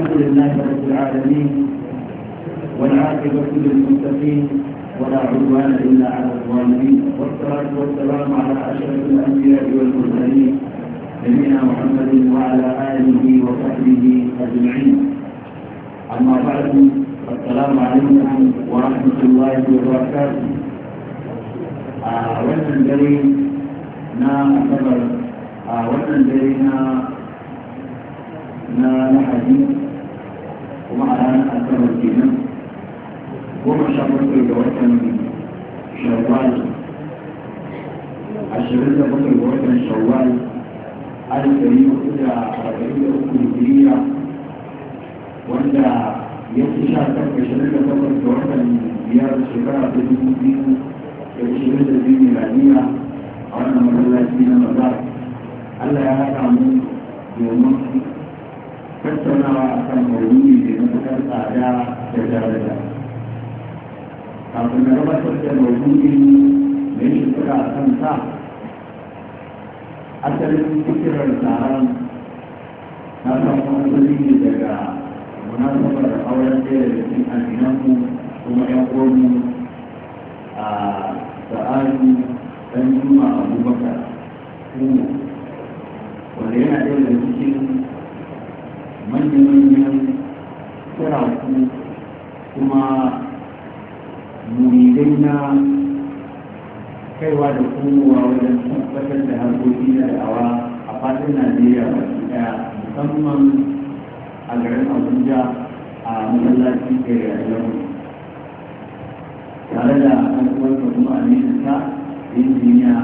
الحمد لله رب العالمين والعاقبة للمتقين ولا عدوان إلا على الظالمين والصلاة والسلام على أشرف الأنبياء والمرسلين نبينا محمد وعلى آله وصحبه أجمعين أما بعد السلام عليكم ورحمة الله وبركاته wannan dare na asabar a wannan dare na na lahadi kuma a ranar asabar kenan goma sha bakwai watan shawwal ashirin da bakwai ga watan shawwal alif ɗari uku da arba'in da uku hijiriya wanda ya fi sha takwas ashirin da takwas ga watan biyar shekara ta dubu biyu da ashirin da biyu miladiya a maza Allah ya haɗa mu tattaunawa a kan maudu'i mai matuƙar tsada da daraja kafin na gabatar da maudu'i mai shimfiɗa a kan sa asalin fikirar taron na samu asali ne daga munasabar auren ɗaya da cikin aminanmu kuma ƴan uwanmu a sa'adu ɗan juma abubakar kuma wanda yana ɗaya da cikin manyan sarrafu kuma muridai na kaiwa da komowa wajen tabbatar da harkoki da da'awa a fatan najeriya baki daya musamman a garin abuja a masallaci da yau tare da alkuwarsa kuma a nesa ta injiniya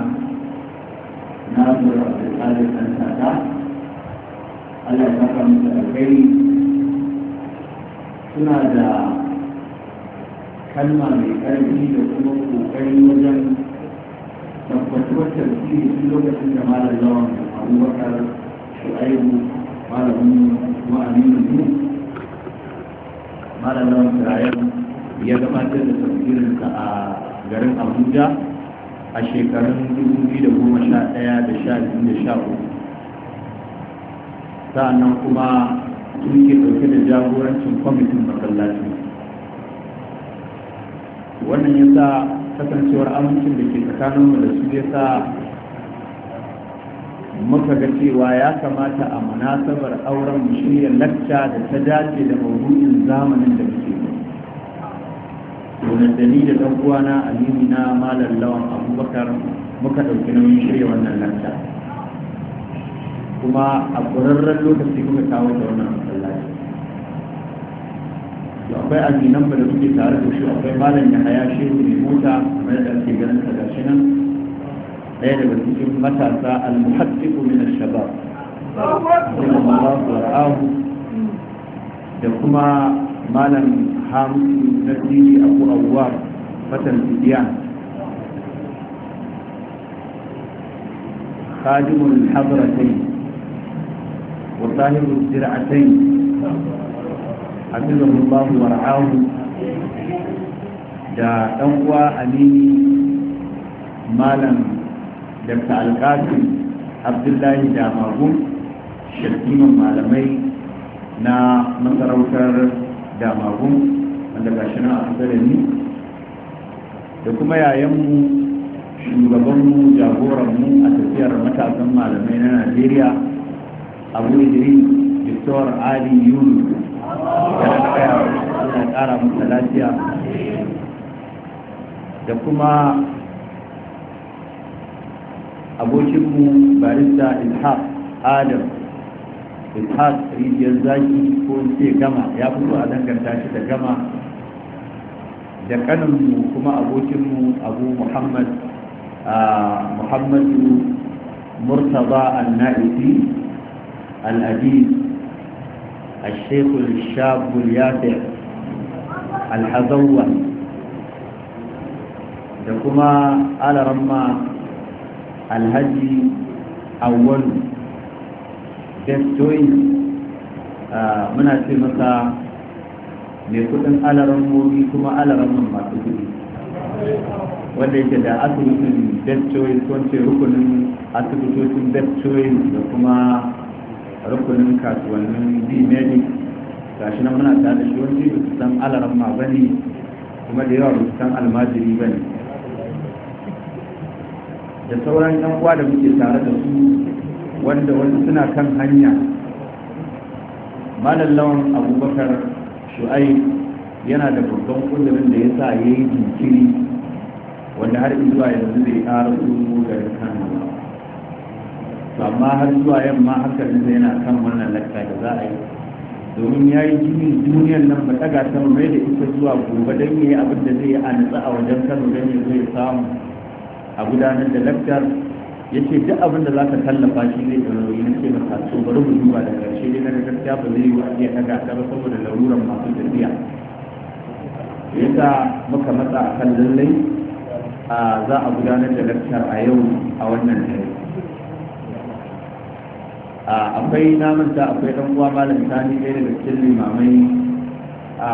na zuwa da tsarin ɗan Allah ya saka musu suna da kalma mai karfi da kuma ƙoƙari wajen tabbatuwar tafsiri tun lokacin da malam lawan abubakar shu'aibu malamin kuma aminu ne malam lawan shu'aibu ya gabatar da tafsirinsa a garin abuja a shekarun 2011 da 2013 sa'annan kuma sun ke ɗauke da jagorancin kwamitin masallaci wannan ya sa kasancewar amincin da ke tsakaninmu da su ya sa muka ga cewa ya kamata a munasabar auren mu shirya lacca da ta dace da maudu'in zamanin da muke domin da ni da ɗan uwana aminu na malam lawan abubakar muka ɗauki nauyin shirya wannan lacca kuma a ƙwararren lokaci kuma kawo da wannan masallaci to akwai aminan ba da muke tare da shi akwai malam ya haya shi ne mota kamar da ake ganin sa gashi nan ɗaya daga cikin matasa al-muhaddiqu min ash-shabab da kuma malam hamsu na dini abu awwa fatan fidiyan خادم الحضرتين وصاحب الدرعتين حفظه الله ورعاه da ɗan uwa amini malam dr alkasim abdullahi da magun shakiman malamai na masarautar da magun wanda na a da ni da kuma yayanmu shugabanmu jagoranmu a tafiyar matasan malamai na najeriya abu jiri victor ali yunus da kaya suna kara musa lafiya da kuma abokinmu barista ishaq adam ishaq rijiyar zaki ko ce gama ya fito a danganta shi da gama da kaninmu kuma abokinmu abu muhammad ah, muhammadu murtaba annaifi الأديب الشيخ الشاب اليافع الحزوة دكما آل رمى الهدي أول بيستوين muna taimaka mai kuɗin alaran kuma alaran masu wanda yake da asibitin best choice rukunin asibitocin best da kuma rukunin kasuwannin bimeli ga shi na muna tare da shi wani ba su san alaran ma ba ne kuma da yawa ba almajiri ba ne da sauran yan uwa da muke tare da su wanda wani suna kan hanya lawan abubakar shu'ai yana da babban kudurin da ya sa ya yi jinkiri wanda har zuwa yanzu bai ƙara su ga kano amma har zuwa yamma haka da yana kan wannan lakka da za a yi domin ya yi jini duniyar nan ba daga ta mai da ita zuwa gobe don ya yi abin da zai yi a nutsa a wajen kano don ya zai samu a gudanar da lakcar ya ce duk abin da za ka tallafa shi zai da nauyi na ce masa so bari mu duba da karshe dai na gaskiya ba zai yi wa iya daga ba saboda laruran masu tafiya yasa muka matsa a kan lallai za a gudanar da lakcar a yau a wannan dare akwai ta akwai dan uwa malam sani ɗaya daga cikin limamai a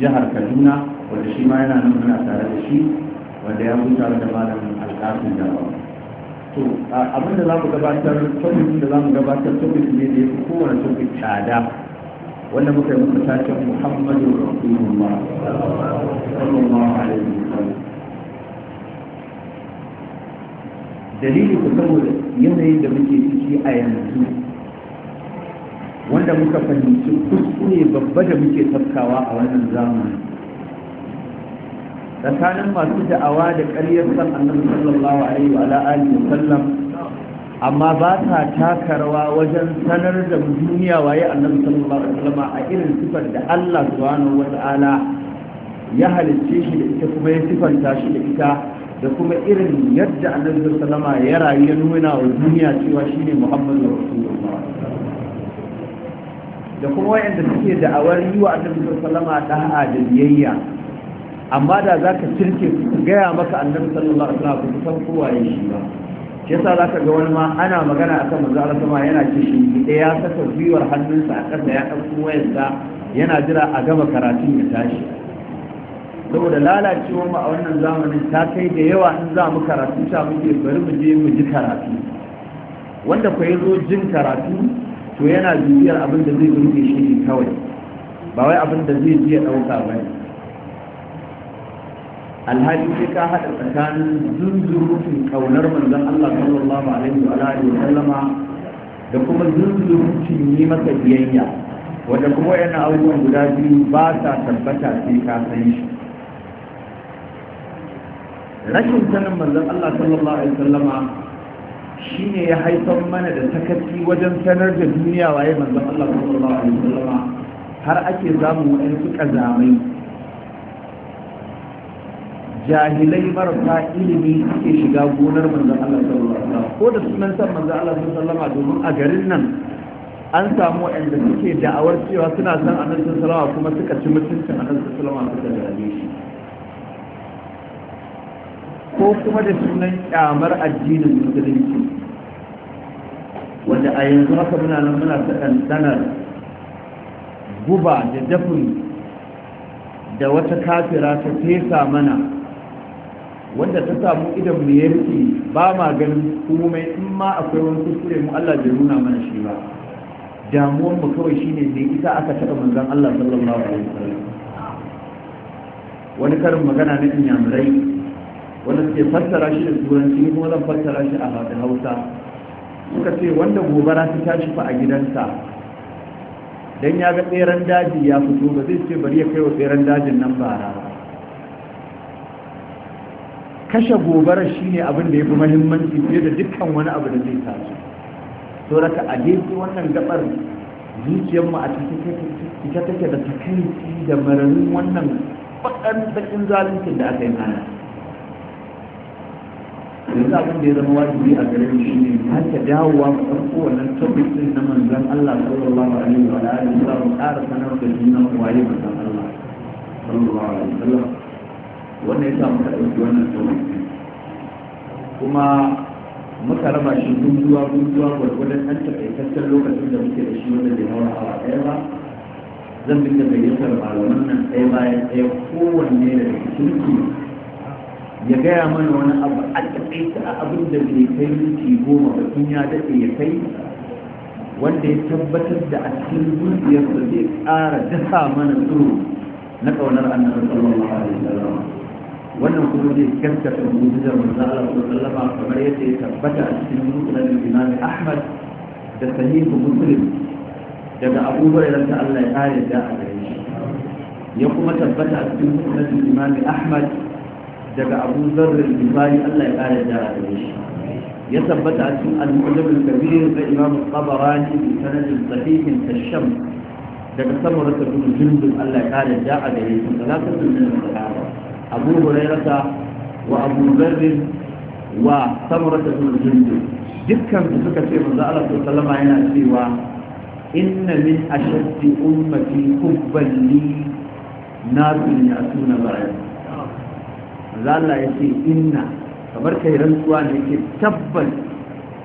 jihar kaduna wanda shi ma yana nan muna tare da shi wanda ya huta da malam alƙasin da to abin da za mu gabatar topic da za mu gabatar topic ne da ya fi kowane topic tsada wanda muka yi muka tashin muhammadu rasulullah sallallahu alaihi wasallam dalili ku saboda yanayin da muke ciki a yanzu wanda muka fahimci kuskure babba da muke tafkawa a wannan zamani tsakanin masu da'awa da ƙaryar san annabi sallallahu alaihi wa alihi sallam amma ba ta taka rawa wajen sanar da duniya waye annabi sallallahu alaihi wa a irin sifar da Allah subhanahu wa ta'ala ya halicce shi da ita kuma ya sifanta shi da ita da kuma irin yadda annabi sallama ya rayu ya nuna wa duniya cewa shine muhammadu rasulullah da kuma wayanda suke da'awar yi wa annabi sallama da'a da biyayya amma da za ka cirke su gaya maka annabi sallallahu alaihi wasallam ku san kowa ya shi ba shi yasa za ga wani ma ana magana akan manzo Allah sama yana shi da ya saka gwiwar hannunsa a kasa ya ɗauko wayarsa yana jira a gama karatun ya tashi saboda lalacewa mu a wannan zamanin ta kai da yawa in za mu karatu ta muke bari mu je mu ji karatu wanda ku ya zo jin karatu to yana bibiyar abin da zai burge shi ne kawai ba wai abin da zai ji ya ɗauka ba ne alhali sai ka haɗa tsakanin zunzurutun ƙaunar manzon Allah sallallahu alaihi wa alihi wa sallama da kuma zunzurutun yi maka biyayya wanda kuma yana abubuwan guda biyu ba sa tabbata sai ka san shi rashin sanin manzon Allah sallallahu alaihi shi ne ya haifar mana da sakaci wajen sanar da duniya waye manzon Allah sallallahu alaihi wasallama har ake samun suka kazamai jahilai marasa ilimi suke shiga gonar manzon Allah sallallahu alaihi wasallama ko da sunan san manzon Allah sallallahu alaihi wasallama domin a garin nan an samu waɗanda suke da'awar cewa suna san annabi sallallahu alaihi wasallama kuma suka ci mutuncin annabi sallallahu alaihi wasallama suka jarabe shi ko kuma da sunan kyamar addinin musulunci wanda a yanzu haka muna nan muna ta ɗanɗanar guba da dafin da wata kafira ta fesa mana wanda ta samu idan mu yanki ba ma ganin komai in ma akwai wani kuskure mu Allah bai nuna mana shi ba damuwar mu kawai shine ne ita aka taɓa manzon Allah sallallahu alaihi wasallam wani karin magana na inyamurai wanda suke fassara shi da turanci ni kuma zan fassara shi a hausa suka ce wanda gobara ta tashi fa a gidansa dan ya ga tseren daji ya fito ba zai ce bari ya kai wa tseren dajin nan bara kashe gobara shine abin da ya fi mahimmanci fiye da dukkan wani abu da zai taso sauraka a gefe wannan gabar zuciyarmu a ita take da takaici da mararin wannan bakan bakin zaluncin da aka yi mana yanzu abin da ya zama wajibi a gare mu shine har ta dawowa mu ɗauko wannan tabbis din na manzon Allah sallallahu alaihi wa alihi wa sallam ƙara sanar da juna waye manzon Allah sallallahu alaihi wa sallam wannan ya sa muka ɗauki wannan tabbis kuma muka raba shi gunduwa gunduwa gwargwadon ɗan takaitaccen lokacin da muke da shi wanda bai hawa hawa ɗaya ba zan bin da bayyantar malaman nan ɗaya bayan ɗaya kowanne daga cikin ya gaya mana wani abu a taƙaita a abin da bai kai minti goma ba in ya daɗe ya kai wanda ya tabbatar da a cikin da zai ƙara dasa mana tsoro na ƙaunar annabi sallallahu alaihi wasallam wannan kuma zai gaskata mu'jizar manzo Allah sallallahu alaihi kamar yadda ya tabbata a cikin musnad Imam Ahmad da sahih Muslim daga Abu Hurairah ta Allah ya kare da a gare shi ya kuma tabbata a cikin musnad Imam Ahmad daga abu zarrin bifari allah ya kare da gare shi ya tabbata a cikin al-mu'jamul kabir da imam al-qabarani bi sanadin sahihin tasham daga samar da bin jundun allah ya kare da gare shi da lafazin min da sahaba abu hurairata wa abu zarrin wa samar da bin jundun dukkan su suka ce manzo allah sallama yana cewa inna min ashaddi ummati hubban li nasu ya'tuna ba'd za Allah ya ce inna kamar kai rantsuwa ne ke tabbas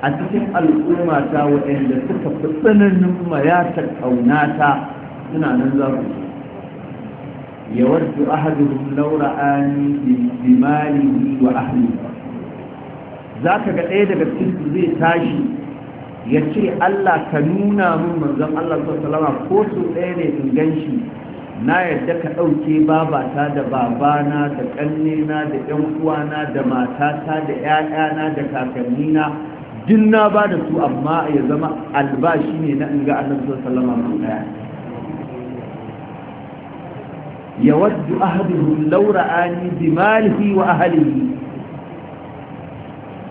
a cikin al'umma ta waɗanda suka fi tsananin mayatar ƙaunata suna nan za ku yawaddu ahaduhum law ra'ani bi malihi wa Za zaka ga ɗaya daga cikin zai tashi ya ce Allah ka nuna min manzon Allah sallallahu alaihi wasallam ko su ɗaya ne in ganshi na yadda ka ɗauke babata da babana da ƙannena da ƴan uwana da matata da ƴaƴana da kakannina duk na ba da su amma ya zama albashi ne na in ga annabi sallama mun Ya yawaddu ahaduhum law ra'ani bi malihi wa ahlihi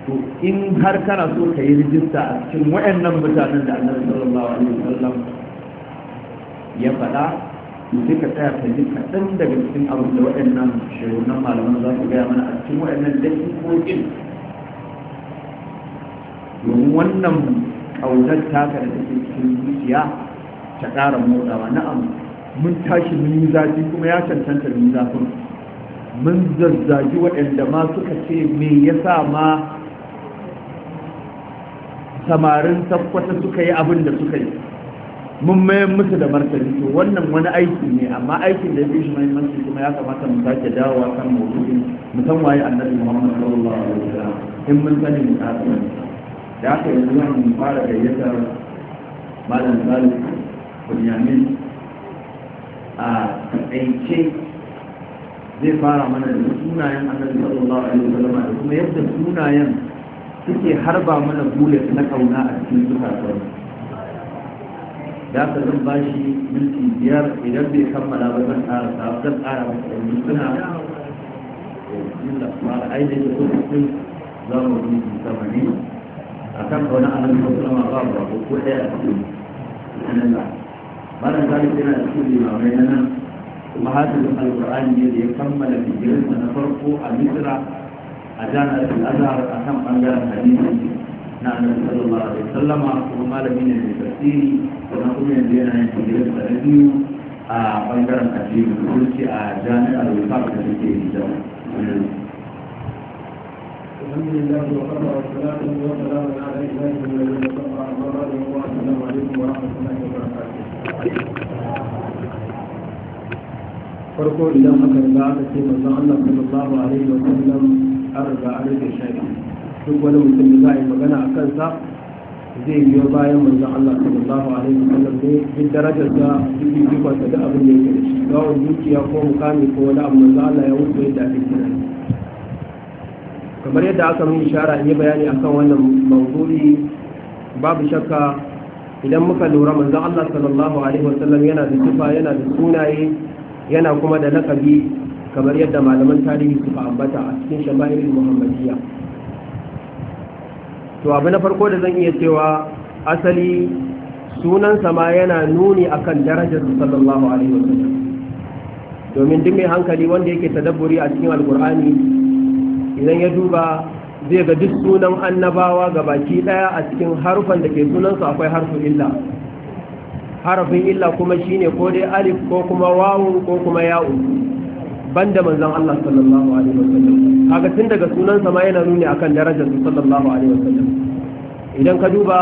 to in har kana so ka yi rijista a cikin waɗannan mutanen da annabi sallallahu alaihi wasallam ya faɗa sai ka tsaya ka kaɗan daga cikin abin da waɗannan shirunan malaman za su gaya mana a cikin waɗannan dakikokin domin wannan ƙaunar taka da take cikin zuciya ta ƙara motsawa na'am mun tashi mun yi zafi kuma ya cancanta mun zafin mun zazzagi waɗanda ma suka ce me yasa ma samarin sakwata suka yi abin da suka yi mun mayar musu da martani to wannan wani aiki ne amma aikin da yake shi mai mahimmanci kuma ya kamata mu sake dawowa kan maudu'in mu san waye annabi Muhammad sallallahu alaihi wasallam in mun sani mu tsara da haka yanzu zuwa mun fara gayyatar malam Salim Bunyamin a aiki zai fara mana da sunayen annabi sallallahu alaihi wasallam da kuma yadda sunayen suke harba mana bulet na kauna a cikin zukatanmu da ka zan ba shi minti biyar idan bai kammala ba zan ƙara sa zan ƙara masa ɗan mintuna illa kuma da ainihin da kuma za mu yi musamman a kan wani anan da kuma ba ba ko ko ɗaya a cikin Allah malam zalik yana cikin limamai na nan kuma hadisin alƙur'ani ne da ya kammala bijirinsa na farko a misra a jami'ar al-azhar a kan ɓangaren hadisi na annabi sallallahu alaihi wasallam kuma malami ne mai tafsiri kuma kuma yanzu yana yin tafsirin sa biyu a bangaren addini kurci a jami'ar wifaq da take yi da farko idan aka riga aka ce manzon Allah sallallahu alaihi wa sallam an riga an rike shari'a duk wani mutum da za a yi magana a kansa zai biyo bayan manzon Allah sallallahu alaihi wasallam ne duk darajar da duk ikon sa da abin da yake da shi ga dukiya ko mukami ko wani abu manzon Allah ya wuce yadda ake kira kamar yadda aka mun ishara in yi bayani akan wannan mawdu'i babu shakka idan muka lura manzon Allah sallallahu alaihi wasallam yana da sifa yana da sunaye yana kuma da lakabi kamar yadda malaman tarihi suka ambata a cikin shama'il muhammadiyya to abu na farko da zan iya cewa asali sunansa ma yana nuni akan darajar sallallahu alaihi wasallam domin duk mai hankali wanda yake tadabburi a cikin alkur'ani idan ya duba zai ga duk sunan annabawa ga baki daya a cikin harufan da ke sunan su akwai harfin illa harafin illa kuma shine ko dai alif ko kuma wawu ko kuma ya'u da manzan Allah sallallahu alaihi wasallam kaga tun daga sunansa ma yana nuni akan darajar sallallahu alaihi wasallam idan ka duba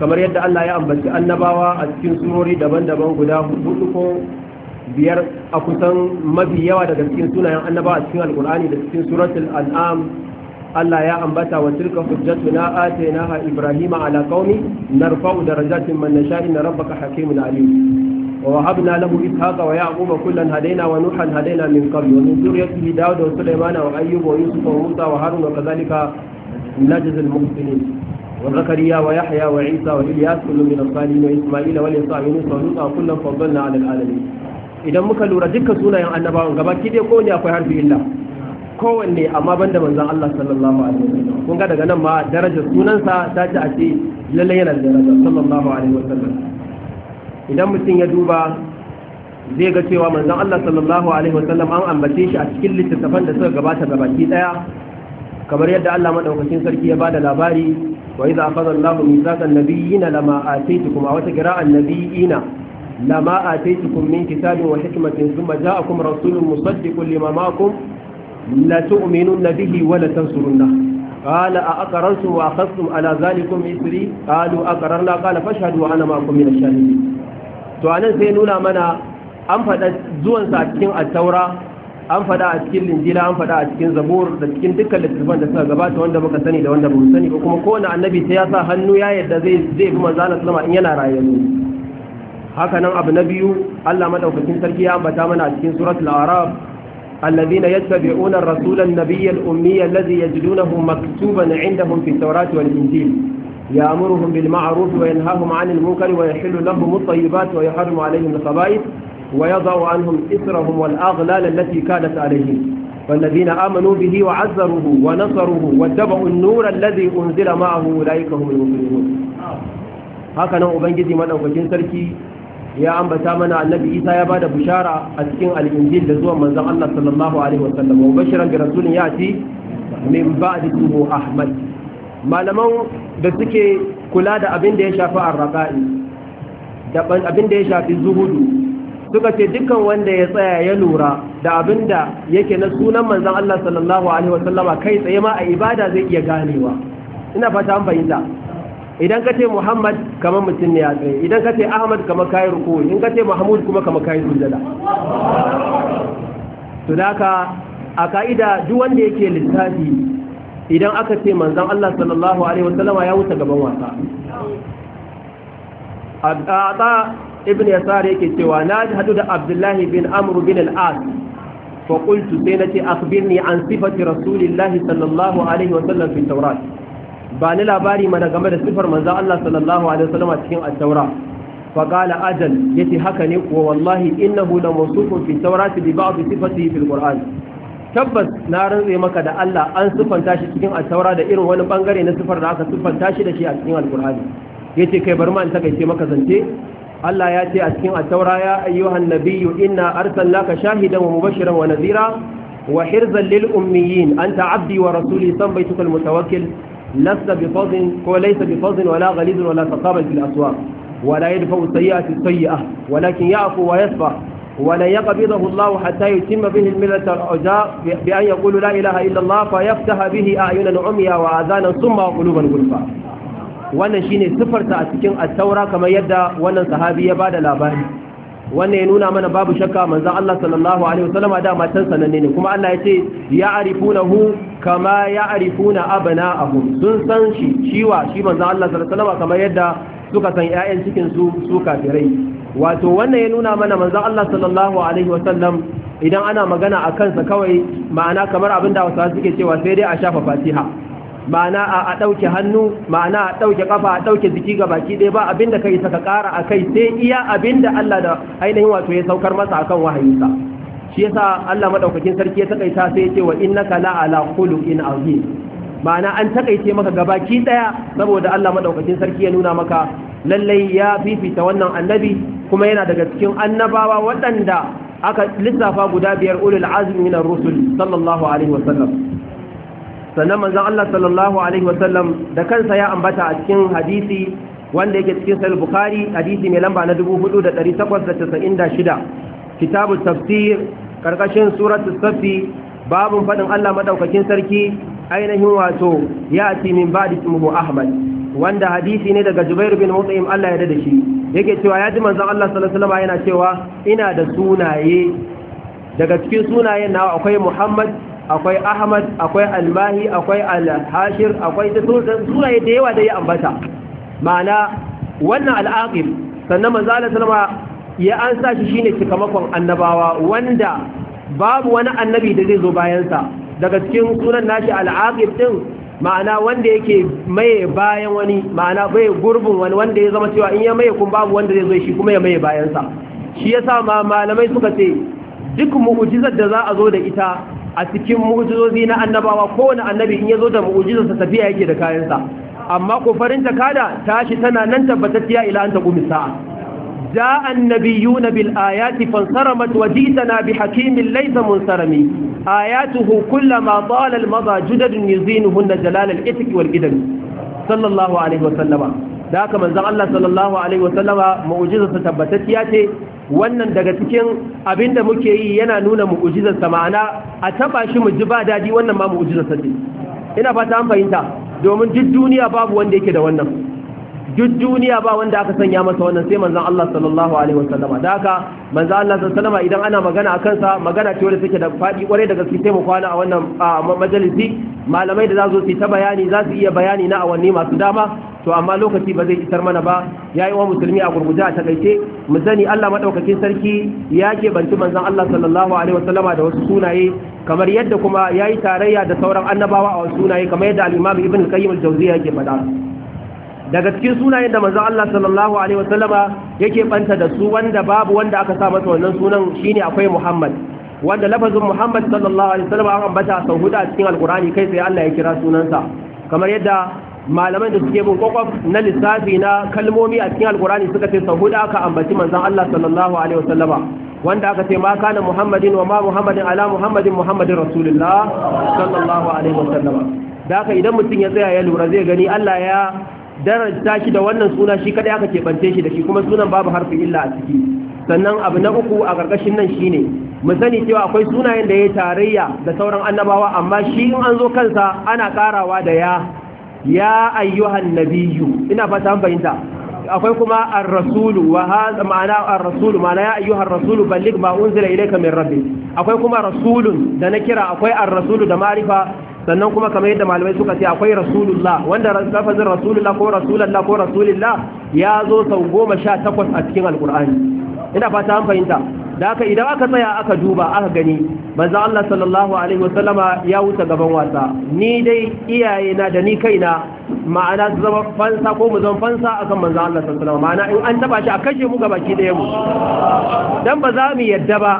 kamar yadda Allah ya ambaci annabawa a cikin surori daban-daban guda hudu ko biyar a kusan mafi yawa daga cikin sunayen annabawa a cikin alkur'ani da cikin suratul an'am Allah ya ambata wa tilka hujjatuna atainaha ibrahima ala qaumi narfa'u darajatin man nasha'u inna rabbaka hakimun alim ووهبنا له إسحاق ويعقوب كلا هدينا ونوحا هدينا من قبل ومن ذريته داود وسليمان وأيوب ويوسف وموسى وهارون وكذلك نجزي المحسنين وزكريا ويحيى وعيسى وإلياس كل من الصالحين وإسماعيل واليسع يونس ولوطا كلا فضلنا على العالمين idan muka lura duka sunayen annabawan gaba dai kowanne akwai harfi illa kowanne amma banda manzon Allah sallallahu alaihi wasallam kun ga daga nan ma darajar sunansa ta ci a ce lalle yana da daraja sallallahu alaihi wasallam idan mutum ya duba zai ga cewa manzon Allah sallallahu alaihi wasallam an ambace shi a cikin littattafan da suka gabata da baki daya kamar yadda Allah madaukakin sarki ya bada labari wa idza akhadha Allahu mithaqan nabiyina lama ataytukum aw taqra'an nabiyina lama ataytukum min kitabin wa hikmatin thumma ja'akum rasulun musaddiqun lima ma'akum la tu'minunna bihi wa la tansurunna قال أأقررتم وأخذتم على ذلكم إثري قالوا أقررنا قال فاشهدوا أنا معكم من الشاهدين to anan sai nuna mana an faɗa zuwansa a cikin attaura an faɗa a cikin linjila an faɗa a cikin zabur da cikin dukkan littattafan da suka gabata wanda muka sani da wanda bamu sani ba kuma kowane annabi sai ya sa hannu ya yadda zai zai bi manzo Allah sallama in yana rayuwa haka nan abu na biyu Allah madaukakin sarki ya ambata mana a cikin suratul araf الذين يتبعون الرسول النبي الأمي الذي يجدونه مكتوبا عندهم في التوراة والإنجيل يأمرهم بالمعروف وينهاهم عن المنكر ويحل لهم الطيبات ويحرم عليهم الخبائث ويضع عنهم إثرهم والأغلال التي كانت عليهم فالذين آمنوا به وعزروه ونصروه واتبعوا النور الذي أنزل معه أولئك هم المفلحون هكذا أبنجد من أبنجد سركي ya ambata mana annabi isa ya bada bushara a cikin al'injil da zuwan manzon Allah sallallahu alaihi wasallam wa bashiran bi rasulin yati min ba'di ismuhu ahmad malaman da suke kula da abin da ya shafi arraƙa'i da abin da ya shafi zuhudu suka ce dukkan wanda ya tsaya ya lura da abin da yake na sunan manzan Allah sallallahu Alaihi wasallama kai tsaye ma a ibada zai iya ganewa ina fata an fahimta idan ka ce muhammad kamar mutum ne ya tsaye idan ka ce ahmad kamar kayi ruku in ka ce mahmud kuma kamar kayi sujada to da a ka'ida duk wanda yake littafi idan aka ce manzan Allah sallallahu alaihi wasallama ya wuce gaban wasa a ibn yasar yake cewa na hadu da abdullahi bin amru bin al-as fa qultu sai nace akhbirni an sifati rasulillahi sallallahu alaihi wasallam fi tawrat ba ni labari mana game da sifar manzan Allah sallallahu alaihi wasallam cikin at-taura fa qala ajal yace haka ne kuwa wallahi innahu la mawsufun fi tawrat bi ba'd sifatihi fil qur'an tabbas na rantse maka da Allah an siffanta shi cikin altaura da irin wani bangare na siffar da aka siffanta shi da shi a cikin alkur'ani yace kai bari ma in ce maka zance Allah ya ce a cikin altaura ya ayyuhan nabiyyu inna arsalnaka shahidan wa mubashiran wa nadhira wa hirzan lil ummiyin anta abdi wa rasuli sambaytuka al mutawakkil lasta bi fadhin ko laysa bi fadhin wala ghalidun wala taqabal fil aswaq ولا يدفع السيئة السيئة ولكن wa ويصفح ولا يقبضه الله حتى يتم به الملة العجاء بأن يقول لا إله إلا الله فيفتح به أعينا عميا وآذانا ثم وقلوبا غلفا wannan shine sifarta a cikin attaura kamar yadda wannan sahabi ya bada labari wannan ya nuna mana babu shakka manzon Allah sallallahu alaihi wasallam da matan sananne ne kuma Allah ya ce ya ya'rifunahu kama ya ya'rifuna abna'ahum sun san shi shiwa shi manzon Allah sallallahu alaihi wasallam kamar yadda suka san ƴaƴan cikin su su kafirai wato wannan ya nuna mana manzon Allah sallallahu alaihi wasallam idan ana magana a kansa kawai ma'ana kamar abin da wasu suke cewa sai dai a shafa fatiha ma'ana a ɗauke hannu ma'ana a ɗauke ƙafa a ɗauke jiki ga baki ɗaya ba abin da kai saka ƙara a kai sai iya abin da Allah da ainihin wato ya saukar masa akan wahayinsa shi yasa Allah madaukakin sarki ya takaita sai ya ce wa innaka la ala khuluqin azim ma'ana an takaice maka gabaki ɗaya saboda Allah madaukakin sarki ya nuna maka lallai ya fifita wannan annabi kuma yana daga cikin annabawa waɗanda aka lissafa guda biyar ulul azmi min ar-rusul sallallahu alaihi sannan manzon Allah sallallahu alaihi da kansa ya ambata a cikin hadisi wanda yake cikin sahih bukhari hadisi mai lamba na 4896 kitabut tafsir karkashin suratul safi babun fadin Allah madaukakin sarki ainihin wato ya ati min ba'di ismuhu ahmad wanda hadisi ne daga Jubair bin Mut'im Allah ya da shi yake cewa ya ji manzon Allah sallallahu alaihi wasallam yana cewa ina da sunaye daga cikin sunayen nawa akwai Muhammad akwai Ahmad akwai Almahi akwai Al-Hashir akwai sunaye da yawa da ya ambata ma'ana wannan al-aqib sannan manzon Allah sallallahu ya ansa shi shine cikamakon annabawa wanda babu wani annabi da zai zo bayansa daga cikin sunan nashi al-aqib din ma'ana wanda yake maye bayan wani ma'ana bai gurbin wani wanda ya zama cewa in ya maye kun babu wanda zai zo shi kuma ya maye bayansa shi yasa ma malamai suka ce duk mu'ujizar da za a zo da ita a cikin mu'jizozi na annabawa kowane annabi in ya zo da mu'jizar sa tafiya yake da kayansa amma kofarin ta kada tashi tana nan tabbatacciya ila an taqumi sa'a جاء النبيون بالآيات فانصرمت وجيتنا بحكيم ليس منصرم آياته كلما طال المضى جدد يزينهن جلال الإتك والقدم صلى الله عليه وسلم ذاك من زغ الله صلى الله عليه وسلم معجزة ce wannan daga cikin abinda muke yi yana nuna sa ma'ana a taba shi mu ji ba daɗi wannan ma sa ce ina fata an fahimta domin duk duniya babu wanda yake da wannan duk duniya ba wanda aka sanya masa wannan sai manzon Allah sallallahu alaihi wasallam da haka manzon Allah sallallahu alaihi idan ana magana a kansa magana ce wanda take da fadi kwarai da gaske sai mu kwana a wannan majalisi malamai da zazo su ta bayani za su iya bayani na awanni masu dama to amma lokaci ba zai isar mana ba yayi wa musulmi a gurguje a takaice mu sani Allah madaukakin sarki ya ke banci manzon Allah sallallahu alaihi wasallama da wasu sunaye kamar yadda kuma ya yi tarayya da sauran annabawa a wasu sunaye kamar yadda al-Imam Ibn Qayyim al-Jawziyya yake faɗa daga cikin sunayen da manzo Allah sallallahu alaihi wasallama yake banta da su wanda babu wanda aka sa masa wannan sunan shine akwai Muhammad wanda lafazin Muhammad sallallahu alaihi wasallama an ambata sau huda a cikin alqurani kai sai Allah ya kira sunansa kamar yadda malaman da suke bin kokof na lissafi na kalmomi a cikin alqurani suka ce sau huda aka ambaci manzo Allah sallallahu alaihi wasallama wanda aka ce ma kana Muhammadin wa ma Muhammadin ala Muhammadin Muhammadin Rasulullah sallallahu alaihi wasallama da haka idan mutum ya tsaya ya lura zai gani Allah ya daranta shi da wannan suna shi kadai aka keɓance shi da shi kuma sunan babu harfin illa a ciki sannan abu na uku a ƙarƙashin nan shine mu sani cewa akwai sunayen da ya tarayya da sauran annabawa amma shi in an zo kansa ana ƙarawa da ya ya ayyuhan nabiyyu ina fata an fahimta akwai kuma ar-rasulu wa hadha ma'ana ar-rasulu ma'ana ya ayyuhar rasulu balligh ma unzila ilayka min rabbik akwai kuma rasulun da na kira akwai ar-rasulu da ma'rifa sannan kuma kamar yadda malamai suka ce akwai rasulullah wanda lafazin rasulullah ko rasulallah ko rasulullah ya zo sau goma sha takwas a cikin alkur'ani ina fata an fahimta da haka idan aka tsaya aka duba aka gani manzo Allah sallallahu alaihi wasallama ya wuce gaban wasa ni dai iyaye na da ni kaina ma'ana su zama fansa ko mu zama fansa akan manzo Allah sallallahu alaihi wasallama ma'ana in an taba shi a kashe mu gabaki daya mu dan ba za mu yadda ba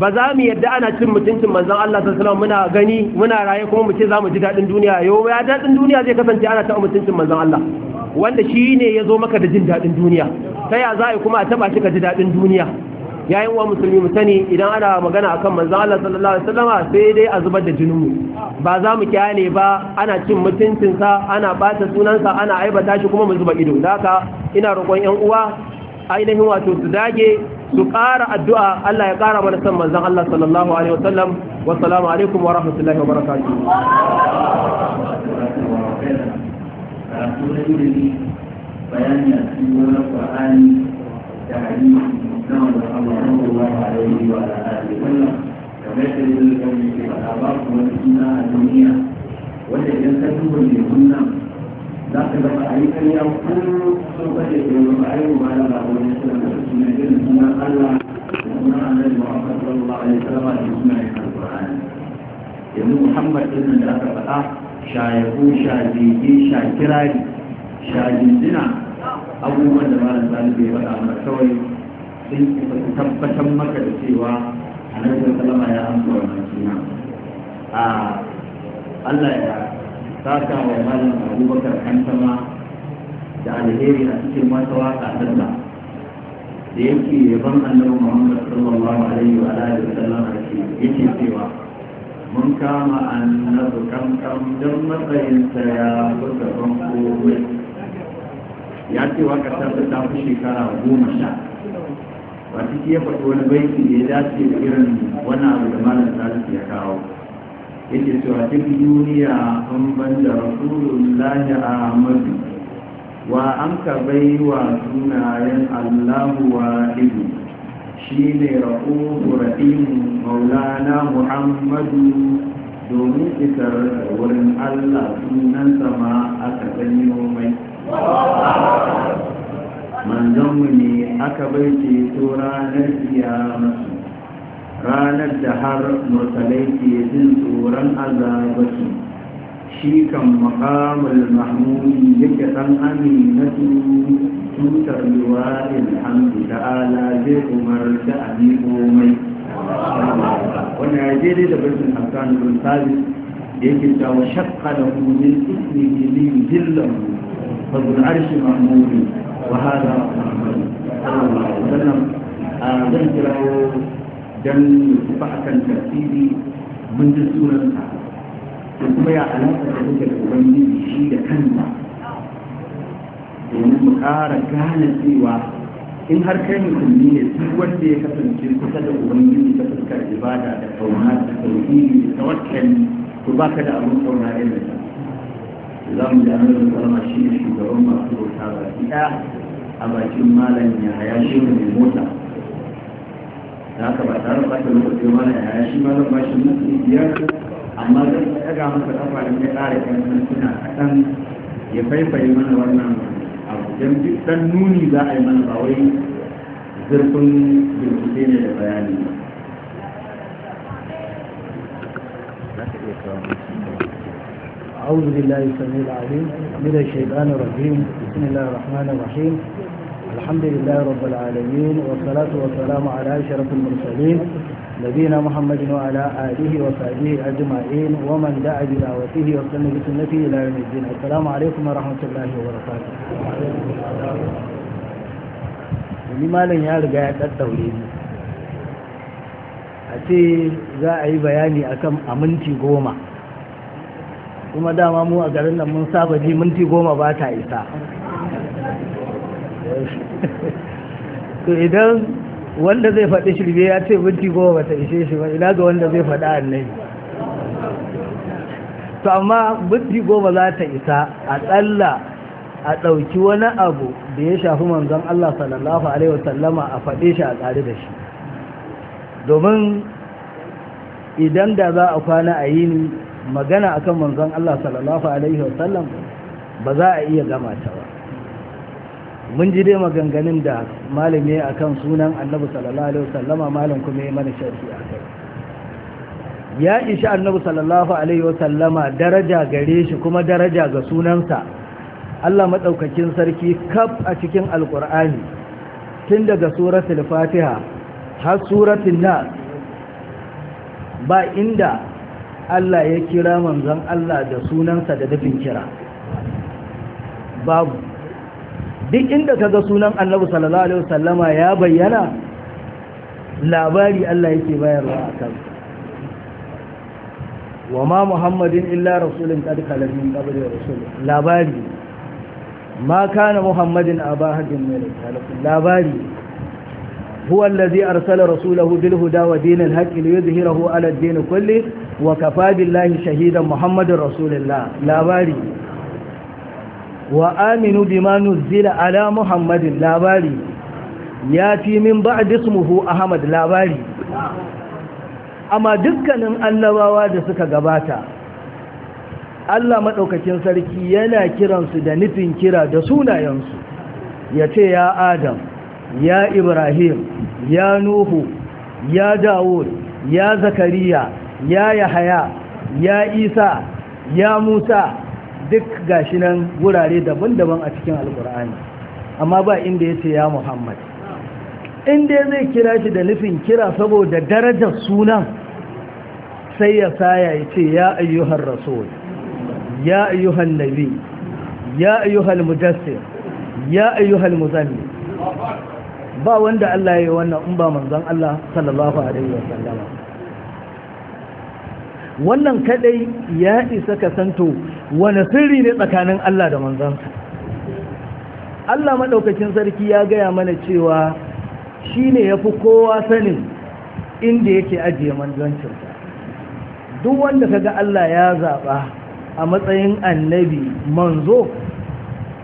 ba za mu yadda ana cin mutuncin manzon Allah sallallahu muna gani muna raye kuma mu ce za mu ji daɗin duniya yau ya daɗin duniya zai kasance ana taɓa mutuncin manzon Allah wanda shi ne ya zo maka da jin daɗin duniya ta ya za a yi kuma a taɓa shi ka ji daɗin duniya yayin wa musulmi mu sani idan ana magana akan manzon Allah sallallahu alaihi sai dai a zubar da mu ba za mu kyale ba ana cin mutuncinsa ana ɓata sunansa ana aibata shi kuma mu zuba ido da ina roƙon ƴan uwa ainihin wato su dage su ƙara addu'a Allah ya ƙara mana san manzon Allah sallallahu alaihi wasallam alaikum wa rahmatullahi wa barakatuh na wanda da idan ka duba wannan za ka gaba a yi karya ko sun kashe ke yi ba a yi ba da labarai na suna da suna irin suna Allah da Annabi Muhammad sallallahu alaihi wasallam da suna yanzu Muhammad din da aka faɗa shajiji shakirari abubuwan da malam faɗa mana kawai sun tabbatar maka da cewa Annabi sallallahu alaihi wasallam ya amsa wannan a ah, Allah ya saka wa malam abubakar kantama da alheri a cikin wata waka sanda da yake yaban annabi muhammad sallallahu alaihi wa alihi wa sallam yake cewa mun kama annabi kankan don matsayinsa ya buga ban komai ya ce waka sanda ta fi shekara goma sha ba ciki ya faɗi wani baiti da ya dace da irin wani abu da malam salisu ya kawo yake cewa duk duniya an banda rasulullahi ahmadu wa an ka bai wa sunayen allahu wa ibu shi ne ra'uhu rahimu maulana muhammadu domin isar da wurin allah sunan sama aka sanyo mai manzanmu ne aka bai ceto ranar kiyamatu ranar da har mursalai ke jin tsoron azabatu shi kan makamul mahmudi yake ɗan aminatu tutar liwa'il hamdu ta'ala zai umar da abi komai Wani ya je dai da birnin hassan bin sabis yake cewa shakka da hudun ismihi li yuzillahu fa zul arshi mahmudi wa hada muhammad sallallahu alaihi wasallam ah, zan kirawo don nufa a kan tafsiri mun ji da kuma ya alaƙa da kuke da ubangiji shi da kansa domin mu ƙara gane cewa in har kai mutum ne duk wanda ya kasance kusa da ubangiji ta fuskar ibada da kauna da tauhidi da tawakkali ba ka da abin kauna irin sa za mu ji shi ne shugaban masu bauta baki ɗaya a bakin malam ya haya shi ne mota da haka ba tare da ɓata lokaci ba na yaya shi ma zan bashi minti biyar amma zan ɗaga masa kafa da ya ƙara ƴan mintuna kaɗan ya faifaye mana wannan abu don duk ɗan nuni za a yi mana ba wai zurfin bincike ne da bayani ba. أعوذ بالله السميع العليم من الشيطان الرجيم بسم الله الرحمن الرحيم الحمد لله رب العالمين والصلاة والسلام على شرف المرسلين نبينا محمد وعلى آله وصحبه أجمعين ومن دعا بدعوته واستنى بسنته إلى يوم الدين السلام عليكم ورحمة الله وبركاته ni malam ya riga ya ɗaɗɗaure ni a ce za a yi bayani akan a minti goma kuma dama mu a garin nan mun saba ji minti goma ba ta isa to idan wanda zai faɗi shirbe ya ce minti goma ta ishe shi ba ina ga wanda zai faɗi annabi to amma minti goma za ta isa a tsalla a ɗauki wani abu da ya shafi manzon Allah sallallahu alaihi wasallama a faɗe shi a tsari da shi domin idan da za a kwana a yi magana akan manzon Allah sallallahu alaihi wasallam ba za a iya gama ta ba mun ji dai maganganun da malami a kan sunan annabi sallallahu alaihi wasallama malam kuma ya mana sharhi a kai ya ishi annabi sallallahu alaihi wasallama daraja gare shi kuma daraja ga sunansa Allah madaukakin sarki kaf a cikin alqur'ani tun daga suratul fatiha har suratul nas ba inda Allah ya kira manzon Allah da sunansa da dafin kira babu duk inda ka ga sunan annabi sallallahu alaihi wasallama ya bayyana labari Allah yake bayarwa a kan wa ma muhammadin illa rasulun qad khala min qabli rasul labari ma kana muhammadin aba hadin min labari هو الذي أرسل رسوله بالهدى ودين الحق ليظهره على الدين كله وكفى بالله شهيدا محمد shahidan الله لا Labari. wa aminu ma nuzila ala muhammadin labari ya fi min ba'd ismuhu ahmad labari amma dukkanin annabawa da suka gabata Allah madaukakin sarki yana kiransu da nufin kira da sunayensu yace ya adam ya ibrahim ya nuhu ya dawud ya zakariya ya yahaya ya isa ya musa duk gashi nan wurare daban-daban a cikin alkur'ani amma ba inda ya ya muhammad inda zai kira shi da nufin kira saboda darajar sunan sai ya saya ya ce ya ayyuhar rasul ya ayyuhar nabi ya ayyuhar mujassir ya ayyuhar muzanni ba wanda Allah ya yi wannan in ba Allah sallallahu alaihi wasallama wannan kadai ya isa ka santo wani sirri ne tsakanin Allah da manzansa Allah maɗaukacin sarki ya gaya mana cewa shi ne ya fi kowa sanin inda yake ajiye manzancinsa duk wanda ka ga Allah ya zaɓa a matsayin annabi manzo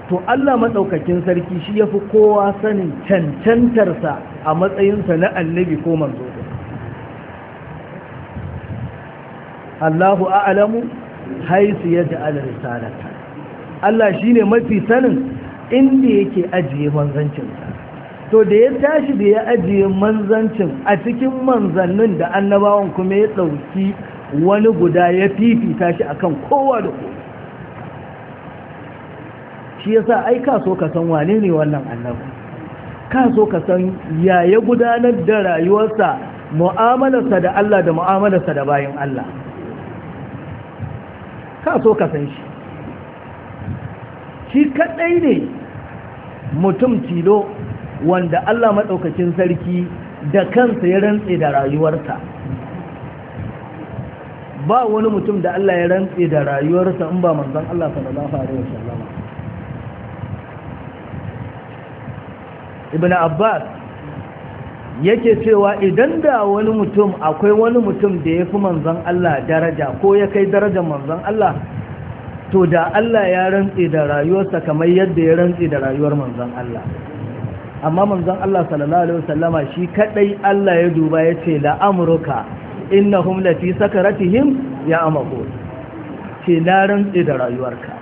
to Allah maɗaukakin sarki shi ya fi kowa sanin cancantarsa a matsayinsa na annabi ko manzo Allahu a'lamu haisu ya ja'ala risalata Allah shine mafi sanin inda yake ajiye manzancin to da ya tashi da ya ajiye manzancin a cikin manzannin da annabawan kuma ya dauki wani guda ya fifita shi akan kowa da kowa shi yasa ai ka so ka san wane ne wannan annabi ka so ka san yaya gudanar da rayuwarsa mu'amalarsa da Allah da mu'amalarsa da bayan Allah ka so ka san shi shi kaɗai ne mutum tilo wanda Allah Maɗaukacin sarki da kansa ya rantse da rayuwarsa ba wani mutum da Allah ya rantse da rayuwarsa in ba manzon Allah sallallahu alaihi wasallam ibn abbas yake cewa idan da wani mutum akwai wani mutum da ya fi manzan Allah daraja ko ya kai darajar manzan Allah to da Allah ya rantsi da rayuwarsa kamar yadda ya rantsi da rayuwar manzan Allah amma manzan Allah sallallahu alaihi wasallama shi kadai Allah ya duba ya ce la'amruka innahum lafi sakaratihim ya amako ce na rantsi da rayuwarka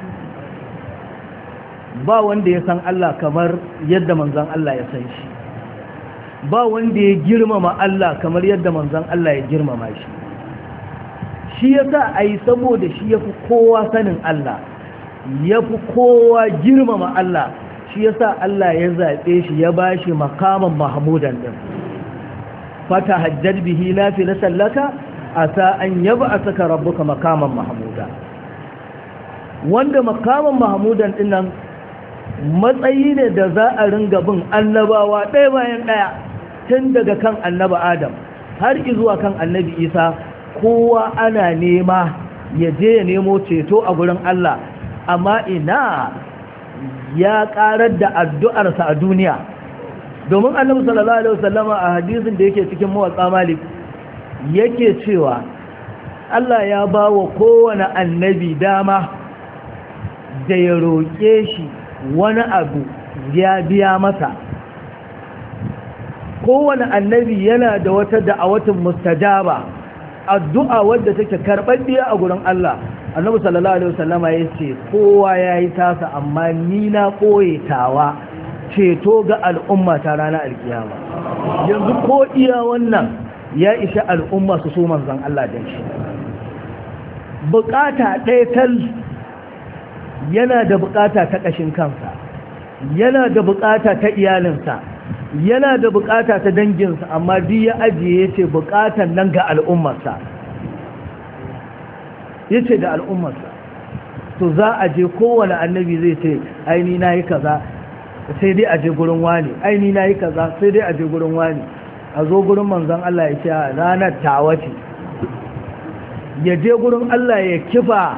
ba wanda ya san Allah kamar yadda manzan Allah ya san shi ba wanda ya girmama Allah kamar yadda manzan Allah ya girmama shi shi ya sa a yi saboda shi ya fi kowa sanin Allah ya fi kowa girmama Allah shi ya sa Allah ya zaɓe shi ya ba shi makaman mahamudan ɗin fata hajjar bihi na na sallaka a sa'an ya ba a saka rabuka makaman mahamuda wanda makaman mahamudan ɗin nan matsayi ne da za a ringa bin annabawa ɗaya bayan ɗaya tun daga kan annabi adam har zuwa kan annabi isa kowa ana nema ya je ya nemo ceto a gurin Allah amma ina ya karar da addu'arsa a duniya domin annabi sallallahu alaihi wasallama a hadisin da yake cikin mawatsa malik yake cewa Allah ya ba wa kowane annabi dama da ya roƙe shi wani abu ya biya masa kowane annabi yana da wata da a da'awatin mustajaba addu'a wadda take karɓar karɓaɗɗiya a gurin Allah annabi sallallahu alaihi wasallama ya ce kowa ya yi tasa amma ni na tawa ceto ga al'umma ta rana alkiyama yanzu ko iya wannan ya isa al'umma su so zan Allah da shi bukata ɗaya tal yana da bukata ta ƙashin kansa yana da bukata ta iyalinsa yana da bukata ta danginsa amma duk ya ajiye ya ce bukatan nan ga al'ummarsa ya ce da al'ummarsa to za a je kowane annabi zai ce aini na yi kaza sai dai a je gurin wani aini na yi kaza sai dai a je gurin wani a zo gurin manzan Allah ya ce ranar ta wace, ya je gurin Allah ya kifa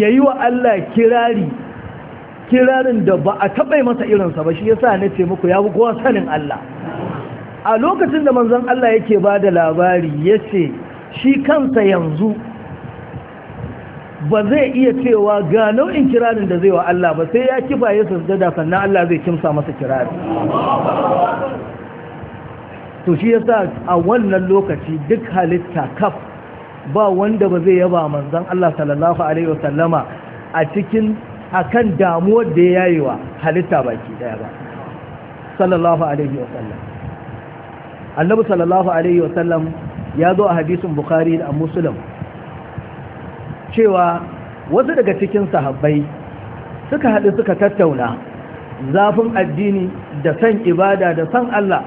ya yi wa Allah kirari kirarin da ba a taɓa masa irinsa ba shi sa na ce muku ya fi sanin Allah a lokacin da manzan Allah yake ba da labari ya ce shi kansa yanzu ba zai iya cewa ga nau'in kirarin da zai wa Allah ba sai ya kifa ya sasjada sannan Allah zai kimsa masa kirari to shi ya sa a wannan lokaci duk halitta kaf ba wanda ba zai yaba manzan Allah sallallahu alaihi wasallama a cikin akan damuwar da ya yi wa halitta baki daya ba sallallahu alaihi wasallam annabi sallallahu alaihi wasallam ya zo a hadisin bukhari da muslim cewa wasu daga cikin sahabbai suka haɗu suka tattauna zafin addini da san ibada da san Allah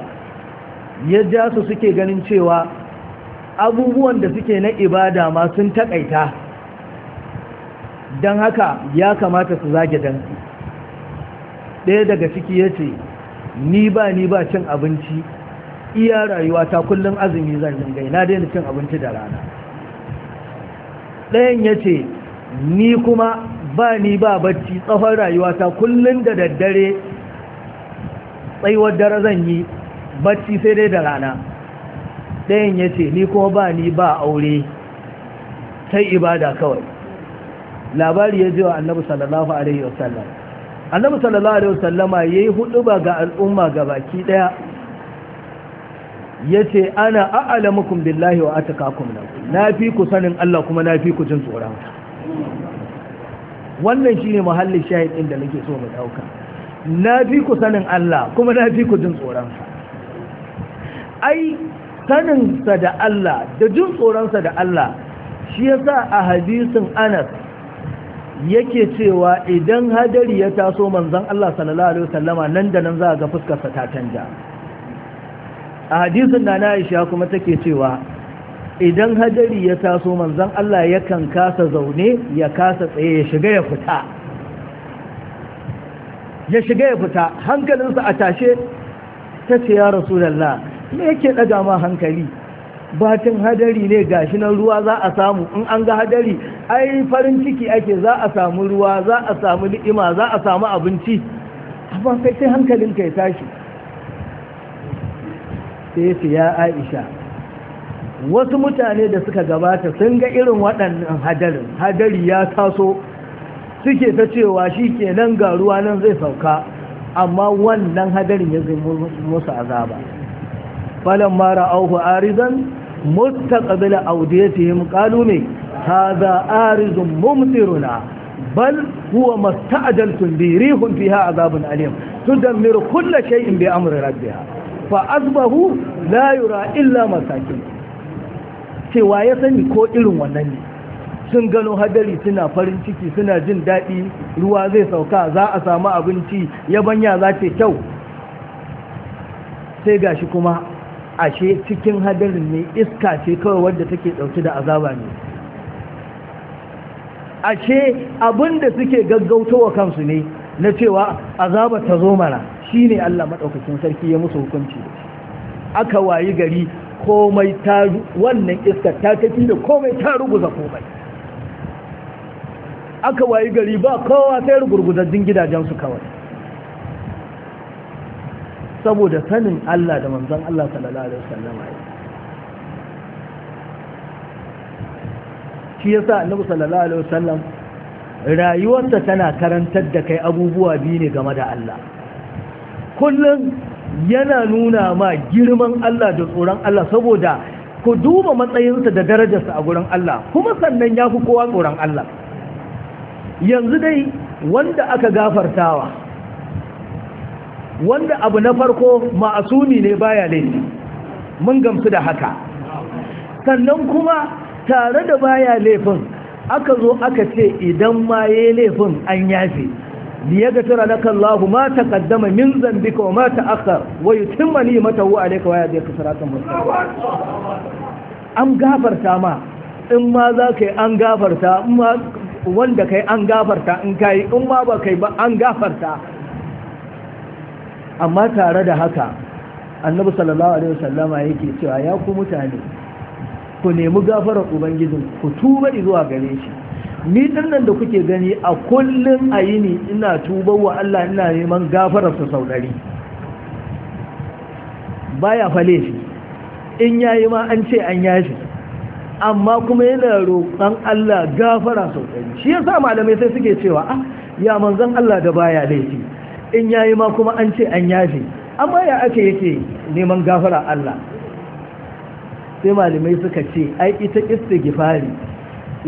ya ja su suke ganin cewa abubuwan da suke na ibada ma sun taƙaita. don haka ya kamata su zage dantsi ɗaya daga ciki ya ce ni ba ni ba cin abinci iya rayuwa ta kullum azumi zan dinga na daina cin abinci da rana ɗayan ya ce ni kuma ba ni ba bacci tsawon rayuwa ta kullum da daddare tsaiwar dare zan yi bacci sai dai da rana ɗayan ya ce ni kuma ba ni ba aure sai ibada kawai labari ya je wa annabi sallallahu alaihi wasallam annabi sallallahu alaihi wasallama yayi huduba ga al'umma gabaki daya yace ana a'lamukum billahi wa atqakum lahu na fi ku sanin Allah kuma na fi ku jin tsoron wannan shine mahallin shahidin da nake so mu dauka na fi ku sanin Allah kuma na fi ku jin tsoron ai saninsa da Allah da jin tsoronsa da Allah shi yasa a hadisin Anas yake cewa idan hadari ya taso manzon Allah sallallahu alaihi wasallama nan da nan za ga fuskarsa ta canja a hadisin da na Aisha kuma take cewa idan hadari ya taso manzon Allah ya kan kasa zaune ya kasa tsaye ya shiga ya fita ya shiga ya fita hankalinsa a tashe ta ce ya rasulullah me yake ɗaga ma hankali batun hadari ne gashi nan ruwa za a samu in an ga hadari ai farin ciki ake za a samu ruwa za a samu ni'ima za a samu abinci amma kai sai hankalin ya tashi sai ya aisha wasu mutane da suka gabata sun ga irin waɗannan hadarin hadari ya taso suke ta cewa shi ke nan ga ruwa nan zai sauka amma wannan hadarin ya zai musu azaba falon mara auku arizan mustaqbil awdiyatihim qalu ni hadha arizun mumtiruna bal huwa mustaajaltun bi rihun fiha adhabun alim tudammiru kull shay'in bi amri rabbiha fa asbahu la yura illa masakin cewa ya sani ko irin wannan ne sun gano hadari suna farin ciki suna jin daɗi ruwa zai sauka za a samu abinci yabanya za ta kyau sai gashi kuma ashe cikin hadarin ne iska ce kawai wadda take ɗauki da azaba ne ashe abinda suke gaggautowa kansu ne na cewa azaba ta zo mana shine Allah maɗaukacin sarki ya musu hukunci aka wayi gari komai ta wannan iska ta tafi da komai ta ruguza komai aka wayi gari ba kowa sai gidajen gidajensu kawai saboda sanin Allah da manzon Allah sallallahu alaihi wasallam shi yasa annabi sallallahu alaihi wasallam rayuwarsa tana karantar da kai abubuwa biyu ne game da Allah kullum yana nuna ma girman Allah da tsoron Allah saboda ku duba matsayinsa da darajarsa a gurin Allah kuma sannan ya fi kowa tsoron Allah yanzu dai wanda aka gafartawa wanda abu na farko ma'asumi ne baya laifi mun gamsu da haka sannan kuma tare da baya laifin aka zo aka ce idan ma ya yi laifin an yafe na laka Allahu ma ta kaddama min dhanbika wa ma ta ta'akhkhar wa yutimma ni'matahu 'alayka wa yahdika siratan mustaqim an gafarta ma in ma za ka an gafarta in ma wanda kai an gafarta in kai in ma ba kai ba an gafarta amma tare da haka annabi sallallahu alaihi wasallama yake cewa ya ku mutane ku nemi gafarar ubangijin ku tuba zuwa gare shi ni nan da kuke gani a kullum a yini ina tuba wa Allah ina neman gafarar sa sau dari baya fale shi in yayi ma an ce an yashi amma kuma yana roƙon Allah gafara sau dari shi yasa malamai sai suke cewa ah ya manzon Allah da baya laifi in yayi ma kuma an ce an yafe amma ya ake yake neman gafara Allah sai malamai suka ce ai ita istighfari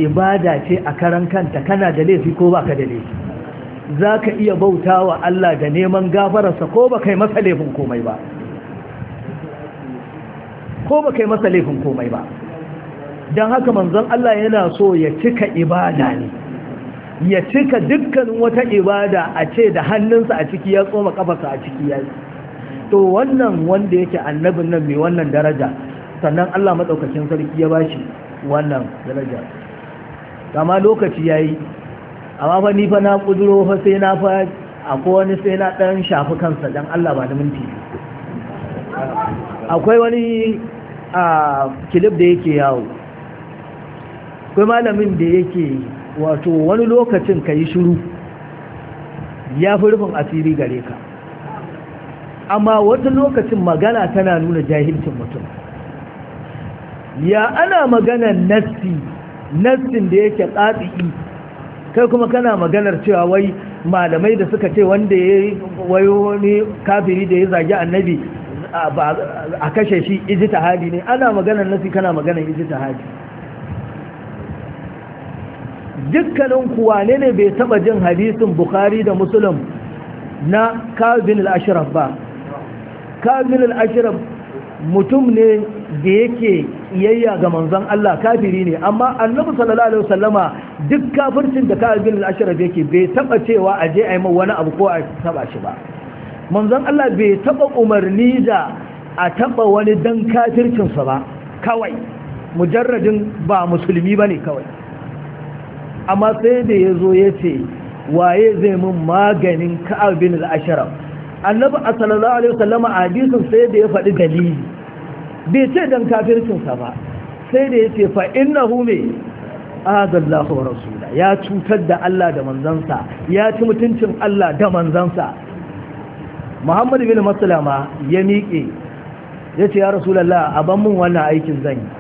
ibada ce a karan kanta kana da laifi ko baka da laifi zaka iya bautawa Allah da neman gafararsa ko baka yi masa laifin komai ba ko baka yi masa laifin komai ba don haka manzon Allah yana so ya cika ibada ne ya cika dukkanin wata ibada a ce da hannunsa a ciki ya tsoma kafarsa a ciki ya yi to wannan wanda yake annabin nan mai wannan daraja sannan Allah maɗaukakin sarki ya bashi wannan daraja amma lokaci ya yi amma fa ni fa na ƙuduro fa sai na fa akwai wani sai na ɗan shafi kansa don Allah ba da minti akwai wani a kilif da yake yawo akwai malamin da yake wato wani lokacin ka yi shiru ya fi rufin asiri gare ka amma wata lokacin magana tana nuna jahilcin mutum ya ana magana nassi nassin da yake tsatsi kai kuma kana maganar cewa wai malamai da suka ce wanda ya wayo wani kafiri da ya zagi annabi a kashe shi ijita hadi ne ana maganar nassi kana maganar ijita hadi dukkanin kuwa ne bai taba jin hadisin bukhari da Musulun na al ashirar ba al ashirar mutum ne da yake iyayya ga Manzon Allah kafiri ne amma annabi sallallahu alaihi wasallama duk kafircin da kazin al'ashirar yake bai taba cewa a je a yi wani abu ko a taba shi ba Manzon Allah bai taba umarni da a taba wani dan kafircinsa ba kawai mujarradin ba musulmi ba ne kawai amma sai da ya zo ya ce waye zai mun maganin ka'ab bin al annabi sallallahu alaihi wasallam a hadisin sai da ya faɗi dalili bai ce dan kafircin sa ba sai da ya ce fa innahu me adallahu wa rasula ya cutar da Allah da manzansa ya ci mutuncin Allah da manzansa Muhammad bin Maslama ya miƙe ya ce ya rasulallah a ban mun wannan aikin zan yi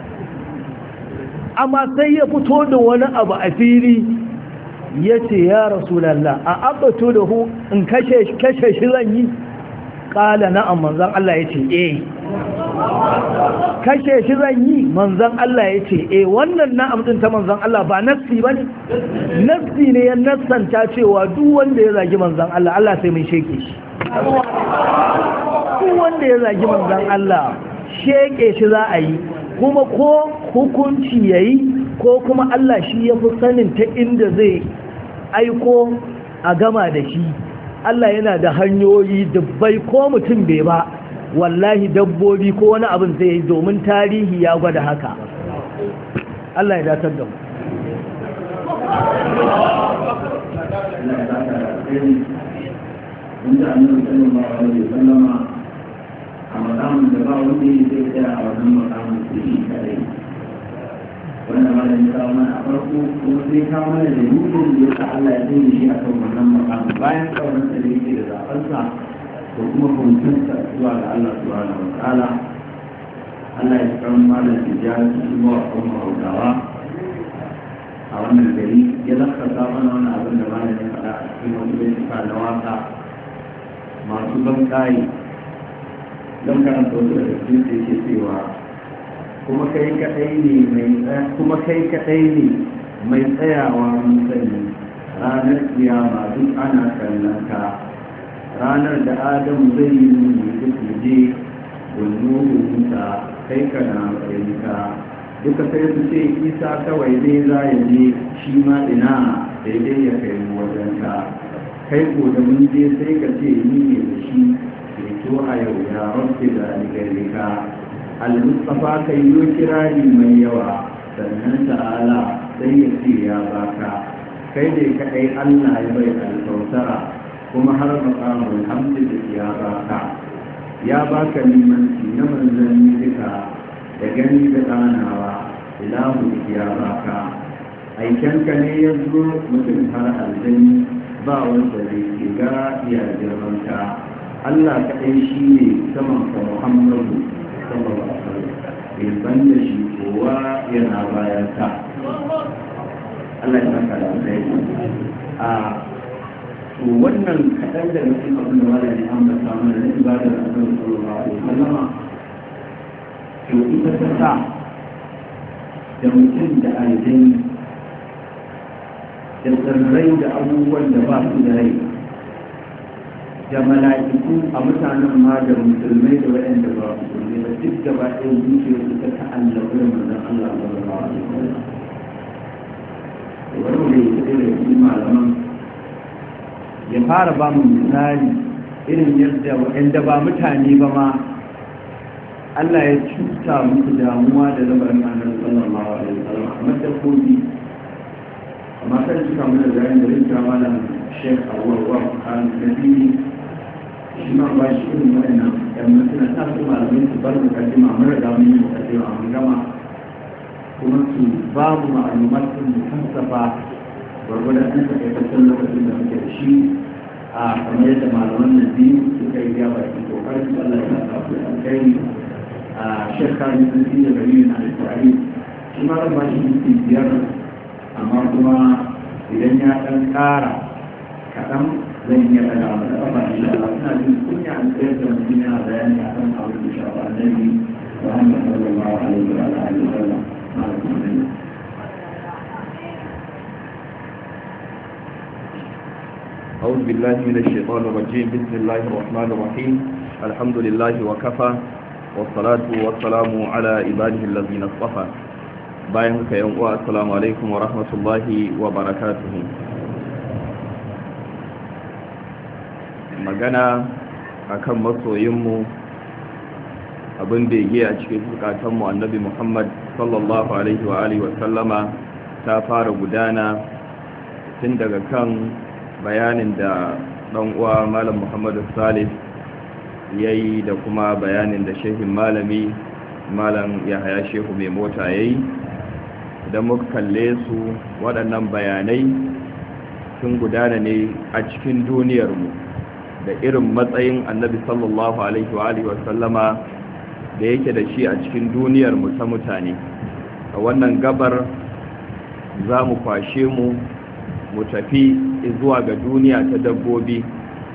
amma sai ya fito da wani abu a fili ya ce ya rasulallah a abato da hu in kashe shi zan yi ƙala na'am manzan Allah ya ce eh kashe shi zan yi manzan Allah ya ce eh wannan na'am din ta manzan Allah ba nassi ba ne nassi ne ya nassanta cewa duk wanda ya zagi manzan Allah Allah sai mai sheke shi duk wanda ya zagi manzan Allah sheke shi za a yi kuma ko hukunci ya yi ko kuma Allah shi ya fi sanin ta inda zai aiko a gama da shi Allah yana da hanyoyi dubbai ko mutum bai ba wallahi dabbobi ko wani abin zai yi domin tarihi ya gwada haka Allah ya datar da mu a makamun da ba wanda ya zai tsaya a wannan makamun su yi kadai wanda ma da kawo mana a farko kuma zai kawo mana da nufin da yasa Allah ya zai shi a kan wannan makamun bayan kawansa da yake da zaɓensa da kuma hukuntarsa zuwa ga Allah zuwa wa ta'ala Allah ya kawo mana da jihar su zuwa kan hausawa a wannan gari ya lakasa mana wani abin da malamin faɗa a cikin wani bai da wasa masu ban kayi don karanta wasu daga cikin da yake cewa kuma kai kaɗai ne mai kuma kai kaɗai ne mai tsayawa sani ranar kiyama duk ana kallon ka ranar da adamu zai yi nuni su je gunnu hukunta kai ka na kana ka. duka sai su ce isa kawai dai za ya je shi ma ina daidai ya kai wajenka kai ko da mun je sai ka ce ni ne da shi fito a yau ya rabbi da aligarika al-mustafa kai yi kirari mai yawa sannan ta'ala sai ya ce ya baka kai ne kaɗai allah ya bai alkautara kuma har makamun hamdu ya baka ya baka limanci na manzanni duka da gani da ɗanawa ilahu ya baka aikenka ne ya zo mutum har aljani ba wanda zai ke gara iya Allah kaɗai shi ne saman ka Muhammadu sallallahu alaihi wasallam ban da shi kowa yana bayan ka Allah ya saka da sai a to wannan kaɗan da mutum abin da wani an ba samu da ba da ibadar Allah ba, alaihi wasallam to ita ta sa da mutum da aljani da tsirrai da abubuwan da ba su da rai da mala'iku a mutanen ma da musulmai da waɗanda ba musulmai ba duk da ba ɗaya zuciyar su ta ta'allafu da manzon Allah sallallahu alaihi wasallam wani mai kuɗi da shi malaman ya fara ba mu misali irin yadda waɗanda ba mutane ba ma Allah ya cuta musu damuwa da lamarin annabi sallallahu alaihi wasallam kamar dabbobi amma kan cika mana da yayin da rinka malam shekh awwal wa al-nabi shi ma ba shi irin waɗannan yan mutuna ta su malamai su bar mu kaji ma mara da wani mu kaji ma mun gama kuma su ba mu ma'alumat sun mu kansafa gwargwadon an takaitaccen lokacin da muke da shi a kamar yadda malaman na biyu su suka yi ya baki kokarin su Allah ya sa su alkhairi a shekara ne sun fi da dalilin alkhairi shi ma ba shi minti biyar amma kuma idan ya ɗan ƙara kaɗan zan iya daga abu da ƙafa insha Allah ina jin kunya a da mutum yana bayani a kan abu da shafa annabi wa hannun sallallahu alaihi wa alihi wa sallam أعوذ بالله من الشيطان الرجيم بسم الله الرحمن الرحيم الحمد لله وكفى والصلاة والسلام على عباده الذين اصطفى باين كيوم السلام عليكم ورحمة الله وبركاته magana a kan masoyinmu abin bege a cikin zukatanmu annabi muhammad sallallahu alaihi wa alihi wasallama ta fara gudana tun daga kan bayanin da ɗan uwa malam muhammadu salif ya yi da kuma bayanin da shehin malami malam ya haya shehu mai mota ya yi idan muka kalle su waɗannan bayanai sun gudana ne a cikin duniyarmu da irin matsayin annabi sallallahu alaihi wa alihi wasallama da yake da shi a cikin duniyar mu ta mutane a wannan gabar za mu kwashe mu mu tafi zuwa ga duniya ta dabbobi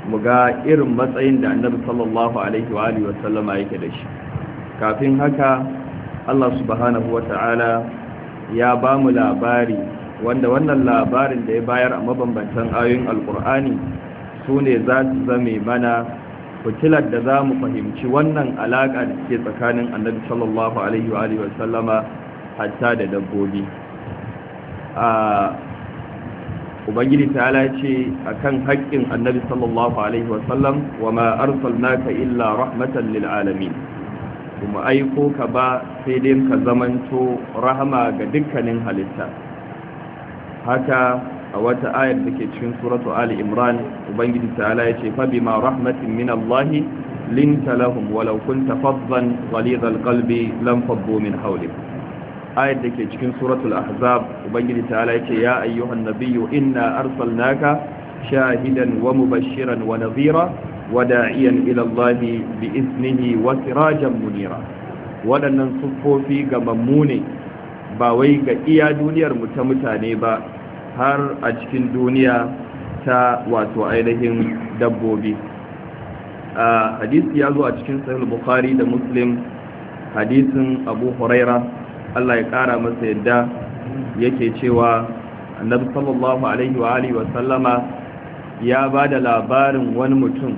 mu ga irin matsayin da annabi sallallahu alaihi wa alihi wasallama yake da shi kafin haka Allah subhanahu wata'ala ya ba mu labari wanda wannan labarin da ya bayar a mabambantan ayoyin alkur'ani su ne za su zame mana fitilar da za mu fahimci wannan alaƙa da ke tsakanin annabi sallallahu alaihi wa hatta da dabbobi a ubangiji ta ce a kan haƙƙin annabi sallallahu alaihi wasallam wa ma naka illa rahmatan lil alami kuma aiko ka ba sai dai ka zamanto rahama ga dukkanin halitta haka a wata ayar da ke cikin suratu ali imran ubangiji ta'ala ya ce fa ma rahmatin min allahi linta lahum walau kunta faddan ghalid alqalbi lam faddu min hawlik ayar da ke cikin suratul ahzab ubangiji ta'ala ya ce ya ayyuhan nabiyyu inna arsalnaka shahidan wa mubashiran wa nadhira wa da'iyan ila allahi bi isnihi wa sirajan munira waɗannan siffofi ga mammune ba wai ga iya duniyar mu ta mutane ba har a cikin duniya ta wato ainihin dabbobi a hadisi ya zo a cikin sahih bukhari da muslim hadisin abu huraira Allah ya kara masa yadda yake cewa annabi sallallahu alaihi wa alihi wa sallama ya bada labarin wani mutum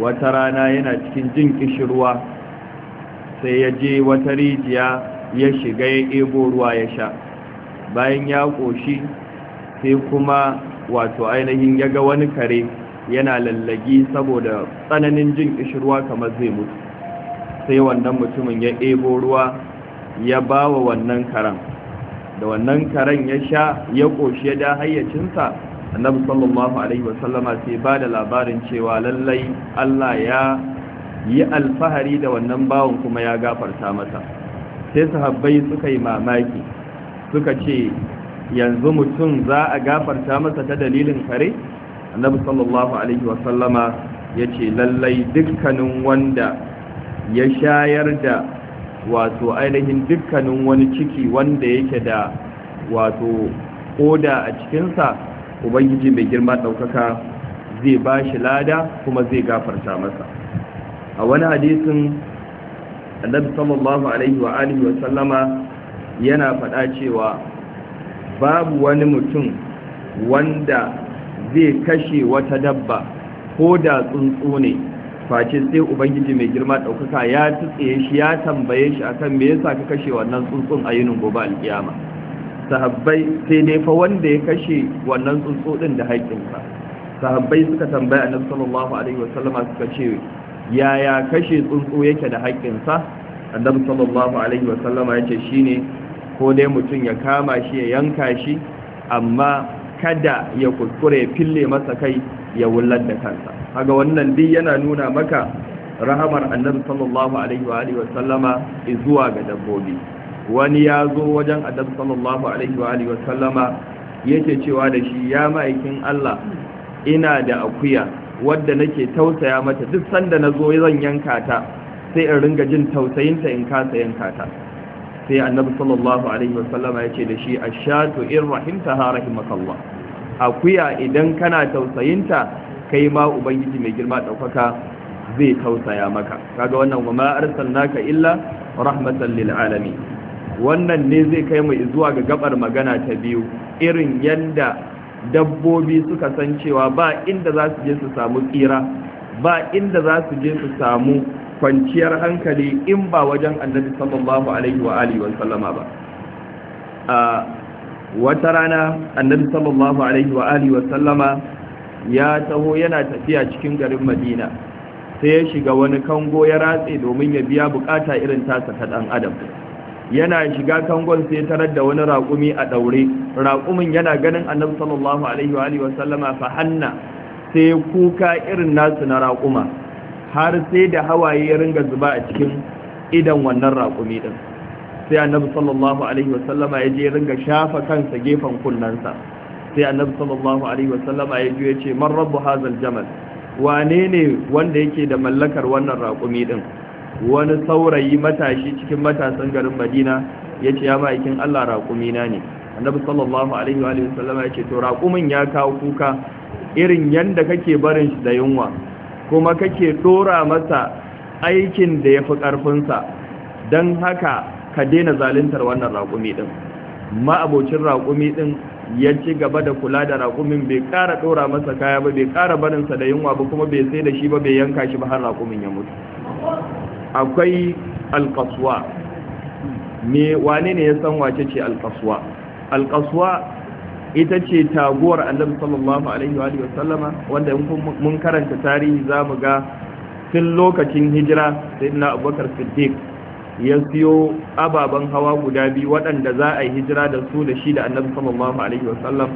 wata rana yana cikin jin kishirwa sai ya je wata rijiya ya shiga ya ebo ruwa ya sha bayan ya koshi sai kuma wato ainihin ya ga wani kare yana lallagi saboda tsananin jin kishirwa kamar zai mutu sai wannan mutumin ya ɗebo ruwa ya ba wa wannan karen da wannan karen ya sha ya ƙoshi ya da hayyacinsa annabi sallallahu alaihi wasallama sai ba da labarin cewa lallai Allah ya yi alfahari da wannan bawon kuma ya gafarta masa sai sahabbai suka yi mamaki suka ce yanzu mutum za a gafarta masa ta dalilin kare annabi sallallahu alaihi wasallama ya ce lallai dukkanin wanda ya shayar da wato ainihin dukkanin wani ciki wanda yake da wato koda a cikinsa ubangiji mai girma ɗaukaka zai ba shi lada kuma zai gafarta masa a wani hadisin annabi sallallahu alaihi wa wa yana faɗa cewa babu wani mutum wanda zai kashe wata dabba ko da tsuntsu ne face sai ubangiji mai girma ɗaukaka ya tutse shi ya tambaye shi akan me yasa ka kashe wannan tsuntsun a yinin gobe alkiyama sahabbai sai dai fa wanda ya kashe wannan tsuntsu din da haƙƙinsa sahabbai suka tambaya annabi sallallahu alaihi wasallama suka ce yaya kashe tsuntsu yake da haƙƙinsa annabi sallallahu alaihi wasallama yace shine ko dai mutum ya kama shi ya yanka shi amma kada ya kuskure ya fille masa kai ya wullar da kansa haga wannan duk yana nuna maka rahamar annabi sallallahu alaihi wa alihi sallama zuwa ga dabbobi wani ya zo wajen annabi sallallahu alaihi wa alihi sallama yake cewa da shi ya ma'aikin Allah ina da akuya wadda nake tausaya mata duk sanda na zo zan yanka ta sai in ringa jin tausayinta in kasa yanka ta sai annabi sallallahu alaihi wasallama ya ce da shi ashatu in rahimtaha rahimakallah akuya idan kana tausayinta kai ma ubangiji mai girma daukaka zai tausaya maka kaga wannan wa ma arsalnaka illa rahmatan lil alamin wannan ne zai kai mu zuwa ga gabar magana ta biyu irin yanda dabbobi suka san cewa ba inda za su je su samu tsira ba inda za su je su samu kwanciyar hankali in ba wajen annabi sallallahu alaihi wa alihi wa sallama ba a wata rana annabi sallallahu alaihi wa alihi wa sallama ya taho yana tafiya cikin garin madina sai ya shiga wani kango ya ratse domin ya biya bukata irin tasa ta dan adam yana shiga kangon sai tarar da wani raƙumi a daure raƙumin yana ganin annabi sallallahu alaihi wa alihi wa sallama fa hanna sai kuka irin nasu na raƙuma har sai da hawaye ya ringa zuba a cikin idan wannan raƙumi din sai annabi sallallahu alaihi wasallama ya je ya ringa shafa kansa gefen kullansa sai annabi sallallahu alaihi wasallama ya je ya ce man rabbu hazal jamal wane ne wanda yake da mallakar wannan raƙumi din wani saurayi matashi cikin matasan garin madina ya ce ya ma'aikin allah raƙumina ne annabi sallallahu alaihi wa sallama ya ce to raƙumin ya kawo kuka irin yadda kake barin shi da yunwa kuma kake dora masa aikin da ya fi ƙarfinsa don haka ka daina zaluntar wannan raƙumi ɗin ma'abocin raƙumi ɗin ya ci gaba da kula da raƙumin bai ƙara ɗora masa kaya ba bai ƙara barinsa da yunwa ba kuma bai sai da shi ba bai yanka shi ba har raƙumin ya mutu akwai alƙaswa me wane ne ya san wace ce alƙasuwa? Alƙasuwa. ita ce taguwar annabi sallallahu alaihi wa sallama wanda mun karanta tarihi za mu ga tun lokacin hijira sai na abubakar siddiq ya siyo ababen hawa guda biyu waɗanda za a yi hijira da su da shi da annabi sallallahu alaihi wa sallam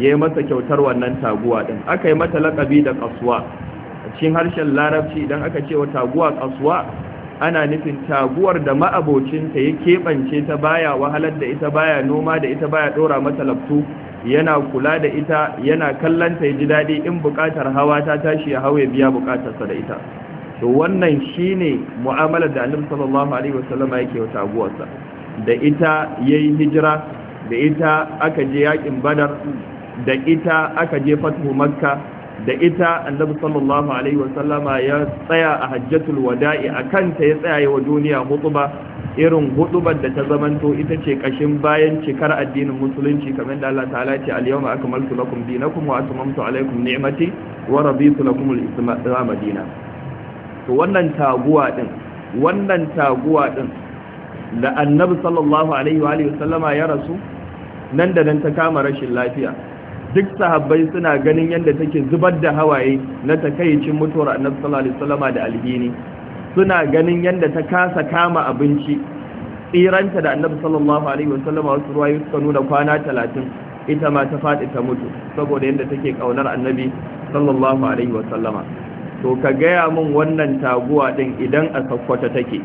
ya yi masa kyautar wannan taguwa din aka yi mata lakabi da kasuwa a cikin harshen larabci idan aka ce wa taguwa kasuwa ana nufin taguwar da ma'abocinta ya keɓance ta baya wahalar da ita baya noma da ita baya ɗora mata laftu yana kula da ita yana kallanta ya ji daɗi in buƙatar hawa ta tashi ya hau ya biya buƙatarsa da ita to wannan shine mu'amalar da annabi sallallahu alaihi wasallama yake wa taguwarsa da ita yayi hijira da ita aka je yakin badar da ita aka je fatu makka da ita annabi sallallahu alaihi wasallama ya tsaya a hajjatul wada'i a kanta ya tsaya wa duniya hutuba irin hutubar da ta zamanto ita ce kashin bayan cikar addinin musulunci kamar da Allah ta'ala ce al-yawma akmaltu lakum dinakum wa atmamtu alaykum ni'mati wa raditu lakum al-islam dinan to wannan taguwa din wannan taguwa din da annabi sallallahu alaihi wa alihi wasallama ya rasu nan da nan ta kama rashin lafiya duk sahabbai suna ganin yadda take zubar da hawaye na takaicin mutuwar annabi sallallahu alaihi da alhini suna ganin yadda ta kasa kama abinci tsiranta da annabi sallallahu alaihi wasallama wasu ruwayi suka nuna kwana talatin ita ma ta faɗi ta mutu saboda yadda take ƙaunar annabi sallallahu alaihi wasallama to ka gaya min wannan taguwa ɗin idan a sakkwata take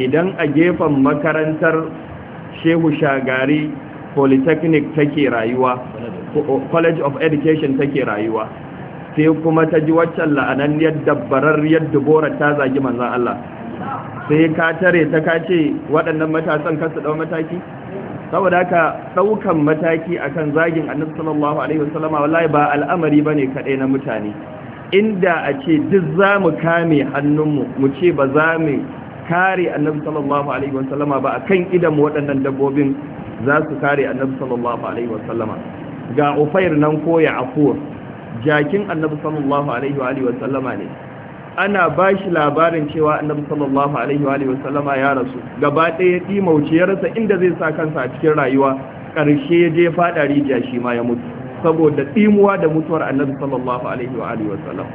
idan a gefen makarantar shehu shagari polytechnic take rayuwa college of education take rayuwa sai kuma ta ji waccan yadda barar yadda bora ta zagi manzan Allah sai ka tare ta kace waɗannan matasan su ɗau mataki saboda haka ɗaukan mataki akan zagin annabi sallallahu alaihi wasallam wallahi ba al'amari bane kaɗai na mutane inda a ce duk za mu kame hannunmu mu ce ba za mu kare annabi sallallahu alaihi wasallama ba akan idan waɗannan dabbobin za su kare annabi sallallahu alaihi wasallama ga ufair nan ko ya afuwar jakin annabi sallallahu alaihi wa sallama ne ana ba shi labarin cewa annabi sallallahu alaihi wa sallama ya rasu gaba ɗaya ɗimauci ya rasa inda zai sa kansa a cikin rayuwa ƙarshe ya je faɗa rijiya shi ma ya mutu saboda ɗimuwa da mutuwar annabi sallallahu alaihi wa sallam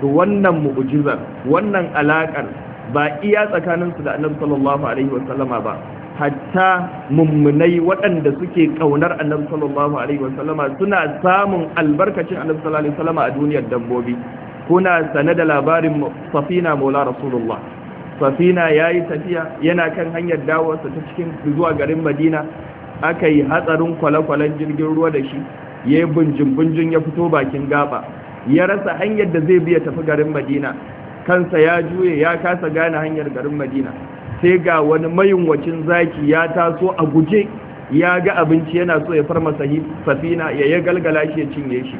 to wannan mu'jizar wannan alaƙar ba iya tsakaninsu da annabi sallallahu alaihi wa sallama ba hatta mummunai waɗanda suke ƙaunar annabi sallallahu alaihi wasallama suna samun albarkacin annabi sallallahu alaihi wasallama a duniyar dabbobi kuna sane da labarin safina maula rasulullah safina yayi tafiya yana kan hanyar dawowarsa ta cikin zuwa garin madina aka yi hatsarin kwale-kwalen jirgin ruwa da shi ya yi bunjin-bunjin ya fito bakin gaba ya rasa hanyar da zai biya tafi garin madina kansa ya juye ya kasa gane hanyar garin madina sai ga wani mayunwacin zaki ya taso a guje ya ga abinci yana so ya farma safina ya yi galgala shi ya cinye shi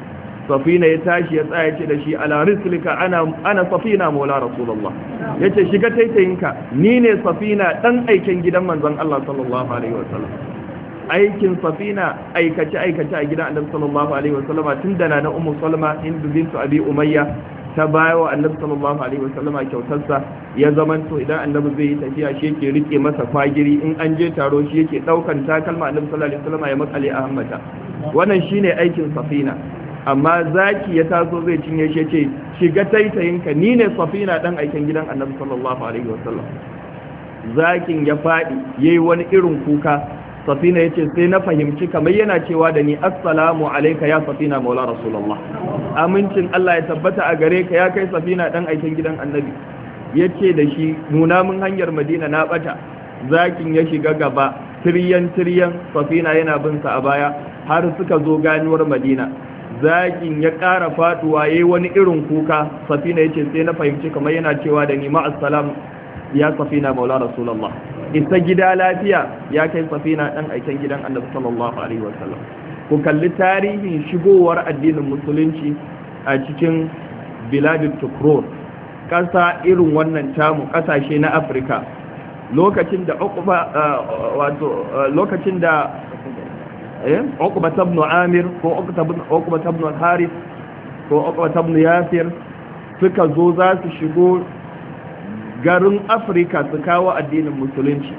safina ya tashi ya tsaya ce da shi ala rislika ana ana safina maula rasulullah ce shiga taitayinka ni ne safina ɗan aikin gidan manzon Allah sallallahu alaihi wasallam aikin safina aikace aikace a gidan annabi sallallahu alaihi wasallam tun da na ummu salma hindu bintu abi umayya ta baya wa annabi sallallahu alaihi wasallam kyautarsa ya to idan annabi zai yi tafiya shi yake rike masa fagiri in an je taro shi yake daukan takalma annabi sallallahu alaihi wasallam ya makale a hammata wannan shine aikin safina amma zaki ya taso zai cinye shi yace shiga taitayinka ni ne safina dan aikin gidan annabi sallallahu alaihi wasallam zakin ya fadi yayi wani irin kuka safina yace sai na fahimci kamar yana cewa da ni assalamu alayka ya safina maula rasulullah amincin Allah ya tabbata a gare ka ya kai safina dan aikin gidan annabi yace da shi nuna mun hanyar madina na bata zakin ya shiga gaba tiryan tiryan safina yana bin sa a baya har suka zo ganuwar madina zakin ya kara faduwa yayi wani irin kuka safina yace sai na fahimci kamar yana cewa da ni ma assalamu ya safina maula rasulullah isa gida lafiya ya kai safina ɗan aikin gidan annabi sallallahu alaihi wasallam ku kalli tarihin shigowar addinin musulunci a cikin biladin tukron ƙasa irin wannan tamu ƙasashe na afirka lokacin da wato lokacin da eh okuba ibn amir ko okuba ibn haris ko okuba ibn yasir suka zo za su shigo garin afirka su kawo addinin musulunci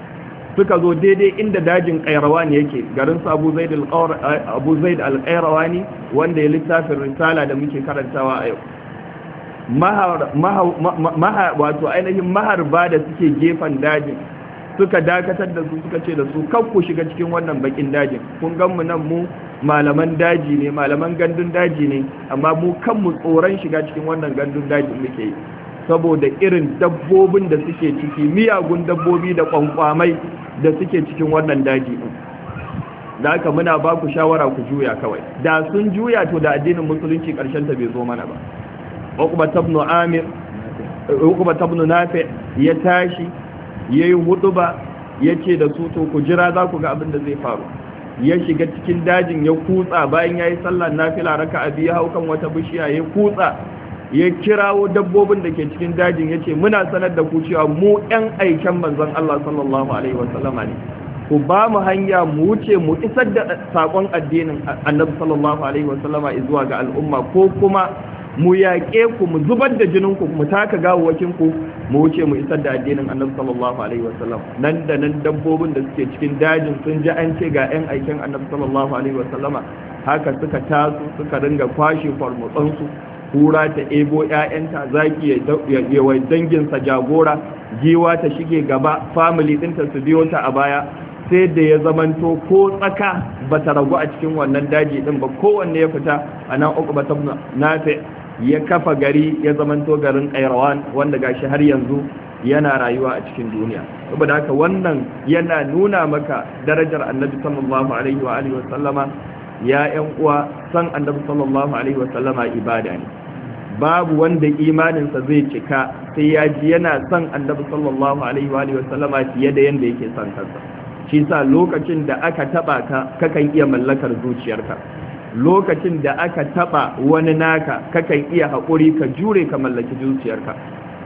suka zo daidai inda dajin kairawani yake garin su abu zaid al-kairawani wanda ya littafin risala da muke karantawa a yau wato ainihin maharba da suke gefen dajin suka dakatar da su suka ce da su ku shiga cikin wannan bakin dajin kun ganmu nan mu malaman daji ne malaman gandun daji ne amma mu kanmu tsoron shiga cikin wannan gandun dajin muke yi saboda irin dabbobin da suke ciki miyagun dabbobi da kwankwamai da suke cikin wannan daji da aka muna ba ku shawara ku juya kawai da sun juya to da addinin musulunci karshen ta bai zo mana ba hukuma Tabnu amir uqba Tabnu nafi ya tashi yayi huduba yace da su to ku jira za ku ga abin da zai faru ya shiga cikin dajin ya kutsa bayan yayi sallar nafila raka'a biyu haukan wata bishiya ya kutsa ya kirawo dabbobin da ke cikin dajin ya ce muna sanar da ku cewa mu 'yan aiken manzon Allah sallallahu alaihi wasallama ne ku ba mu hanya mu wuce mu isar da sakon addinin annabi sallallahu alaihi wasallama zuwa ga al'umma ko kuma mu yaƙe ku mu zubar da jinin ku mu taka gawawakin ku mu wuce mu isar da addinin annabi sallallahu alaihi wasallam nan da nan dabbobin da suke cikin dajin sun ji an ce ga yan aikin annabi sallallahu alaihi wasallama haka suka taso suka ringa kwashe farmatsansu. kura ta ebo 'ya'yanta zaki ya wai danginsa jagora giwa ta shige gaba family ɗinta su biyo ta a baya sai da ya zamanto ko tsaka ba ta ragu a cikin wannan daji din ba kowanne ya fita a nan uku ba nafe ya kafa gari ya zamanto garin kairawan wanda gashi har yanzu yana rayuwa a cikin duniya saboda haka wannan yana nuna maka darajar annabi sallallahu alaihi wa alihi wa sallama ya yan uwa san annabi sallallahu alaihi wa sallama ibada ne babu wanda imaninsa zai cika sai ya ji yana son annabi sallallahu alaihi wa sallama fiye da yanda yake son kansa shi sa lokacin da aka taba ka kakan iya mallakar zuciyarka lokacin da aka taba wani naka kakan iya haƙuri ka jure ka mallaki zuciyarka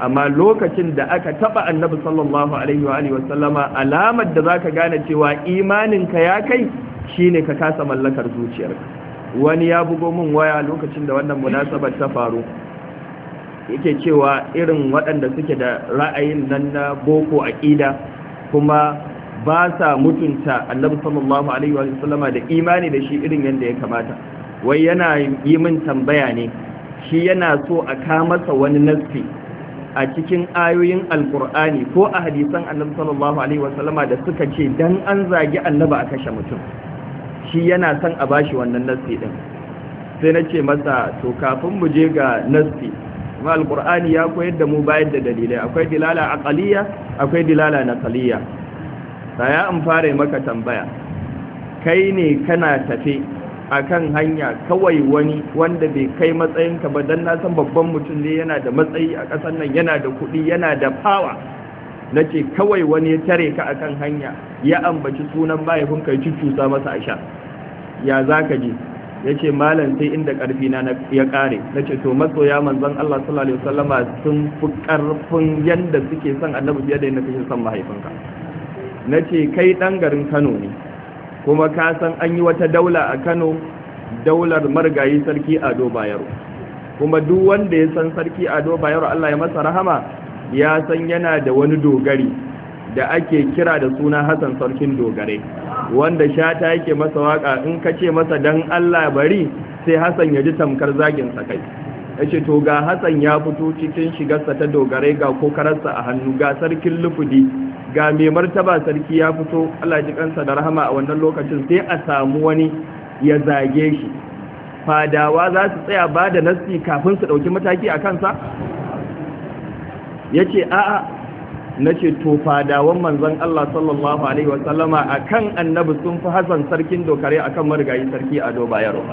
amma lokacin da aka taba annabi sallallahu alaihi wa sallama alamar da zaka gane cewa imaninka ya kai shine ka kasa mallakar zuciyarka wani ya bugo min waya lokacin da wannan munasabar ta faru yake cewa irin waɗanda suke da ra'ayin nan na boko aƙida kuma ba sa mutunta annabi sallallahu alaihi wa sallama da imani da shi irin yanda ya kamata wai yana yi min tambaya ne shi yana so a kamasa wani nasfi a cikin ayoyin alkur'ani ko a hadisan annabi sallallahu alaihi wa sallama da suka ce dan an zagi annabi a kashe mutum shi yana son a bashi wannan nassi din sai na ce masa to kafin mu je ga nassi kuma alkur'ani ya koyar da mu bayar da dalilai akwai dilala aqaliya akwai dilala naqaliya ya in fara maka tambaya kai ne kana tafe akan hanya kawai wani wanda bai kai matsayinka ba dan na san babban mutum ne yana da matsayi a ƙasar nan yana da kuɗi yana da fawa na ce kawai wani ya tare ka akan hanya ya ambaci sunan mahaifin kai cucusa masa a sha ya za ka je ya ce malam sai inda ƙarfi na ya kare na ce to ya manzon Allah sallallahu alaihi wasallama sun fi ƙarfin yanda suke son annabi fiye da yanda kake son mahaifinka na ce kai ɗan garin Kano ne kuma ka san an yi wata daula a Kano daular marigayi sarki Ado Bayero kuma duk wanda ya san sarki Ado Bayero Allah ya masa rahama ya san yana da wani dogari da ake kira da suna Hassan sarkin dogare wanda shata yake masa waka in ka ce masa dan Allah bari sai Hassan ya ji tamkar zagin sa kai yace to ga Hassan ya fito cikin shigarsa ta dogare ga kokararsa a hannu ga sarkin lufudi ga mai martaba sarki ya fito Allah ji kansa da rahama a wannan lokacin sai a samu wani ya zage shi fadawa za su tsaya ba da nasi kafin su ɗauki mataki a kansa ya ce a'a na ce to fadawan manzon Allah sallallahu alaihi wasallama a kan annabi sun fi hasan sarkin dokare a kan marigayi sarki ado bayero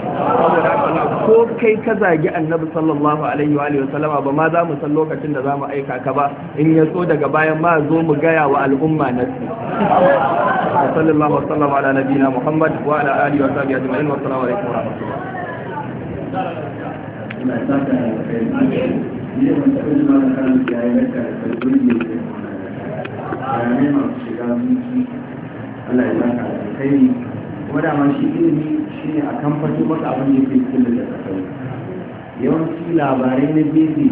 ko kai ka zagi annabi sallallahu alaihi wasallama ba ma za mu san lokacin da za mu aika ka ba in ya so daga bayan ma zo mu gaya wa al'umma na su sallallahu wasallama ala nabiyina muhammad wa ala alihi wa sahbihi ajma'in wa assalamu alaikum wa rahmatullah na saka da kai ne wanda ɗin ma da kan ya yi raka da kalbin ne da ya ne masu shiga zuci Allah ya saka da kai ne kuma da ma shi ilimi shi ne a kan fato maka abin da yake cikin da ka yawanci labarai na gefe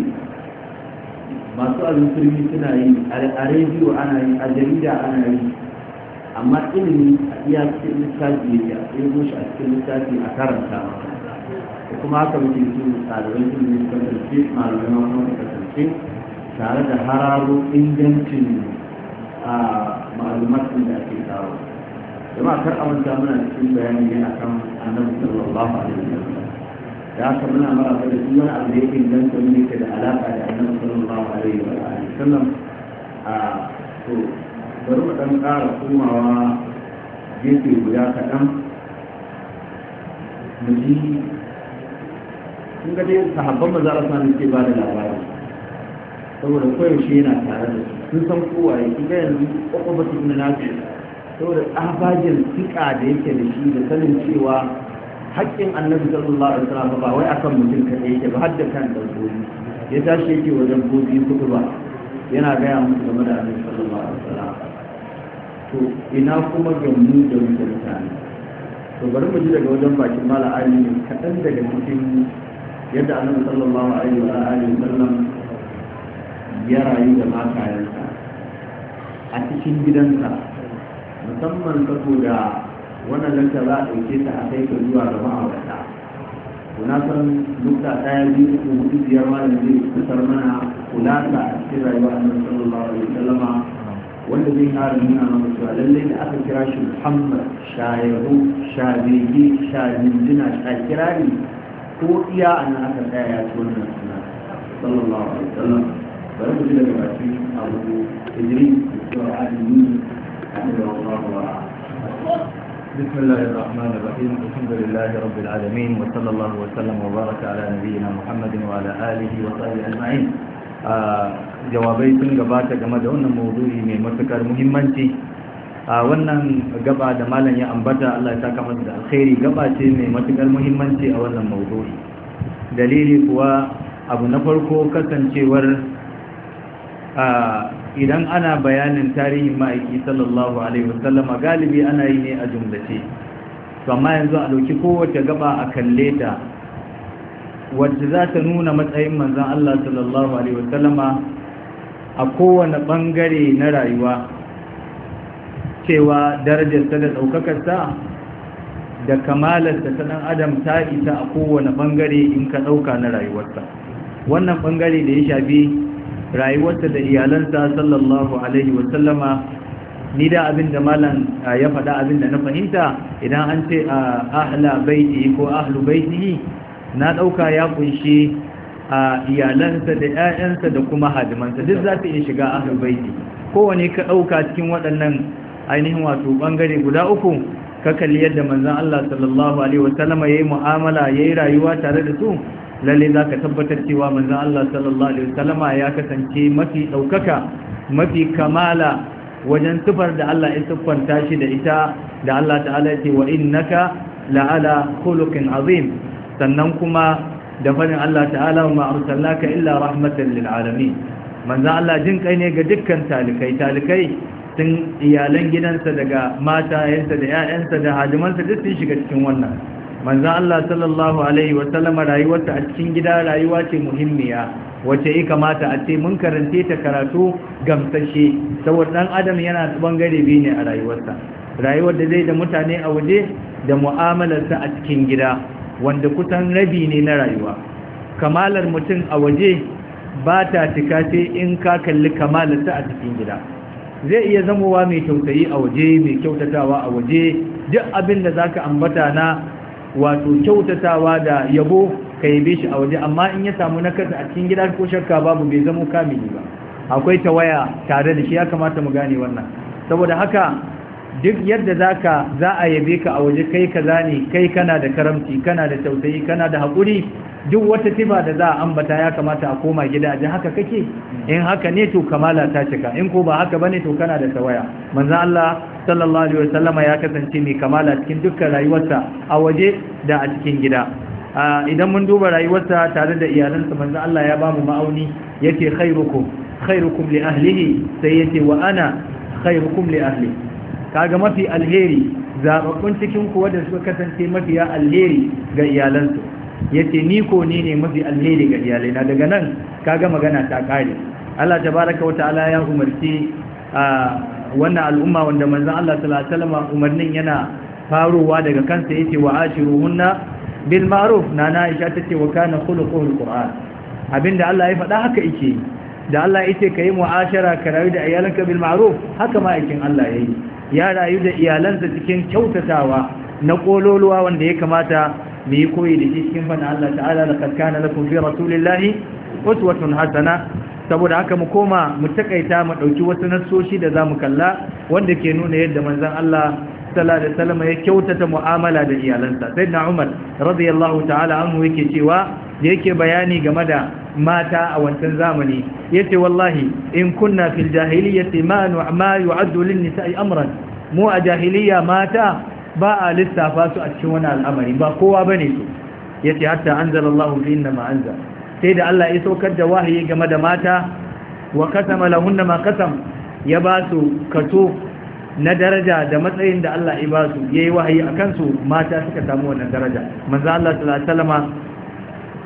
masu abin azumfirmi suna yi a rediyo ana yi a jarida ana yi amma ilimi a iya cikin littafi ya a ɗaya shi a cikin littafi a karanta maka kuma haka muke su ɗaliban ilimi yi kasance malamai wani kuma kasance tare da hararo ingancin a ma'alumatin da ake kawo jama'a kar amanta muna cikin bayani ne akan annabi sallallahu alaihi wasallam da haka muna mara da duk wani abu da yake inganta da yake da alaka da annabi sallallahu alaihi wa alihi sallam a to bari mu dan ƙara komawa gefe guda kaɗan mu ji kun ga dai sahabban manzo Allah ne ce ba da labari saboda koyaushe yana tare da su sun san kowa ya kun ga yanzu ba su na su saboda ɗabajin fiƙa da yake da shi da sanin cewa haƙƙin annabi sallallahu alaihi wasallam ba wai akan mutum kaɗai yake ba har da kan dabbobi ya tashi yake wa dabbobi kudu ba yana gaya musu game da annabi sallallahu alaihi wasallam to ina kuma ga mu da mutane to bari mu ji daga wajen bakin mala kaɗan daga cikin yadda annabi sallallahu alaihi wa alihi sallam ya rayu da matayensa a cikin gidansa musamman saboda wannan lanta za a ɗauke ta a kai ka zuwa ga ma'aurata to san duk da ɗaya biyu ko hudu biyar ma da zai kusar mana kulasa a cikin rayuwa annabi sallallahu alaihi wa sallama wanda zai kara nuna mana cewa lallai da aka kira shi Muhammad shayahu shabege a shakirari ko iya a nan aka tsaya ya ci wannan suna sallallahu alaihi wasallam bari ku ji daga baki abu idris da al-yunus annabi sallallahu alaihi بسم الله الرحمن الرحيم الحمد لله رب العالمين وصلى الله وسلم وبارك على نبينا محمد وعلى اله وصحبه اجمعين jawabai sun gabata game da wannan mawdu'i mai matukar muhimmanci a wannan gaba da malam ya ambata Allah ya saka da alkhairi gaba ce mai matukar muhimmanci a wannan maudu'i dalili kuwa abu na farko kasancewar idan ana bayanin tarihin ma'aiki sallallahu alaihi wasallam galibi ana yi ne a jumlace amma yanzu a dauki kowace gaba a kalle ta wadda za ta nuna matsayin manzon Allah sallallahu alaihi wasallama a kowane bangare na rayuwa cewa ta da ɗaukakarsa da kamalarsa ta ɗan adam ta isa a kowane ɓangare in ka ɗauka na rayuwarsa wannan ɓangare da ya shafi rayuwarsa da iyalansa sallallahu alaihi wasallama ni da abin da malam ya faɗa abin da na fahimta idan an ce a ahla baiti ko ahlu baiti na ɗauka ya kunshi a iyalansa da 'ya'yansa da kuma hadimansa duk za ta iya shiga ahlu baiti kowane ka ɗauka cikin waɗannan ainihin wato bangare guda uku ka kalli yadda manzan Allah sallallahu alaihi wasallama yayi mu'amala yayi rayuwa tare da su lalle za ka tabbatar cewa manzan Allah sallallahu alaihi wasallama ya kasance mafi ɗaukaka, mafi kamala wajen sifar da Allah ya kwanta shi da ita da Allah ta'ala ya ce wa innaka la'ala kulukin azim sannan kuma da farin Allah ta'ala wa ma'arsalaka illa rahmatan lil alamin Manzan Allah jin kai ne ga dukkan talikai talikai tun iyalan gidansa daga mata matayensa da 'ya'yansa da hajimansa duk sun shiga cikin wannan manzo Allah sallallahu Alaihi wasallama rayuwarta a cikin gida rayuwa ce muhimmiya wace ya kamata a ce mun karante ta karatu gamsashe saboda ɗan adam yana bangare biyu ne a rayuwarsa rayuwar da zai da mutane a waje da mu'amalarsa a cikin gida wanda kusan rabi ne na rayuwa kamalar mutum a waje ba ta cika in ka kalli kamalarsa a cikin gida zai iya zamowa mai tausayi a waje mai kyautatawa a waje duk abin da ka ambata na wato kyautatawa da yabo ka yabe shi a waje amma in ya samu nakasa a cikin gida ko shakka babu bai zamo kamili ba akwai tawaya tare da shi ya kamata mu gane wannan saboda haka duk yadda zaka za a yabe ka a waje kai ka zane kai kana da karamci kana da tausayi kana da haƙuri duk wata tiba da za a ambata ya kamata a koma gida a haka kake in haka ne to kamala ta cika in ko ba haka bane to kana da tawaya manzo Allah sallallahu alaihi wasallam ya kasance mai kamala cikin dukkan rayuwarsa a waje da a cikin gida idan mun duba rayuwarsa tare da iyalansa manzo Allah ya bamu ma'auni yace khairukum khairukum li ahlihi sai yace wa ana khairukum li ahlihi kaga mafi alheri zababbun cikin kuwa da suka kasance mafiya alheri ga iyalansu yace ni ko ni ne mafi alheri ga iyalaina daga nan kaga magana ta kare Allah ta wa ta'ala ya umarci wannan al'umma wanda manzan Allah sallallahu umarnin yana farowa daga kansa yace wa ashiruhunna bil ma'ruf nana Aisha ce wa kana khuluquhul qur'an abinda Allah ya faɗa haka yake da Allah yace yi mu'ashara ka rayu da iyalanka bil ma'ruf haka ma aikin Allah yayi ya rayu da iyalansa cikin kyautatawa na kololuwa wanda ya kamata mu yi koyi da shi cikin fana Allah ta'ala da kankana lakum fi rasulillahi uswatun hasana saboda haka mu koma mu takaita mu ɗauki wasu nassoshi da zamu kalla wanda ke nuna yadda manzan Allah sallallahu alaihi wasallam ya kyautata mu'amala da iyalansa sayyidina Umar radiyallahu ta'ala anhu yake cewa da yake bayani game da mata a wancan zamani yace wallahi in kunna fil jahiliyyati ma ma yu'addu lin nisa'i amran mu a jahiliya mata ba a lissafa su a cikin wani al'amari ba kowa bane su yace hatta anzalallahu fi inna ma anzal sai da Allah ya saukar da wahayi game da mata wa kasama lahunna ma kasam ya ba su kato na daraja da matsayin da Allah ya ba su yayi wahayi a kansu mata suka samu wannan daraja manzo Allah sallallahu alaihi wasallama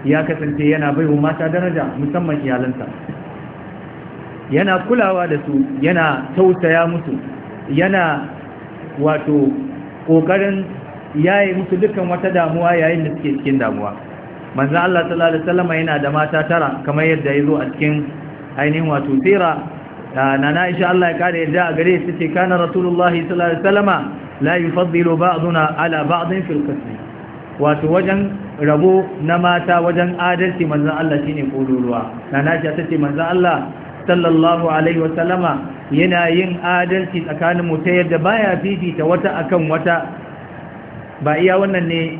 ya kasance yana baiwa mata daraja musamman iyalansa yana kulawa da su yana tausaya musu yana wato kokarin yayi musu dukkan wata damuwa yayin da suke cikin damuwa manzo Allah sallallahu alaihi wasallam yana da mata tara kamar yadda yazo a cikin ainihin wato sira ah, nana Aisha Allah ya kare yadda a gare ta ce kana rasulullahi sallallahu alaihi wasallama la yufaddilu ba'duna ala ba'din fil qismi wato wajen rabo na mata wajen adalci manzan Allah shine kodoruwa nashi ta ce manzan Allah sallallahu alaihi wa sallama yana yin adalci tsakanin mu ta yadda baya fifita wata akan wata ba iya wannan ne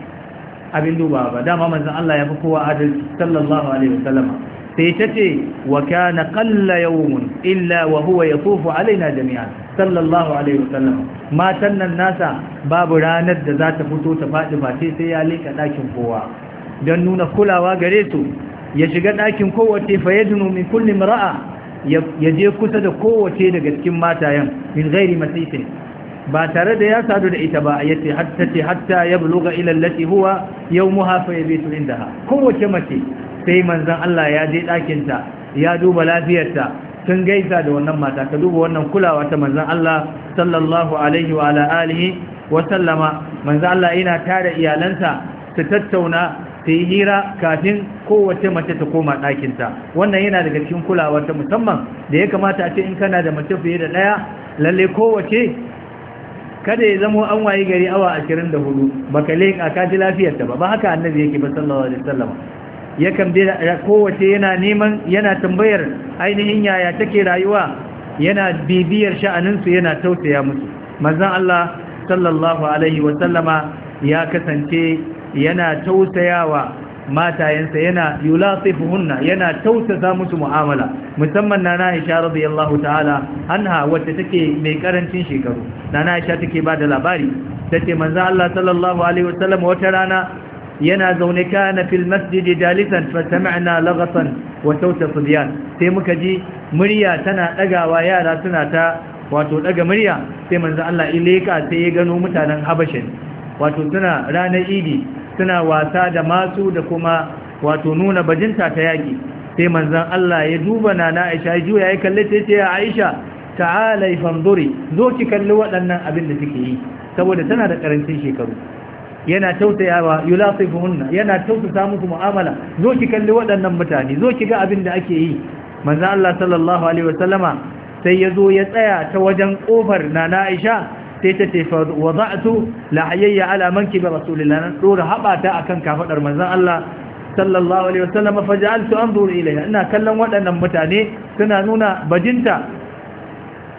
abin duba ba dama manzan Allah ya fi kowa adalci sallallahu alaihi wa sallama sai ta ce wa kana qalla yawmun illa wa huwa yatufu alaina jami'an sallallahu alaihi wasallam matan nan nasa babu ranar da za ta fito ta faɗi ba sai sai ya leka ɗakin kowa don nuna kulawa gare su ya shiga ɗakin kowace fa yadnu min kulli mar'a ya je kusa da kowace daga cikin matayen min ghairi masitin ba tare da ya sadu da ita ba yace hatta ce hatta ya buluga ila allati huwa yawmuha fa yabitu indaha kowace mace sai manzan Allah ya je ɗakinta ya duba lafiyarta sun gaisa da wannan mata ka duba wannan kulawa ta manzan Allah sallallahu alaihi wa alihi wa sallama manzan Allah yana tare iyalansa su tattauna su yi hira kafin kowace mace ta koma ɗakinta wannan yana daga cikin kulawa ta musamman da ya kamata a ce in kana da mace fiye da ɗaya lalle kowace kada ya zamo an wayi gari awa 24 baka leƙa ka ji lafiyarta ba ba haka annabi yake ba sallallahu alaihi sallama. yakan bi kowace yana neman yana tambayar ainihin yaya take rayuwa yana bibiyar sha'aninsu yana tausaya musu manzon Allah sallallahu alaihi wa sallama ya kasance yana tausayawa matayensa yana yulasifuhunna yana tausasa musu mu'amala musamman nana Aisha radiyallahu ta'ala anha wacce take mai karancin shekaru nana Aisha take ba da labari tace manzo Allah sallallahu alaihi wasallam wata rana yana zaune kana fil masjidi fa sami'na lagasan wa sauta sai muka ji murya tana dagawa yara suna ta wato daga murya sai manzo Allah ileka sai ya gano mutanen habashin wato suna ranar idi suna wasa da masu da kuma wato nuna bajinta ta yaki sai manzon Allah ya duba nana Aisha ya juya ya kalle ta ce Aisha ta'ala ifanduri zo ki kalli waɗannan abin da take yi saboda tana da karancin shekaru yana tausayawa yulasifuhunna yana tausasa musu mu'amala zo ki kalli waɗannan mutane zo ki ga abin da ake yi manzo Allah sallallahu alaihi wasallama sai yazo ya tsaya ta wajen kofar nana Aisha sai ta ce fa wada'tu lahayya ala mankibi rasulillah nan dora habata akan kafadar manzo Allah sallallahu alaihi wasallama faj'altu anzuru ilayha ina kallon waɗannan mutane suna nuna bajinta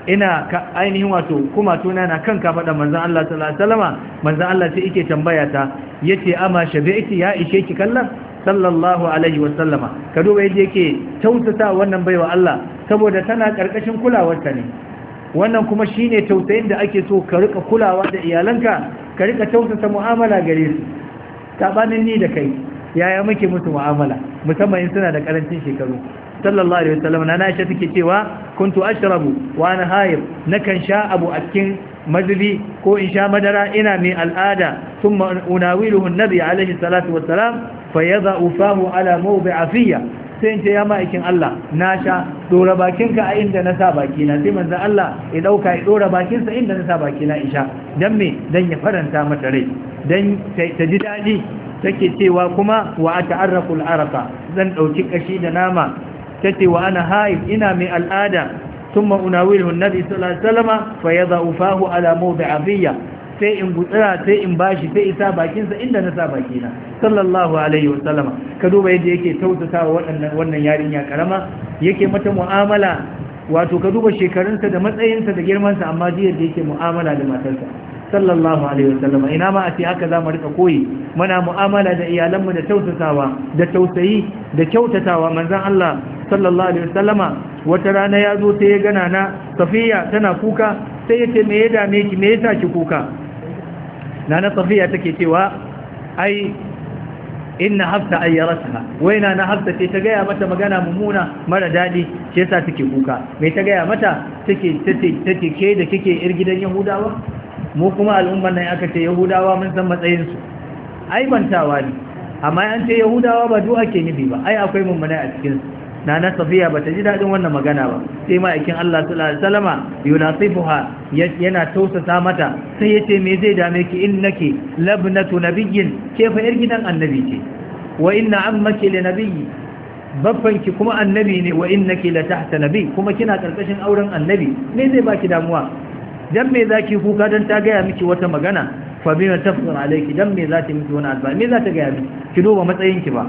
ina ka ainihin wato kuma tuna na kan kafaɗa manzan Allah sallallahu alaihi wasallam manzan Allah sai yake tambaya ta yace ama shabi'ti ya ishe ki kallon sallallahu alaihi wasallam ka duba yadda yake tausasa wannan baiwa Allah saboda tana karkashin ta ne wannan kuma shine tausayin da ake so ka rika kulawa da iyalanka ka rika tausata mu'amala gare su banin ni da kai yaya muke musu mu'amala musamman in suna da karancin shekaru sallallahu alaihi wasallam na Aisha take cewa kuntu ashrabu wa ana hayd nakan sha abu a cikin mazubi ko in sha madara ina mai al'ada thumma unawiluhu annabi alaihi salatu wassalam fayadha ufahu ala mawdi'a fiya sai in ce ya ma'aikin Allah na sha dora bakinka a inda na sa bakina sai manzan Allah ya ɗauka ya dora bakinsa inda na sa bakina in sha don me don ya faranta mata rai don ta ji daɗi take cewa kuma wa a ta'arraku al'araka zan ɗauki ƙashi da nama tace wa ana haid ina mai al'ada thumma unawilu annabi sallallahu alaihi wasallama fa yadau fahu ala mawdi'iyya sai in gutsira sai in bashi sai isa bakinsa inda na sa bakina sallallahu alaihi wasallama ka duba yadda yake tautatawa wannan wannan yarinya karama yake mata mu'amala wato ka duba shekarunsa da matsayinsa da girmansa amma ji yadda yake mu'amala da matarsa sallallahu alaihi wasallam ina ma a ce haka za mu rika koyi muna mu'amala da iyalanmu da tausatawa da tausayi da kyautatawa manzon Allah sallallahu alaihi wasallama wata rana ya zo sai ya gana na safiya tana kuka sai ya ce me ya dame ki me yasa ki kuka nana safiya take cewa ai inna hafsa ayyaratha waina na hafsa ce ta gaya mata magana mumuna mara dadi shi yasa take kuka me ta gaya mata take take take ke da kike irgidan yahudawa mu kuma al'ummar nan aka ce yahudawa mun san matsayinsu ai bantawa ne amma an ce yahudawa ba du'a ke nufi ba ai akwai mummunai a cikinsu na na safiya ba ta ji daɗin wannan magana ba sai ma'aikin Allah sallallahu alaihi wasallama yunasifuha yana tausasa mata sai yace me zai dame ki nake labnatu nabiyyin ke fa yar gidan annabi ce wa inna ammaki linabiyyi ki kuma annabi ne wa innaki la tahta nabi kuma kina karkashin auren annabi me zai baki damuwa dan me zaki kuka dan ta gaya miki wata magana fa bima tafsir alayki dan me zaki miki wani alba me za ta gaya miki ki duba matsayin ki ba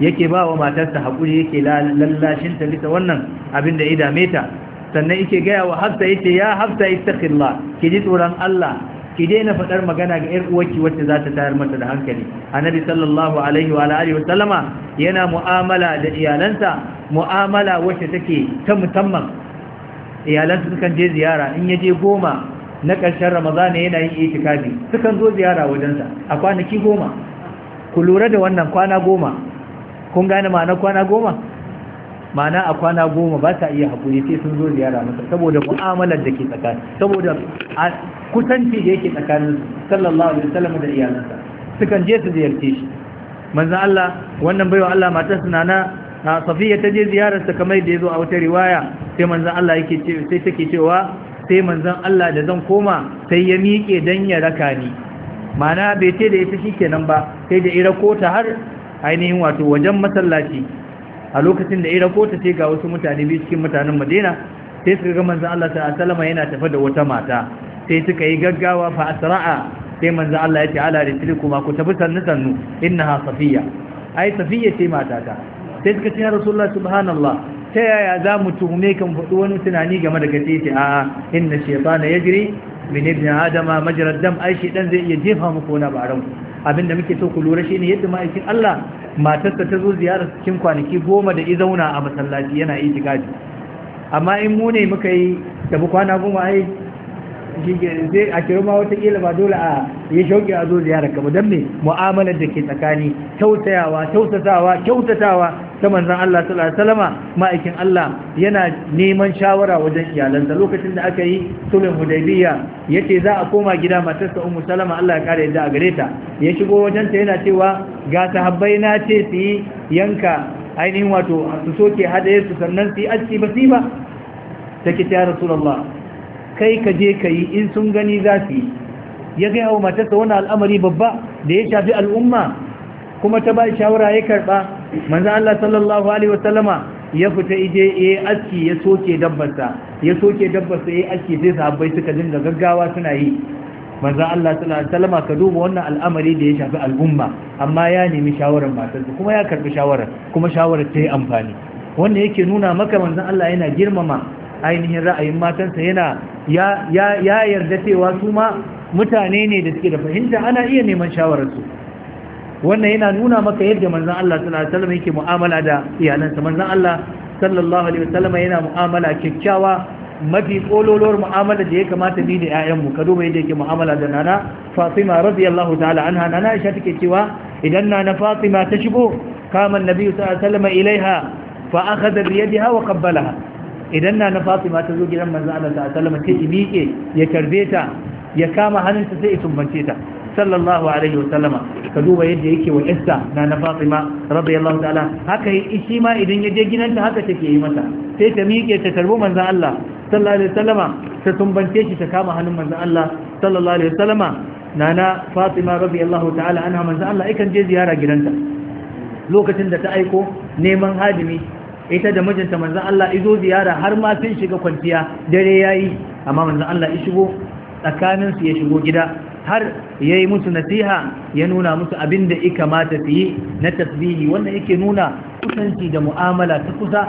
yake ba wa matarsa hakuri yake lallashin ta bisa wannan abin da ya dame ta sannan yake gaya wa hafsa yace ya hafsa ittaqillah ki ji tsoron Allah ki daina faɗar magana ga 'yar uwarki wacce za ta tayar mata da hankali annabi sallallahu alaihi wa alihi wasallama yana mu'amala da iyalansa mu'amala wacce take ta musamman iyalansu sukan je ziyara in ya je goma na ƙarshen ramazana yana yin itikafi sukan zo ziyara wajensa a kwanaki goma ku lura da wannan kwana goma kun gane ma'ana kwana goma ma'ana a kwana goma ba ta iya haƙuri sai sun zo ziyara masa saboda mu'amalar da ke tsakani saboda kusanci da yake tsakanin sallallahu alaihi wasallam da iyalansa sukan je su ziyarce shi manzo Allah wannan baiwa Allah matarsa na safiya ta je ziyarar ziyararsa kamar da ya zo a wata riwaya sai manzan Allah yake ce sai take cewa sai manzan Allah da zan koma sai ya miƙe dan ya raka ni mana bai ce da ita shikenan ba sai da ira kota har ainihin wato wajen masallaci a lokacin da ira kota sai ga wasu mutane biyu cikin mutanen Madina sai suka ga manzan Allah ta sallama yana tafa da wata mata sai suka yi gaggawa fa asra'a sai manzan Allah ya ce ala rijlikum ku tafi sannu sannu innaha safiya ai safiya ce matata sai suka ce rasulullah subhanallah ta yaya za mu tuhume kan faɗi wani tunani game da kace ce a'a inna shaytana yajri min ibn adama majrad dam ai dan zai iya jefa muku wani Abin da muke so ku lura ne yadda ma'aikin Allah matarsa ta zo ziyara cikin kwanaki goma da izauna a masallaci yana yi amma in mu ne muka yi da kwana goma ai shi sai a kiro ma watakila ba dole a yi shauƙi a zo ziyarar ka don me mu'amalar da ke tsakani kyautayawa kyautatawa kyautatawa ta manzan Allah sallallahu alaihi ma'aikin Allah yana neman shawara wajen iyalansa lokacin da aka yi sulhun hudaybiya yace za a koma gida matarsa ummu salama Allah ya kare yadda a gare ta ya shigo wajen ta yana cewa ga sahabbai na ce su yi yanka ainihin wato su soke hadaye su sannan su yi aski ba ta ki ta rasulullah kai ka je ka yi in sun gani za su yi ya gaya wa matarsa wani al'amari babba da ya shafi al'umma kuma ta ba shawara ya karɓa manzan Allah sallallahu alaihi wasallama ya fita ije ya aski ya soke dabbarsa ya soke dabbarsa ya aski sai sahabbai suka dinga gaggawa suna yi manzan Allah sallallahu alaihi wasallama ka duba wannan al'amari da ya shafi al'umma amma ya nemi shawarar matarsa kuma ya karɓi shawarar kuma shawarar ta yi amfani wannan yake nuna maka manzo Allah yana girmama ainihin ra'ayin matansa yana ya yarda cewa su ma mutane ne da suke da fahimta ana iya neman shawararsu wannan yana nuna maka yadda manzan Allah sallallahu yake mu'amala da iyalansa manzan Allah sallallahu alaihi yana mu'amala kyakkyawa mafi kololor mu'amala da ya kamata ni da 'ya'yanmu. ka duba yadda yake mu'amala da nana Fatima radiyallahu ta'ala anha nana Aisha take cewa idan nana Fatima ta shigo kaman annabi sallallahu ilaiha fa akhadha bi yadiha wa kabbala. idan na Fatima ta zo gidan manzo Allah ta sallama ta miƙe ya tarbe ta ya kama hannunta sai ya tumbance ta sallallahu alaihi wa sallama ka duba yadda yake wa Esther na na Fatima radiyallahu ta'ala haka shi ma idan ya je gidanta haka take yi mata sai ta miƙe ta tarbo manzo Allah sallallahu alaihi wa sallama ta tumbance shi ta kama hannun manzo Allah sallallahu alaihi wa sallama Na nana Fatima radiyallahu ta'ala anha manzo Allah ikan je ziyara gidanta lokacin da ta aiko neman hadimi ita da mijinta manzon Allah izo ziyara har ma sun shiga kwanciya dare yayi amma manzon Allah ya shigo tsakanin su ya shigo gida har ya yi musu nasiha ya nuna musu abin da ya kamata fi na tasbihi wannan yake nuna kusanci da mu'amala ta kusa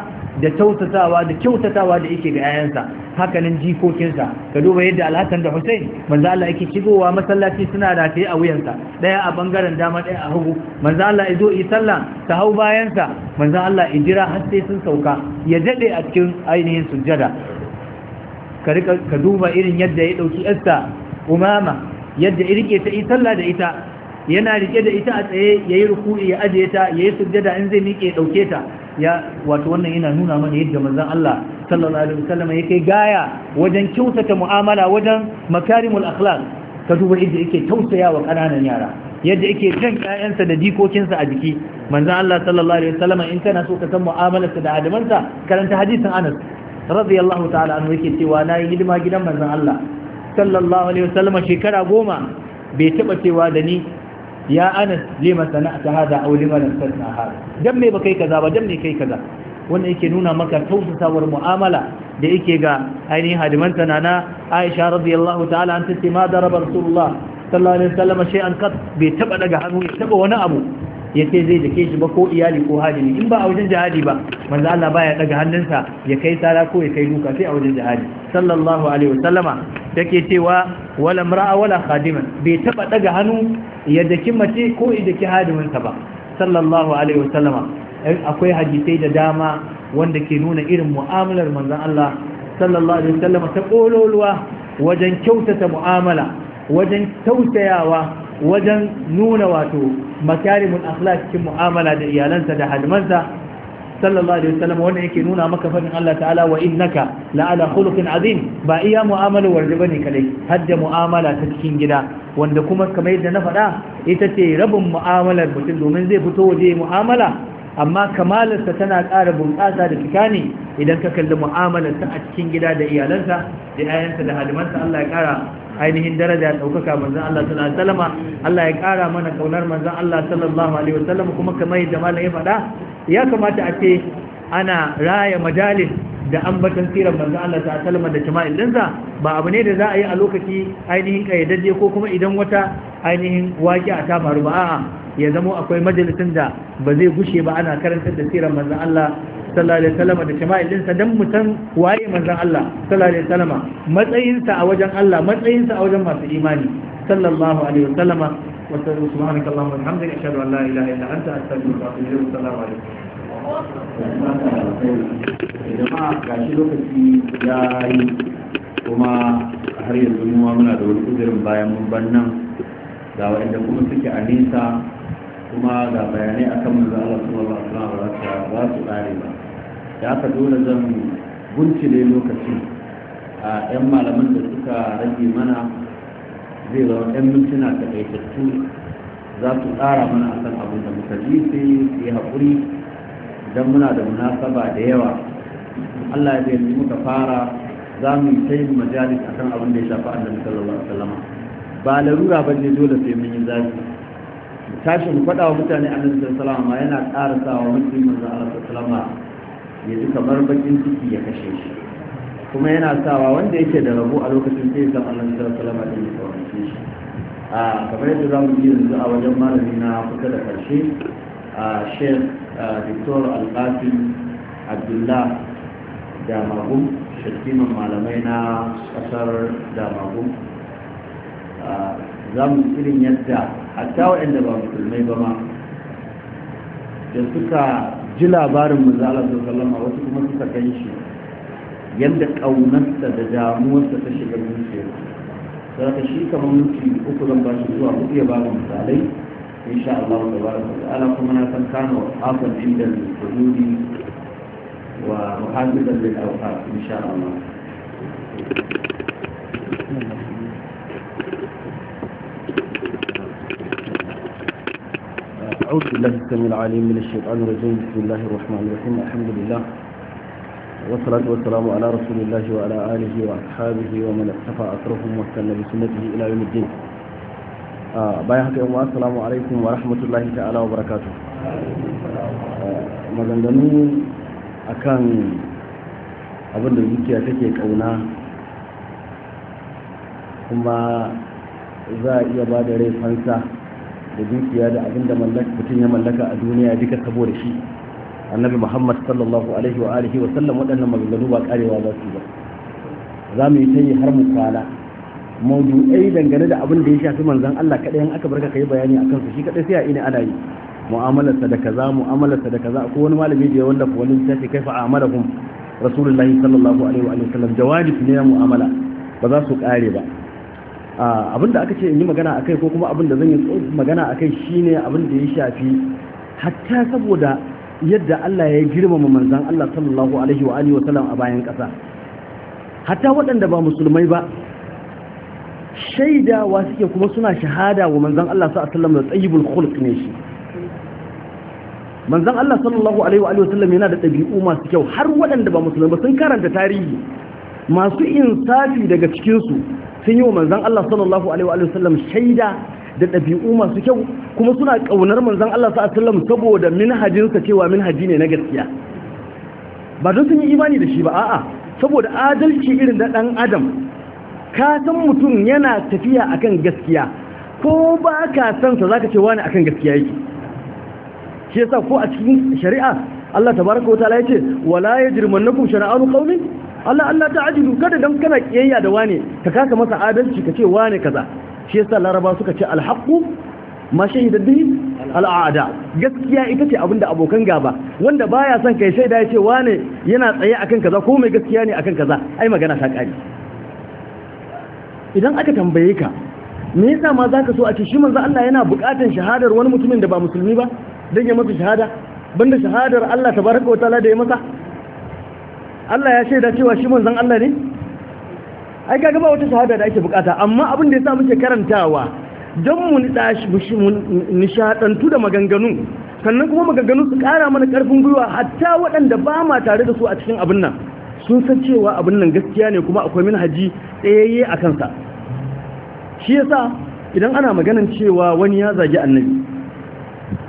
da tautatawa da kyautatawa da yake ga 'ya'yansa hakanan jikokinsa ka duba yadda alhassan da hussein manzo Allah yake shigowa masallaci suna da rataye a wuyansa daya a bangaren dama daya a hagu manzo Allah izo yi sallah ta hau bayansa manzo Allah idira har sai sun sauka ya dade a cikin ainihin sujjada ka duba irin yadda ya dauki yarsa umama yadda ya rike ta yi sallah da ita yana rike da ita a tsaye ya yi ruku'i ya ajiye ta ya yi sujjada in zai miƙe ɗauke ta ya wato wannan yana nuna mana yadda manzon Allah sallallahu alaihi wasallam ya kai gaya wajen kyautata mu'amala wajen makarimul akhlaq ka duba yadda yake tausayawa ƙananan yara yadda yake jan ƴaƴansa da dikokinsa a jiki manzon Allah sallallahu alaihi wasallam in kana so ka san mu'amalarsa da adamansa karanta hadisin Anas radiyallahu ta'ala anhu yake cewa nayi hidima gidan manzon Allah sallallahu alaihi wasallam shekara goma bai taba cewa da ni ya anas lima sana'ta hada aw lima lam tasna hada dan me ba kai kaza ba dan me kai kaza wannan yake nuna maka tausasawar mu'amala da yake ga ainihin hadimanta na Aisha radiyallahu ta'ala an ma da rabar Rasulullah sallallahu alaihi wasallam shay'an qat bai taba daga hannu ya taba wani abu ya ce zai dake shi ba ko iyali ko hadimi in ba a wajen jihadi ba manzo Allah baya daga hannunsa ya kai sara ko ya kai duka sai a wajen jihadi sallallahu alaihi wasallama yake cewa wala mar'a wala khadiman bai taba daga hannu ya daki mace ko ya daki hadiminsa ba sallallahu alaihi wasallama eh, akwai hadisai da dama wanda ke nuna irin mu'amalar manzo Allah sallallahu alaihi wasallama ta kololuwa wajen kyautata mu'amala wajen tausayawa wajen nuna wato makarimun akhlaq cikin mu'amala da iyalansa da hadmansa sallallahu alaihi wasallam wanda yake nuna maka fadin Allah ta'ala wa innaka la'ala khuluqin azim ba iya mu'amala warje bane kadai hadda mu'amala ta cikin gida wanda kuma kamar yadda na faɗa ita ce rabin mu'amalar mutum domin zai fito waje mu'amala amma kamalarsa tana ƙara bunƙasa da fita ne idan ka kalli mu'amalarsa a cikin gida da iyalansa da 'ya'yansa da halimansa Allah ya ƙara ainihin daraja ɗaukaka manzan Allah sallallahu alaihi Allah ya ƙara mana ƙaunar manzan Allah sallallahu alaihi wasallam kuma kamar yadda malam ya faɗa ya kamata a ce ana raya majalis da ambatan sirar manzo Allah ta sallama da jama'il ɗinsa. ba abu ne da za a yi a lokaci ainihin kayyadadde ko kuma idan wata ainihin waki a ta faru ba a'a ya zamo akwai majalisin da ba zai gushe ba ana karantar da sirar manzo Allah sallallahu alaihi wasallam da jama'il dinsa dan mutan waye manzan Allah sallallahu alaihi wasallam matsayinsa a wajen Allah matsayinsa a wajen masu imani sallallahu alaihi wasallam وسبحانك اللهم وبحمدك اشهد ان لا اله الا انت استغفرك واتوب اليك والسلام عليكم jama'a shi lokaci ya yi kuma har yanzu ma muna da wani kudurin bayan mun ban nan ga waɗanda kuma suke a nesa kuma ga bayanai a akan da Allah sallallahu alaihi wasallam ba su ƙare ba Ya aka dole zan guncile lokaci a 'yan malaman da suka rage mana zai zama ɗan mintuna ta tu. za su tsara mana a kan abin da muka ji sai su yi haƙuri don muna da munasaba da yawa allah ya zai muka fara za mu yi ta yin majalis a kan abin da ya shafi annabi sallallahu alaihi wasallam ba larura ba ne dole sai mun yi zafi tashi mu faɗawa wa mutane annabi sallallahu alaihi wasallam yana ƙara sawa mutum manzo allah alaihi wasallam ya ji kamar bakin ciki ya kashe shi kuma yana sawa wanda yake da rabu a lokacin sai san Allah sallallahu alaihi wasallam da shi a kamar yadda zamu yi yanzu a wajen malami na kusa da karshe a Sheikh Dr. Al-Qasim Abdullah da Magum malamai na kasar da Magum za mu irin yadda hatta waɗanda ba musulmai ba ma da suka ji labarin mu Allah sallallahu alaihi wasallam wasu kuma suka gan shi yadda ƙaunarsa da damuwarsa ta shiga zuciya za ka shi kamar minti uku zan ba shi zuwa hudu ya ba da misalai insha Allah ta ba da ala kuma na san kano afan inda zuhuri wa muhajjidan da ɗauka insha Allah أعوذ بالله السميع العليم من الشيطان الرجيم بسم الله الرحمن الرحيم الحمد لله ala والصلاة والسلام على wa الله وعلى آله وأصحابه ومن اقتفى أثرهم واستنى بسنته إلى يوم الدين bayan haka yawan assalamu alaikum wa rahmatullahi ta'ala wa barakatu maganganu akan abin da zuciya take kauna kuma za a iya ba da rai fansa da dukiya da abin da mutum ya mallaka a duniya duka saboda shi annabi muhammad sallallahu alaihi wa alihi wa sallam waɗannan maganganu ba karewa ba su ba za mu yi ta yi har mu kwana maudu'ai dangane da abin da ya shafi manzan Allah kaɗai in aka barka kai bayani akan su shi kaɗai sai a ina ana yi mu'amalar sa da kaza mu'amalar sa da kaza ko wani malami da ya wallafa wani littafi kaifa a'amalakum rasulullahi sallallahu alaihi wa sallam jawabi ne na mu'amala ba za su kare ba abin da aka ce in yi magana akai ko kuma abin da zan yi magana akai shine abin da ya shafi hatta saboda yadda Allah ya girmama manzan Allah sallallahu alaihi wa alihi wa sallam a bayan ƙasa hatta waɗanda ba musulmai ba shaidawa suke kuma suna shahada wa manzan Allah sallallahu alaihi wa sallam da tsayibul khulq ne shi manzan Allah sallallahu alaihi wa alihi wa sallam yana da ɗabi'u masu kyau har waɗanda ba musulmai ba sun karanta tarihi masu insafi daga cikin su sun yi wa manzan Allah sallallahu alaihi wa alihi wa sallam shaida da ɗabi'u masu kyau kuma suna ƙaunar manzon Allah sallallahu alaihi saboda minhajinsa cewa minhaji ne na gaskiya ba don sun yi imani da shi ba a'a saboda adalci irin da ɗan adam ka san mutum yana tafiya akan gaskiya ko ba ka san sa zaka ce wani akan gaskiya yake shi yasa ko a cikin shari'a Allah baraka wa ta'ala ce, wala ya yajrimannakum shana'anu qaumin Allah Allah ta'ajidu kada dan kana kiyayya da wani ka kasa masa adalci ka ce wane kaza shi yasa laraba suka ce alhaqu ma shahida bihi al'ada gaskiya ita ce abinda abokan gaba wanda baya son kai shaida ya ce wane yana tsaye akan kaza ko mai gaskiya ne akan kaza ai magana ta kare idan aka tambaye ka me yasa ma zaka so a ce shi manzo Allah yana bukatan shahadar wani mutumin da ba musulmi ba dan ya masa shahada banda shahadar Allah tabaraka wa ta'ala da ya masa Allah ya shaida cewa shi manzon Allah ne ai ga gaba wata shahada da ake bukata amma abin da ya sa muke karantawa don mu nishadantu da maganganu sannan kuma maganganu su kara mana karfin gwiwa hatta waɗanda ba ma tare da su a cikin abin nan sun san cewa abin nan gaskiya ne kuma akwai haji tsayayye a kansa shi yasa idan ana maganan cewa wani ya zagi annabi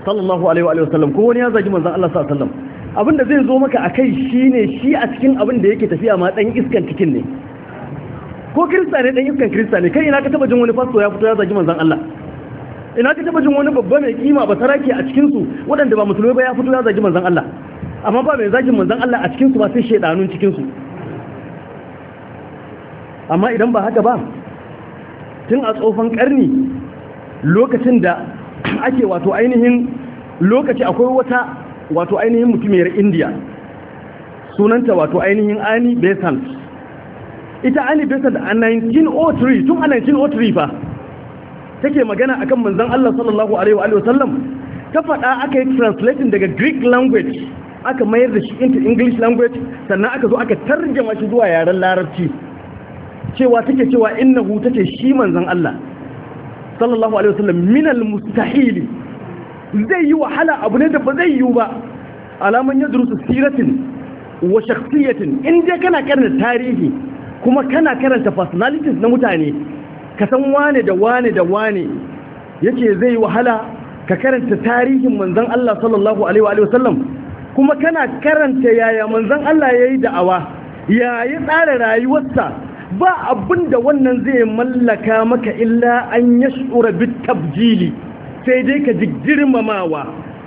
sallallahu alaihi wa sallam ko wani ya zagi manzon Allah sallallahu alaihi wasallam abin da zai zo maka akai shine shi a cikin abin da yake tafiya ma dan iskan cikin ne ko kirista ne dan iskan kirista ne kai ina ka taba jin wani fasto ya fito ya zagi manzon Allah ina ka taba jin wani babba mai kima ba sarake a cikin su waɗanda ba musulmai ba ya fito ya zagi manzon Allah amma ba mai zagin manzon Allah a cikin su ba sai shedanun cikin su amma idan ba haka ba tun a tsofan karni lokacin da ake wato ainihin lokaci akwai wata wato ainihin mutumiyar indiya sunanta wato ainihin ani besant ita alifinsa da a 1903 tun a 1903 fa take magana akan manzan Allah sallallahu alaihi wa sallam ta faɗa aka yi translating daga Greek language aka mayar da shi into English language sannan aka zo aka tarjama shi zuwa yaren larabci cewa take cewa innahu take shi manzan Allah sallallahu alaihi wasallam minal mustahili zai yi wahala abu ne da ba zai yi ba alaman yadrusu siratin wa shakhsiyatin in dai kana karanta tarihi kuma kana karanta personalities na mutane ka san wane da wane da wane yake zai wahala ka karanta tarihin manzon Allah sallallahu alaihi wa sallam kuma kana karanta yaya manzon Allah yayi da'awa ya tsara rayuwarsa ba abin da wannan zai mallaka maka illa an yashura bitabjili sai dai ka ji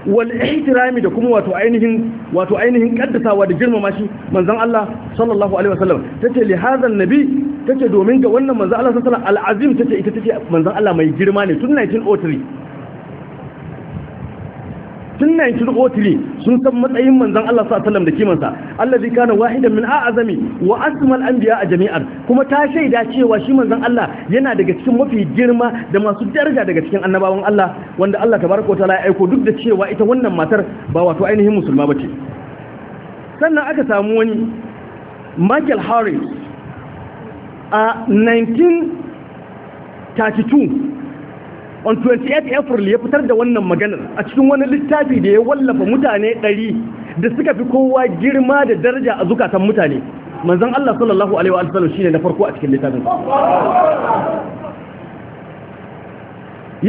wal ihtirami da kuma wato ainihin wato ainihin kaddasawa da girmama shi manzon Allah sallallahu alaihi wasallam tace li hadha annabi tace domin ga wannan manzon Allah sallallahu alaihi wasallam al-azim tace ita tace manzon Allah mai girma ne tun 1903 tun 1903 sun san matsayin manzon Allah sallallahu alaihi da kimansa zai kana wahidan min a'azami wa asmal anbiya a jami'ar kuma ta shaida cewa shi manzan Allah yana daga cikin mafi girma da masu daraja daga cikin annabawan Allah wanda Allah tabaraka wataala ya aiko duk da cewa ita wannan matar ba wato ainihin musulma bace sannan aka samu wani Michael Harris a 1932 on 28 april ya fitar da wannan maganar a cikin wani littafi da ya wallafa mutane 100 da suka fi kowa girma da daraja a zukatan mutane manzon Allah sallallahu alaihi wa sallam shine na farko a cikin littafin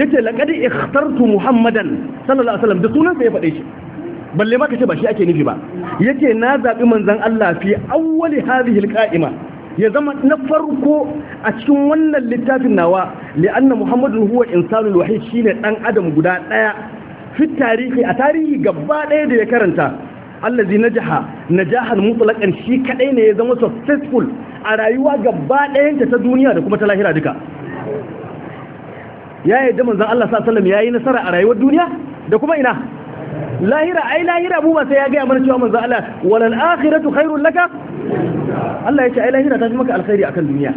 yace laqad ikhtartu muhammadan sallallahu alaihi wa sallam da sunan sa ya faɗe shi balle ma kace ba shi ake nufi ba yace na zabi manzon Allah fi awwali hadhihi alqa'ima ya zama na farko a cikin wannan littafin nawa li'anna muhammadun huwa insanul wahid shine dan adam guda daya fi tarihi a tarihi gaba daya da ya karanta allazi najaha najahan mutlaqan shi kadai ne ya zama successful a rayuwa gaba dayan ta duniya da kuma ta lahira duka ya da manzon Allah sallallahu alaihi wasallam yayi nasara a rayuwar duniya da kuma ina lahira ai lahira mu ba sai ya gaya mana cewa manzo Allah walal akhiratu khairul laka Allah ya ce ai lahira ta fi maka alkhairi akan duniya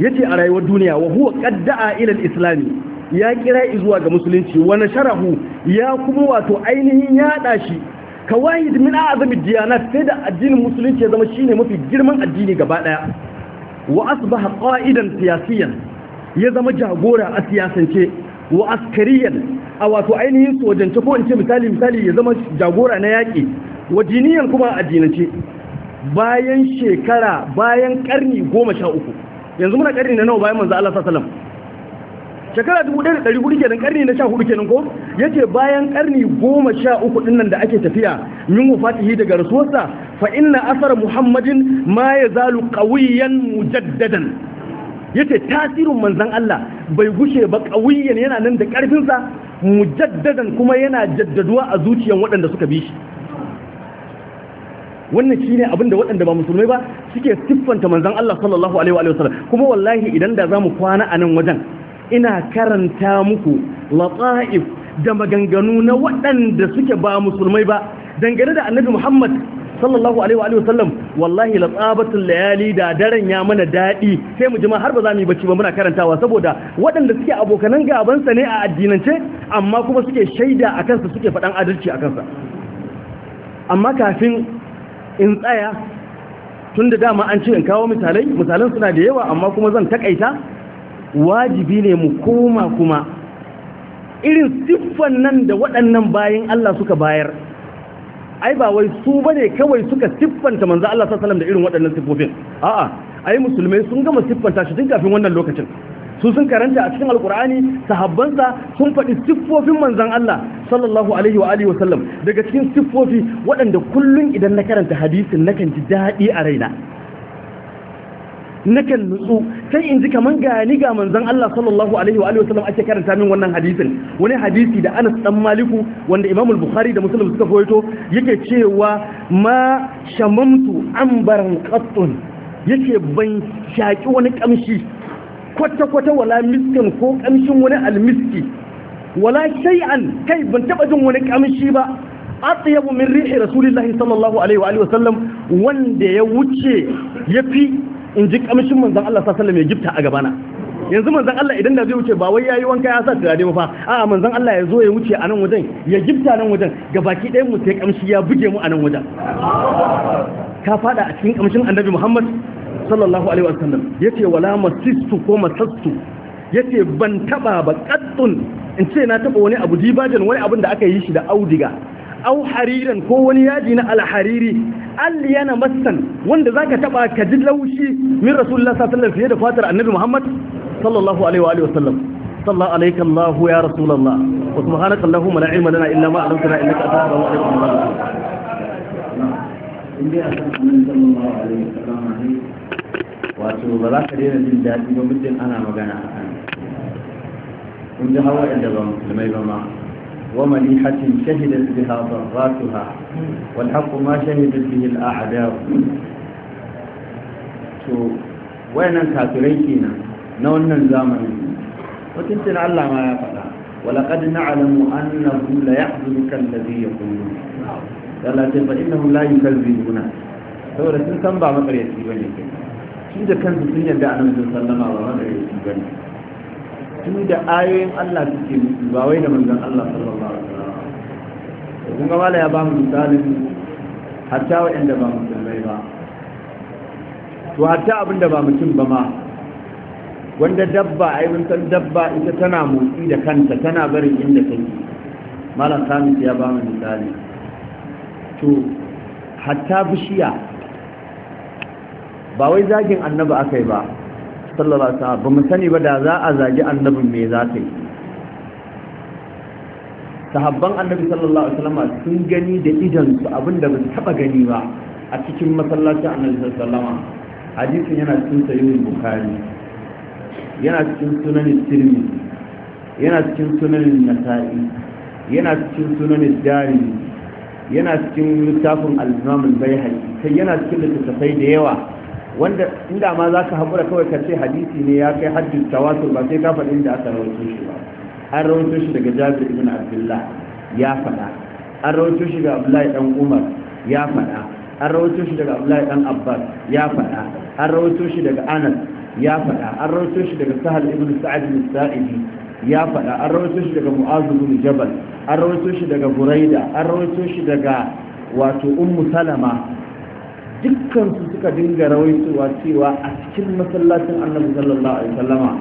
yace a rayuwar duniya wa huwa qadda'a ila alislami ya kira zuwa ga musulunci wa sharahu ya kuma wato ainihin yaɗa shi kawahid min a'zami diyanat sai da addinin musulunci ya zama shine mafi girman addini gaba daya wa asbaha qa'idan siyasiyan ya zama jagora a siyasance wa askariyan a wato ainihin sojanci ko in ce misali misali ya zama jagora na yaƙi wa jiniyan kuma a jinance bayan shekara bayan karni goma sha uku yanzu muna karni na nawa bayan manzo Allah sallam shekara dubu ɗaya da ɗari hudu kenan karni na sha hudu kenan ko ya ce bayan karni goma sha uku ɗin nan da ake tafiya min fatihi daga rasuwarsa fa inna asar muhammadin ma Zalu qawiyan mujaddadan yace tasirin manzon Allah bai gushe ba ƙawiyyan yana nan da karfinsa mujaddadan kuma yana jaddaduwa a zuciyan waɗanda suka bi shi wannan shine abinda waɗanda ba musulmai ba suke siffanta manzon Allah sallallahu alaihi wa sallam kuma wallahi idan da zamu kwana a nan wajen ina karanta muku lata'if da maganganu na waɗanda suke ba musulmai ba dangane da annabi Muhammad sallallahu alaihi wa alihi wallahi la tsabatul layali da daren ya mana dadi sai mu jima har ba za mu yi bacci ba muna karantawa saboda waɗanda suke abokanan gaban sa ne a addinance amma kuma suke shaida a kansa suke faɗan adalci a kansa. amma kafin in tsaya tunda dama an ce in kawo misalai misalan suna da yawa amma kuma zan takaita wajibi ne mu koma kuma irin siffan nan da waɗannan bayan Allah suka bayar ai ba wai su bane kawai suka siffanta manzo Allah sallallahu alaihi wasallam da irin waɗannan siffofin a'a ai musulmai sun gama siffanta shi tun kafin wannan lokacin su sun karanta a cikin alkur'ani sahabbansa sun faɗi siffofin manzon Allah sallallahu alaihi wa alihi wasallam daga cikin siffofi waɗanda kullun idan na karanta hadisin na kan ji daɗi a raina nakan nutsu sai in ji kaman ga ni ga manzon Allah sallallahu alaihi wa sallam ake karanta min wannan hadisin wani hadisi da Anas dan Maliku wanda Imam al-Bukhari da Muslim suka rawaito yake cewa ma shamamtu ambaran qattun yake ban shaki wani kamshi kwata kwata wala miskin ko kamshin wani almiski wala shay'an kai ban taba jin wani kamshi ba atyabu min rihi rasulullahi sallallahu alaihi wa sallam wanda ya wuce yafi in ji kamshin manzon Allah sallallahu alaihi ya gifta a gabana yanzu manzon Allah idan da zai wuce ba wai yayi wanka ya sa turare ba fa a'a manzon Allah ya zo ya wuce a nan wajen ya gifta nan wajen baki ɗayan mu sai kamshi ya buge mu a nan wajen ka fada a cikin kamshin annabi Muhammad sallallahu alaihi wasallam yace wala masistu ko masastu yace ban taba ba qattun in ce na taba wani abu dibajan wani abin da aka yi shi da audiga au hariran ko wani yaji na alhariri alliyana masan wanda zaka taba ka ji laushi min rasulullah sallallahu alaihi wasallam fiye da fatar annabi muhammad sallallahu alaihi wa alihi wasallam sallallahu alayka allah ya rasulullah wa subhanaka allahumma la ilma lana illa ma 'allamtana innaka antal alim wa alaykum assalam inda annabi sallallahu alaihi wasallam wato ba za ka daina jin daɗi ba muddin ana magana a kan kun ji hawa inda ba musulmai ba ma ومليحة شهدت بها ضراتها والحق ما شهدت به الأعداء وين كافريكينا نون الزامن وتنسل الله ما يفعل ولقد نعلم أنه ليحزنك الذي يقولون قال فإنهم لا يكذبونك saboda sun san ba makaryaci bane kai shi da kansu sun yarda annabi sallallahu alaihi wasallam ba makaryaci bane tunda da ayoyin Allah suke nufi ba wai da manzon Allah sallallahu alaihi wasallam kun ga ya ba mu misalin hatta waɗanda ba musulmai ba to hatta abin da ba mutum ba ma wanda dabba ai mun san dabba ita tana motsi da kanta tana barin inda take malam kamis ya ba mu misali to hatta bishiya ba wai zagin annabi akai ba sallallahu alaihi wasallam ba mu sani ba da za a zagi annabin me za ta yi sahabban annabi sallallahu alaihi wasallam sun gani da idan su abinda ba su taba gani ba a cikin masallacin annabi sallallahu alaihi wasallam hadisin yana cikin sahihul bukhari yana cikin sunan sirri, yana cikin sunan nasa'i yana cikin sunan dari yana cikin littafin al-imam al sai yana cikin littattafai da yawa wanda inda ma za ka haƙura kawai ka ce hadisi ne ya kai haddin tawatur ba sai ka faɗi inda aka rawaito shi ba an rawaito shi daga jabir ibn abdullah ya faɗa an rawaito shi daga abdullahi dan umar ya faɗa an rawaito shi daga abdullahi dan abbas ya faɗa an rawaito shi daga anas ya faɗa an rawaito shi daga sahal ibn sa'ad bin sa'idi ya faɗa an rawaito shi daga mu'azu bin jabal an rawaito shi daga buraida an rawaito shi daga wato ummu salama dukkansu suka dinga rawaitowa cewa a cikin masallacin annabi sallallahu alaihi wasallama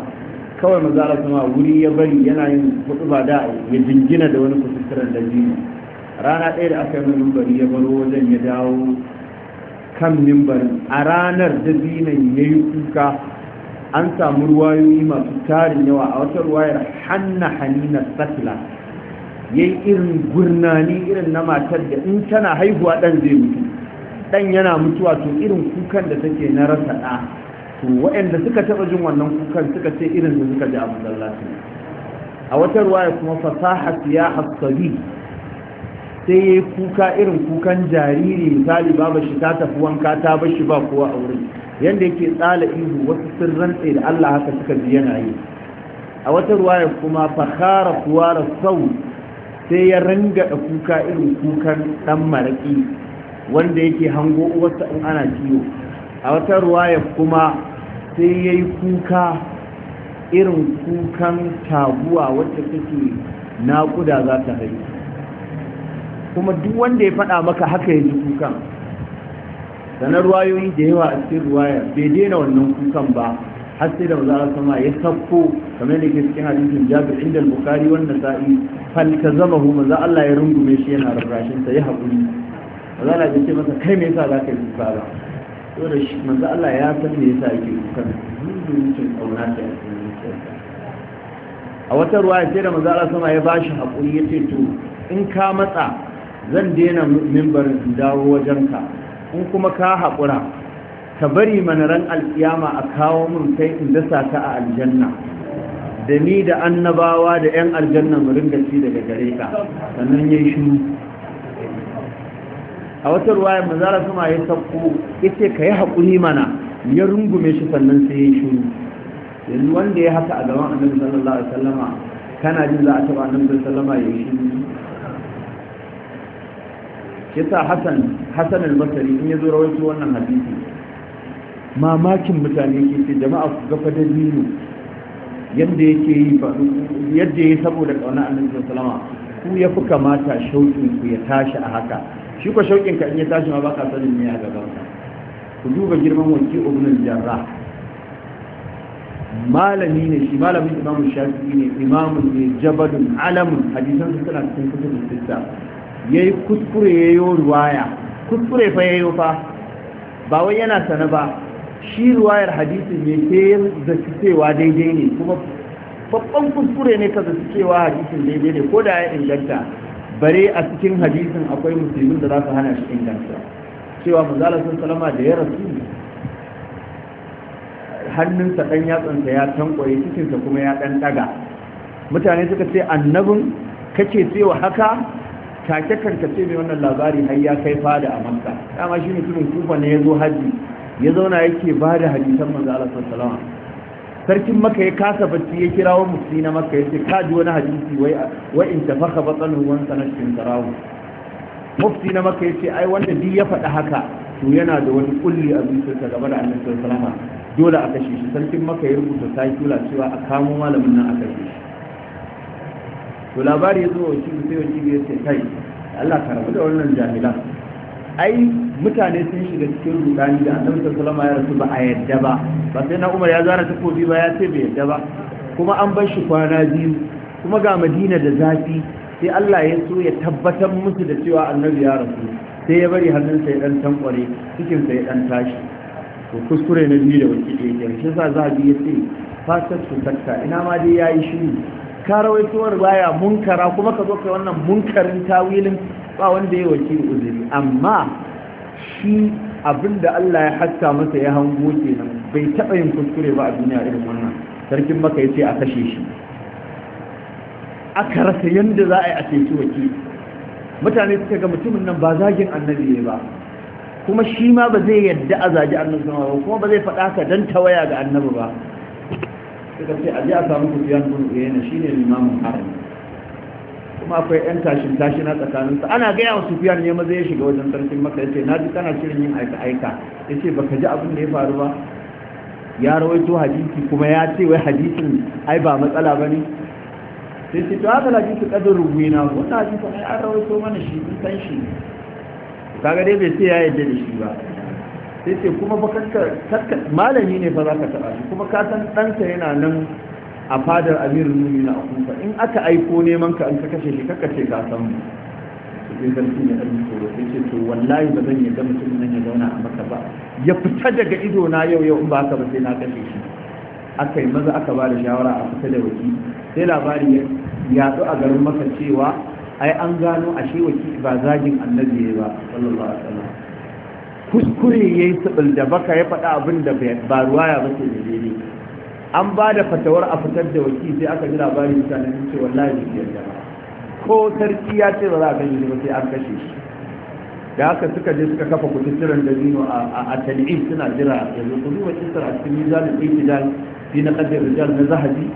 kawai mazara kuma wuri ya bari yana yin ba da ya jingina da wani kusurkuren da jini rana ɗaya da aka yi mimbari ya baro wajen ya dawo kan mimbarin a ranar da zinan ya yi kuka an samu ruwayoyi masu tarin yawa a wata ruwayar hanna hanina satla ya yi irin gurnani irin na matar da in tana haihuwa ɗan zai mutu dan yana mutuwa to irin kukan da take na rasa da to waɗanda suka taba jin wannan kukan suka ce irin da suka ji abu zallafi a wata ruwaya kuma fasaha ya hasabi sai ya kuka irin kukan jariri misali baba shi ta tafi wanka ta bar shi ba kowa a wurin yadda yake tsala ihu wasu sun rantse da Allah haka suka ji yana yi a wata ruwaya kuma fakhara kuwara sau sai ya ranga kuka irin kukan dan maraki wanda yake hango uwarsa in ana ciwo a wata ruwaya kuma sai ya yi kuka irin kukan taguwa wacce take naƙuda za ta hari kuma duk wanda ya faɗa maka haka ya ji kukan sanar ruwayoyi da yawa a cikin ruwaya bai daina wannan kukan ba har sai da maza sama ya sakko kamar da ke cikin hadisin jabir inda al-bukhari wannan sa'i fal hu maza Allah ya rungume shi yana rarrashin ta, ya haƙuri ba za a ce masa kai mai yasa za ka yi kuka ba saboda shi manzo Allah ya san me yasa yake kuka zuciyar kauna ta a wata ruwa sai da manzo Allah sama ya bashi hakuri yace to in ka matsa zan daina in dawo ka in kuma ka haƙura ka bari mana ran alƙiyama a kawo mun kai in dasa ka a aljanna da ni da annabawa da 'yan aljanna mu ringa ci daga gare ka sannan ya yi shiru a wata ruwaya manzara kuma ya sauko ya ce ka yi haƙuri mana ya rungume shi sannan sai ya shuru yanzu wanda ya haka a gaban annabi sallallahu alaihi wasallama kana jin za a taɓa annabi sallallahu alaihi wasallama ya shuru yasa hasan hasan al-basri in zo rawaito wannan hadisi mamakin mutane ke ce jama'a ku gafa da dino yadda yake yi yadda yi saboda ƙauna annabi sallallahu alaihi wasallam ku ya fi kamata shauƙin ku ya tashi a haka shi ko shauƙin ka in ya tashi ma baka sanin me a gaban ka ku duba girman wanki ibn al-jarrah malami ne shi malamin imamu shafi'i ne imamu ne jabadun alamun hadisan su suna cikin kutubun sitta yayi kuskure yayo ruwaya kuskure fa yayo fa ba wai yana sana ba shi ruwayar hadisin ne ke da cewa daidai ne kuma babban kuskure ne ka da cewa hadisin daidai ne ko da ya inganta bare a cikin hadisin akwai musulmin da za su hana shi inganta cewa manzala sun salama da ya rasu hannunsa ɗan yatsansa ya tankwaye cikinsa kuma ya ɗan ɗaga mutane suka ce annabin kake cewa haka take karka ce mai wannan labari har ya kai fada a makka dama shi mutumin kufa ne ya zo haji ya zauna yake ba da hadisan manzo Allah sallallahu sarkin maka ya kasa bacci ya kirawo musulmi na maka ya ce kaji wani hadisi wai in tafaka batsanin wansa na tarawu mufti na maka ya ce ai wanda duk ya faɗi haka to yana da wani kulli a zuciyarsa game da annabi sallallahu dole a kashe shi sarkin maka ya rubuta sakula cewa a kamo malamin nan a kashe shi to labari ya zo wa shi sai wa ya ce kai Allah ka rabu da wannan jahilan ai mutane sun shiga cikin rudani da annabi sallallahu alaihi wasallam ya rasu ba a yadda ba ba sai na Umar ya zara takobi ba ya ce bai yadda ba kuma an bar shi kwana biyu kuma ga Madina da zafi sai Allah ya so ya tabbatar musu da cewa annabi ya rasu sai ya bari hannun ya dan tankware cikin sa ya dan tashi to kuskure na biyu da wani ke yake shi sa za biyu sai fasar su takka ina ma dai yayi shiru ka rawaitowar baya munkara kuma ka zo kai wannan munkarin tawilin ba wanda ya wakili uzuri amma shi abinda Allah ya hatta masa ya hango kenan bai taba yin kuskure ba a duniya irin wannan sarkin maka yace a kashe shi aka rasa yadda za a yi a ceci waki. mutane suka ga mutumin nan ba zagin annabi ne ba kuma shi ma ba zai yadda a zagi annabi ba kuma ba zai faɗa ka dan tawaya ga annabi ba suka ce a je a samu kufiyan yana shi ne limamin harami kuma akwai yan tashin tashi na su, ana gaya wa sufiyan ne maza ya shiga wajen sarkin maka ya ce na ji kana shirin yin aika aika ya ce baka ji abin da ya faru ba ya rawaito hadisi kuma ya ce wai hadisin ai ba matsala ba ne sai ce to haka hadisi kadin rubuina wannan hadisin ai an rawaito mana shi in san shi kaga dai bai ce ya yadda da shi ba sai ce kuma ba kakka malami ne fa za ka taɓa shi kuma ka san ɗansa yana nan a fadar amirin mumina a kufa in aka aiko neman ka an ka kashe shi kaka ce ka san mu sai zarfi ya ɗan tsoro sai ce to wallahi ba zan yarda mutum nan ya zauna a maka ba ya fita daga ido na yau yau in ba haka ba sai na kashe shi aka yi maza aka ba da shawara a fita da waki sai labari ya yaɗu a garin maka cewa ai an gano ashe waki ba zagin annabi ba sallallahu alaihi wasallam kuskure yayi sabil da baka ya faɗa abin da ba ruwaya ba ce daidai an ba da fatawar a fitar da waki sai aka ji labarin mutane sun ce wallahi bai yarda ba ko sarki ya ce ba za a gani ba sai an kashe shi da haka suka je suka kafa kututturan da zino a tal'in suna jira yanzu ku duba kisar a cikin mizanin ɗin fi na ƙasar rijal na zahabi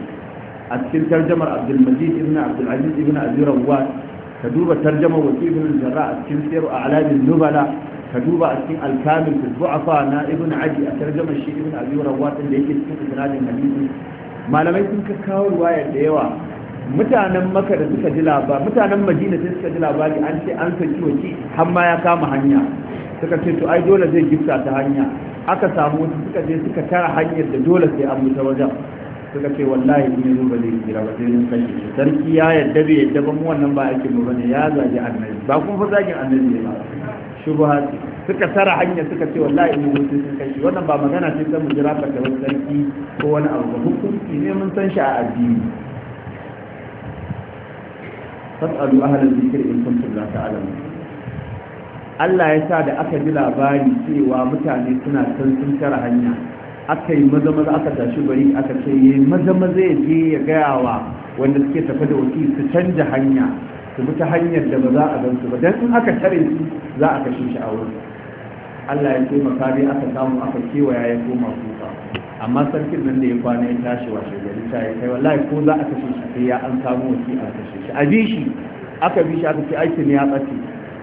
a cikin tarjamar abdulmajid ibn abdulaziz ibn aziz rawat ka duba tarjamar wakilin Jara a cikin sayar a alamin nubala ka duba a cikin alkamin tuzu'afa na ibn aji a tarjamar shi ibn abi rawatin da yake cikin isnadin hadisi malamai sun ka kawo ruwayar da yawa mutanen maka da suka ji labari mutanen madina sai suka ji labari an ce an saki waki hamma ya kama hanya suka ce to ai dole zai gifta ta hanya aka samu wasu suka je suka tara hanyar da dole sai an mutu wajen suka ce wallahi in yanzu ba zai jira ba sai mun kashe shi sarki ya yadda bai yadda ba mu wannan ba ake mu bane ya zagi annabi ba kun fa zagin annabi ne ba shubha suka tara hanya suka ce wallahi in mun sun kashe wannan ba magana ce ta mu jira ba da sarki ko wani abu ba hukunci ne mun san shi a addini fasalu ahla zikri in kuntum la ta'lamun Allah ya sa da aka ji labari cewa mutane suna san sun tara hanya aka yi maza maza aka tashi bari aka ce ya maza maza ya je ya gaya wa wanda suke tafi da wakil su canja hanya su bi ta hanyar da ba za a gansu ba dan in aka tare su za a kashe shi a wurin Allah ya taimaka Makari aka samu aka kewaya ya koma kuka amma sarkin nan da ya kwana ya tashi washe gari ta ya kai wallahi ko za a kashe shi sai ya an samu wakil a kashe shi a bi shi aka bi shi aka ce aikin ya tsace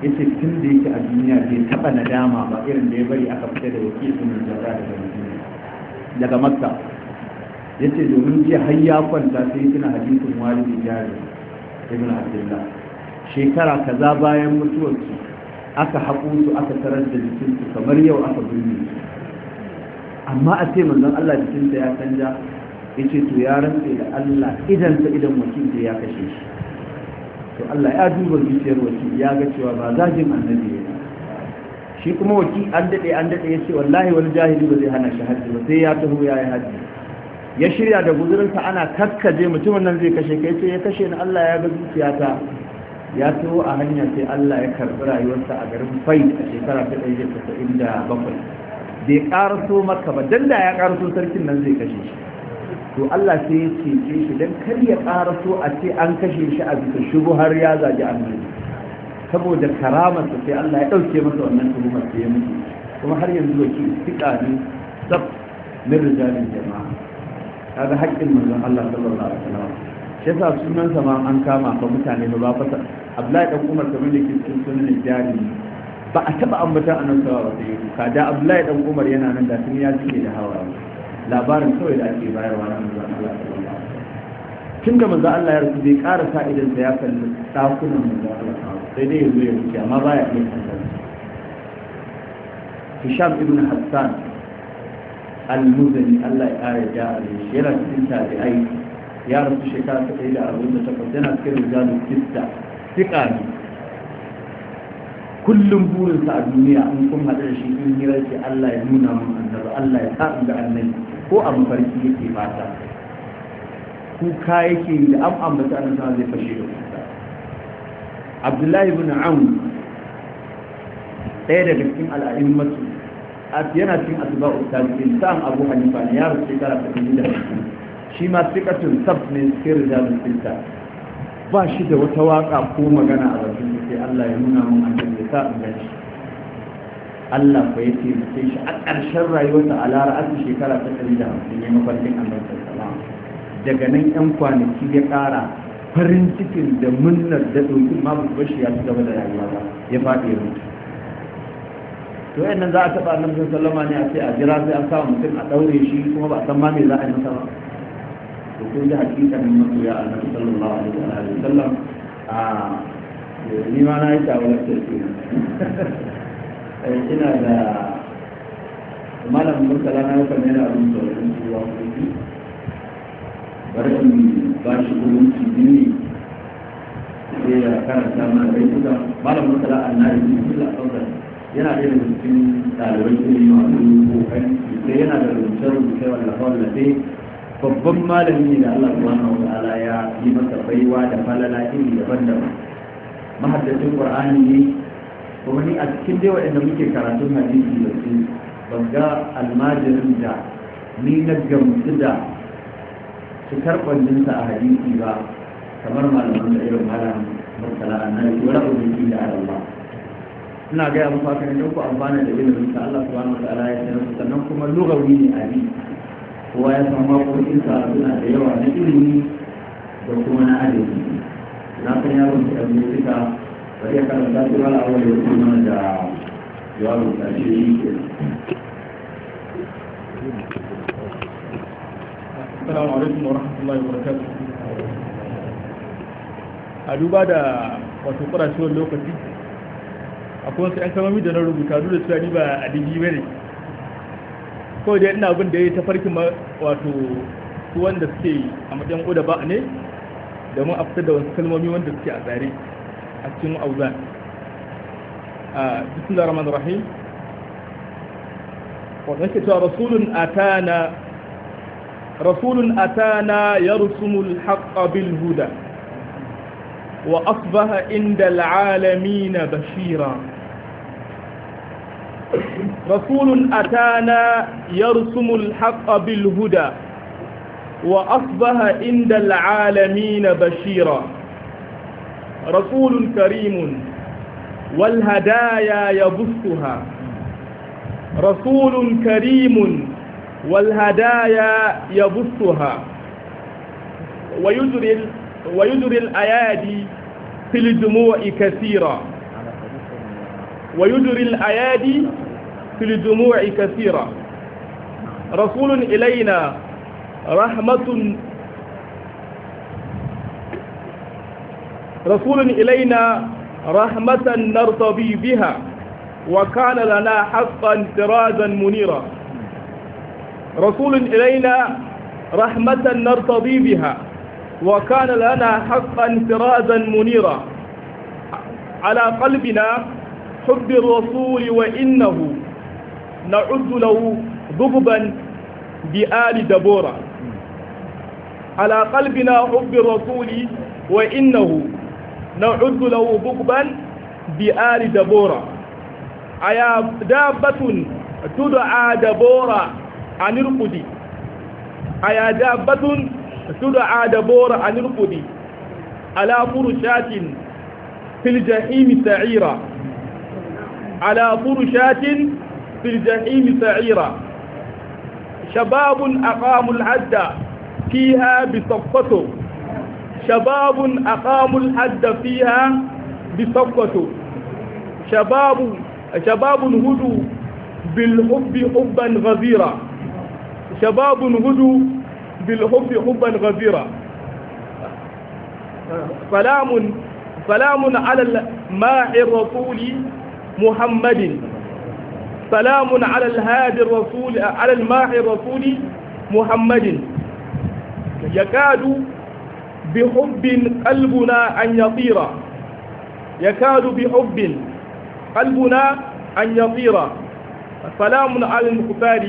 yace tun da yake a duniya bai taba nadama ba irin da ya bari aka fita da wakil sun da za da gani daga makka ya ce domin jiya har ya kwanta sai suna hadisin walidi jari ibn abdullah shekara kaza bayan mutuwarsu aka haƙo su aka tarar da jikinsu kamar yau aka birni amma a ce manzon Allah jikinsa ya canja ya ce to ya rantse da Allah idan ta idan wakil da ya kashe shi to Allah ya duba zuciyar wakil ya ga cewa ba zagin annabi ya shi kuma waki an daɗe an daɗe ya ce wallahi wani jahili ba zai hana shi hajji ba sai ya taho ya yi hajji ya shirya da guzurinsa ana kakkaje mutumin nan zai kashe kai sai ya kashe ni Allah ya ga zuciyata ya taho a hanya sai Allah ya karɓi rayuwarsa a garin fai a shekara ta ɗaya da tasa'in da bakwai bai ƙaraso maka ba dan da ya ƙaraso sarkin nan zai kashe shi to Allah sai ya cece shi dan kar ya ƙaraso a ce an kashe shi a bisa shubu har ya zagi annabi saboda karamarsa sai Allah ya ɗauke masa wannan tuhumar da ya mutu kuma har yanzu wake fiƙa ne tsaf min rijalin jama'a kaga haƙƙin manzon Allah sallallahu alaihi wasallam shi yasa sunan sa ma an kama fa mutane ba ba fasa Abdullahi dan Umar kamar da ke cikin sunan jari ba a taba ambata annabi sallallahu alaihi wasallam ka da Abdullahi dan Umar yana nan da tun ya cike da hawa labarin kawai da ake bayarwa na manzon Allah sallallahu alaihi wasallam tunda manzon Allah ya rasu bai ƙara sa idan sa ya kalli dakunan manzon Allah sai dai yanzu ya wuce amma ba ya iya kasar hisham ibn hassan al-muzani allah ya ƙara ja a shi yana cikin tabi'ai ya rasu shekara ta ɗaya da arba'in da takwas yana cikin rijalin kista fiƙa ne kullum burinsa a duniya an kun haɗu da shi in hira ce allah ya nuna mun annabi allah ya sa ga annabi ko a mafarki yake fata kuka yake yi da an ambata annabi zai fashe da ku abdullahi bin aun ɗaya daga cikin al'adun masu yana cikin asuba ustazin sa'an abu hanifa ne ya rasu shekara ta kan da shi ma sikatun sab ne cikin rijalun filta ba shi da wata waka ko magana a bakin da sai allah ya nuna mun an da sa in gashi allah ba ya ce sai shi a ƙarshen rayuwarsa a lara'ar shekara ta kan da hamsin ya mafarkin annabi sallallahu daga nan yan kwanaki ya ƙara farin cikin da munnar da ɗauki ma bashi ya ci gaba da rayuwa ba ya faɗi ya mutu to yadda nan za a taɓa annabi sallama ne a ce a jira sai an samu mutum a ɗaure shi kuma ba a san ma me za a yi masa ba to kun ji hakikanin ya annabi sallallahu alaihi wa sallam a ni ma na yi shawarar da su eh, ina da malam murtala na kan yana abin sauran su wa rashin ba shi hukunci ne sai ya karanta mana rai kuka malam mutala annari bismillah sauran yana da rubutun ɗalibai ilimi masu kokari sai yana da rubutun rubutun wallafa wallafe babban malami ne da Allah subhanahu wa ta'ala ya yi masa baiwa da falala iri daban-daban mahaddacin qur'ani ne kuma ni a cikin dai waɗanda muke karatun hadisi da su ban ga almajirin da ni na gamsu da karɓar kwanjinsa a hadisi ba kamar malaman da irin malam masala annabi wala ubiki da Allah ina gaya muku haka ne ku amfana da ilimin sa Allah subhanahu wa ta'ala ya sanar sannan kuma lugawi ne a bi kowa ya san makokin sa suna da yawa na ilimi da kuma na adadi na san yaron da ne suka bari ya karanta su wala awal ya kuma da yawon da shi assalamu alaikum wa rahmatullahi wa barakatuh a duba da wato kurashewar lokaci akwai wasu yan kalmomi da na rubuta duk da tsari ni ba adigi ba ne kawai dai ina abin da ya yi tafarki wato su wanda suke a matsayin oda ba ne domin a fitar da wasu kalmomi wanda suke a tsare a cikin auzan a bismillahir rahmanir rahim wa nake cewa rasulun atana رسول أتانا يرسم الحق بالهدى وأصبح عند العالمين بشيرا رسول أتانا يرسم الحق بالهدى وأصبح عند العالمين بشيرا رسول كريم والهدايا يبثها رسول كريم والهدايا يبثها ويجري الأيادي في الدموع كثيرا ويجري الأيادي في الدموع كثيرا رسول إلينا رحمة رسول إلينا رحمة نرتضي بها وكان لنا حقا سراجا منيرا رسول إلينا رحمة نرتضي بها وكان لنا حقا فرازا منيرا على قلبنا حب الرسول وإنه نعد له ذببا بآل دبورة على قلبنا حب الرسول وإنه نعد له ذببا بآل دبورة أيا دابة تدعى دبورة عن القدي أي دابة تدعى دبور عن القدي على فرشات في الجحيم سعيرة على فرشات في الجحيم سعيرة شباب أقاموا العد فيها بصفته شباب أقاموا الحد فيها بصفته شباب شباب هدوا بالحب حبا غزيرا شباب هدوا بالحب حبا غزيرا سلام سلام على الماء الرسول محمد سلام على الهادي الرسول على الماء الرسول محمد يكاد بحب قلبنا أن يطير يكاد بحب قلبنا أن يطير سلام على المختار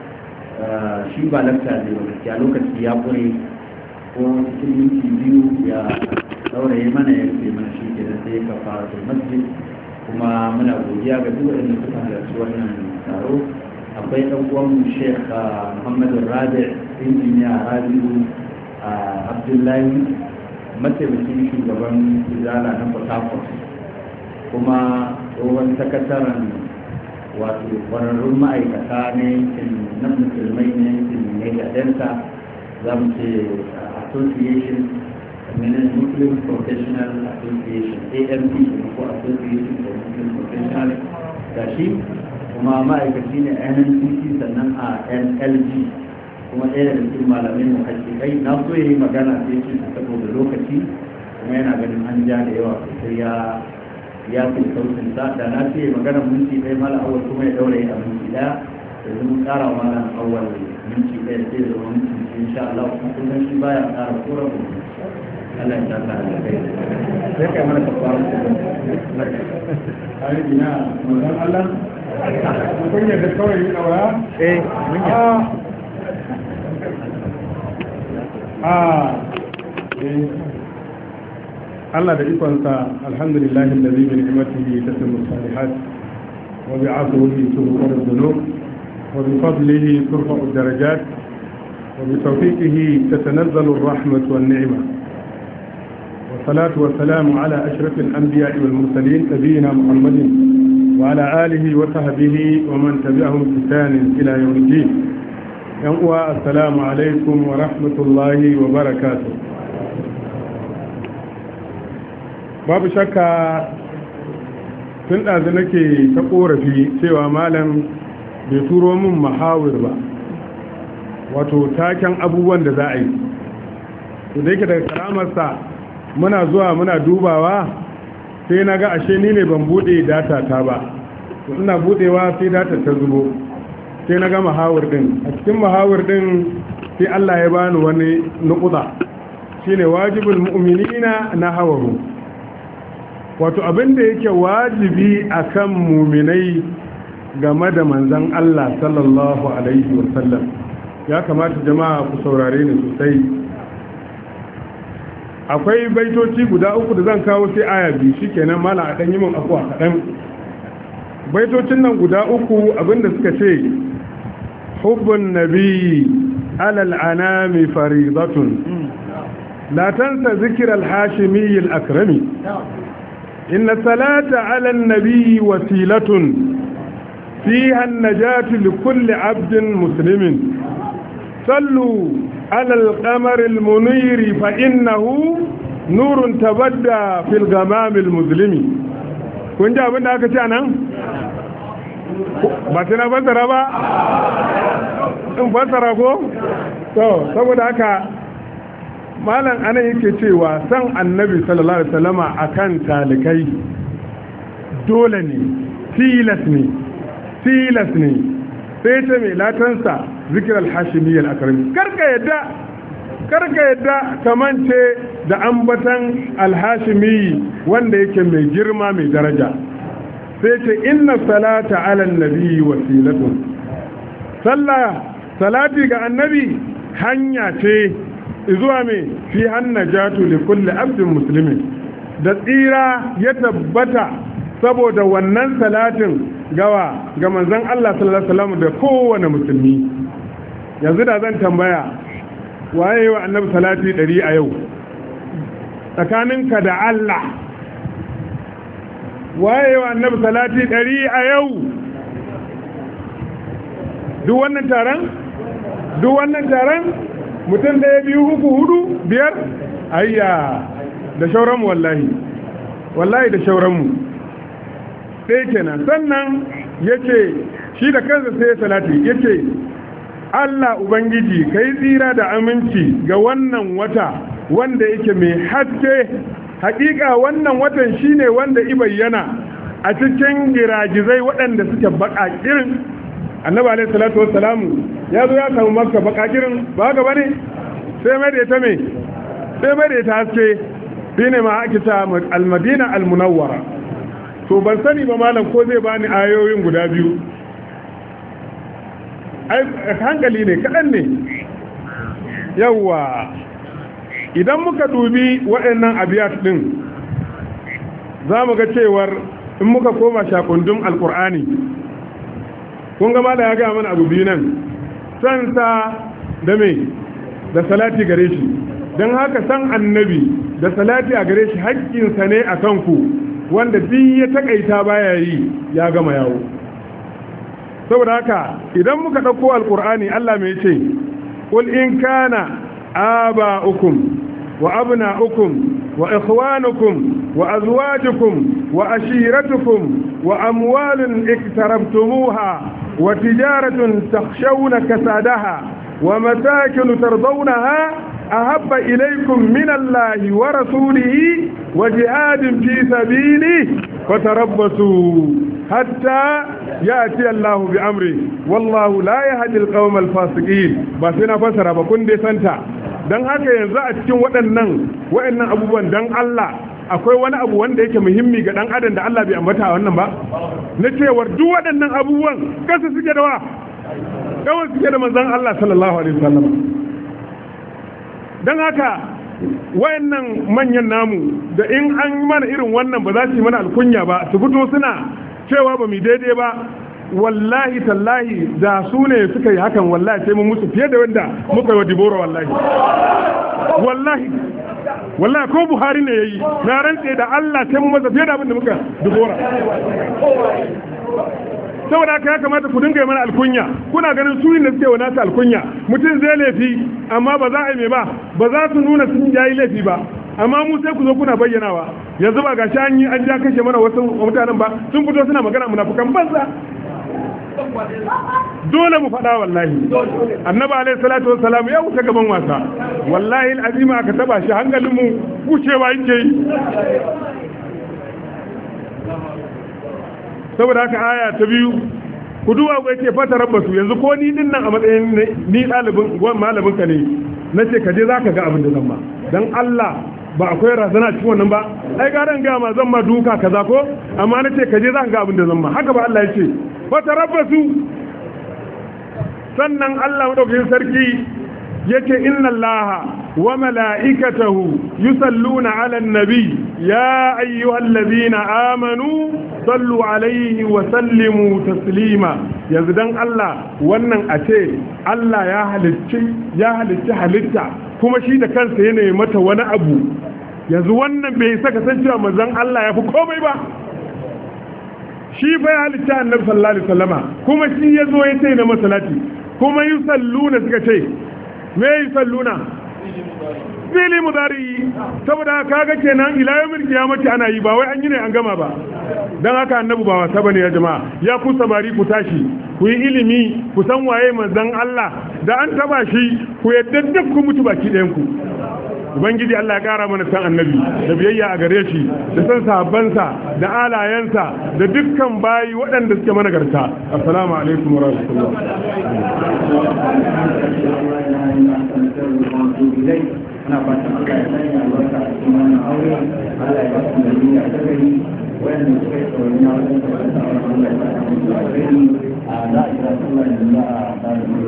Eh, shi ba lafta zai ba gaskiya lokaci ya kure ko cikin minti biyu ya saurayi mana ya rufe mana shi ke sai ka fara da masjid kuma muna godiya ga duk wanda suka halarci wannan taro akwai ɗan mu sheikh eh, Muhammad rabi injiniya rabiu eh, abdullahi mataimakin shugaban izala na port kuma tsohon sakataren wato kwararrun ma'aikata ne, na musulmai ne, yankin ne ga delta za mu ce uh, association Minute Muslim Professional Association AMP ko Association for Muslim Professional da shi kuma ma'aikaci ne NNPC sannan a NLG kuma ɗaya da cikin malamai mu kai na so yi magana sai ce saboda lokaci kuma yana ganin an ja da yawa sai ya ya fi sautin sa da na ce magana minti ɗaya mala awal kuma ya daure a minti ɗaya ƙara mala awal minti ɗaya zama minti insha Allah kuma shi baya ƙara kura ko Allah ya tsaka da kai sai kai mana ka fara ko mun Allah kawai ina eh mun ah. ah eh Allah da ikonsa alhamdulillahi allazi bi ni'matihi tatimmu salihat wa bi 'afwihi tuhfaru dhunub wa bi fadlihi turfa'u darajat wa bi tawfiqihi tatanazzalu ar-rahmatu wan ni'ma والصلاة والسلام على أشرف الأنبياء والمرسلين نبينا محمد وعلى آله وصحبه ومن تبعهم بإحسان إلى يوم الدين. السلام عليكم ورحمة الله وبركاته. babu shakka tun ɗazu nake ta ƙorafi cewa malam bai turo min mahawir ba wato taken abubuwan da za a yi su da yake daga karamarsa muna zuwa muna dubawa sai na ga ashe ni ne ban buɗe data ta ba ina buɗewa sai data ta zubo sai na ga mahawir ɗin a cikin mahawir ɗin sai allah ya bani wani nukuda shine wajibin mu'minina na hawaru wato abin da yake wajibi a kan muminai game da manzan Allah sallallahu alaihi wasallam ya kamata jama'a ku saurare ni sosai akwai baitoci guda uku da zan kawo sai aya biyu shikenan mala a ɗanyi yi min akwa kaɗan. baitocin nan guda uku abinda suka ce hubbun nabi alal anami faridatun la tansa zikr al hashimi akrami inna salata ala nabi wasilatun fiha najatu likulli abdin muslimin sallu ala al-qamari al-muniri fa innahu nurun tabadda fil kun ji abin da aka ci anan ba fassara ba in fassara ko saboda haka malam ana yake cewa san annabi sallallahu alaihi wasallama akan talikai dole ne tilas ne tilas ne sai ta mai latansa zikir al-akram karka yadda karka yadda kamance da ambatan alhashimi wanda yake mai girma mai daraja sai ce inna salata ala nabi wasilatun sallah salati ga annabi hanya ce zuwa mai fi hannun jatu da kulle abdin musulmin da tsira ya tabbata saboda wannan salatin gawa ga manzan Allah sallallahu alaihi wasallam da kowane musulmi yanzu da zan tambaya waye wa annabi salati dari a yau tsakaninka da Allah waye wa annabi salati dari a yau duk wannan taron duk wannan taron mutum ɗaya biyu uku hudu biyar ayya da shauranmu wallahi wallahi da shauranmu ɗaya kenan sannan ya ce shi da kansa sai ya salati ya ce allah ubangiji ka yi tsira da aminci ga wannan wata wanda yake mai haske hakika wannan watan shine wanda i bayyana a cikin giragizai waɗanda suke baƙaƙirin annabi alayhi salatu wassalamu ya zo ya samu makka bakakirin ba ga bane sai mai da ta me sai mai da ta haske Dine ma ake al-madina al-munawwara to ban sani ba malam ko zai bani ayoyin guda biyu ai hankali ne kadan ne yawa idan muka dubi waɗannan abiyat din za mu ga cewar in muka koma shakundun alkur'ani kun gama da ya gaya mana abu biyu nan san sa da mai da salati gare shi don haka san annabi da salati a gare shi haƙƙinsa ne a kanku wanda duk ya taƙaita baya yi ya gama yawo saboda haka idan muka ɗauko alƙur'ani allah mai ce ƙul in kana aba ukum wa abna ukum wa وأزواجكم wa وأموال iktaramtumuha وتجارة تخشون كسادها ومساكن ترضونها أحب إليكم من الله ورسوله وجهاد في سبيله فتربصوا حتى يأتي الله بأمره والله لا يهدي القوم الفاسقين بسنا فسر بكون دي سنتا دان هكا ينزع تكون ودنن وإن أبوان دان الله akwai wani abu wanda yake muhimmi ga dan adam da Allah bai ambata a wannan ba na cewa duk waɗannan abubuwan kasa suke da wa kawai suke da manzon Allah sallallahu alaihi wasallam dan haka wayannan manyan namu da in an mana irin wannan ba za su yi mana alkunya ba su fito suna cewa ba mu daidai ba wallahi tallahi da su ne suka yi hakan wallahi sai mun musu fiye da wanda muka yi wa dibora wallahi wallahi wallahi ko buhari ne yayi na rantse da Allah sai mun masa fiye da abin da muka dibora saboda haka ya kamata ku dinga mana alkunya kuna ganin su ne suke wa nasu alkunya mutum zai laifi amma ba za a yi mai ba ba za su nuna sun yi laifi ba amma mu sai ku zo kuna bayyanawa yanzu ba shi an yi an ja kashe mana wasu mutanen ba sun fito suna magana munafukan banza dole mu faɗa wallahi annabi alayhi salatu wassalam ya wuce gaban wasa wallahi alazima aka taba shi hankalin mu wucewa yake yi saboda haka aya ta biyu ku duwa ku yake fata rabbasu yanzu ko ni din nan a matsayin ni ɗalibin gwan malamin ka ne na ce ka je za ka ga abin da zan ba don Allah ba akwai razana cikin wannan ba ai garan ga ma zan ma duka kaza ko amma na ce ka je za ka ga abin da zan ba haka ba Allah ya ce fatarabbasu sannan Allah maɗaukin sarki yake inna Allah wa mala'ikatahu yusalluna 'alan nabi ya ayyuhallazina amanu sallu 'alaihi wa sallimu taslima yanzu dan Allah wannan a ce Allah ya halicci ya halicci halitta kuma shi da kansa yana mata wani abu yanzu wannan bai saka san cewa manzon Allah ya fi komai ba shi fa ya halitta annabi sallallahu alaihi wasallama kuma shi ya zo ya ce na masalati kuma yi salluna suka ce me yi salluna fili mudari saboda kaga kenan ila yawmin kiyamati ana yi ba wai an yi ne an gama ba dan haka annabi ba wasa bane ya jama'a ya ku samari ku tashi ku yi ilimi ku san waye manzon Allah da an taba shi ku yadda duk ku mutu baki ɗayan ku ubangiji Allah ya kara mana san annabi da biyayya a gare shi da san sahabbansa da alayensa da dukkan bayi waɗanda suke mana garta assalamu alaikum wa rahmatullah a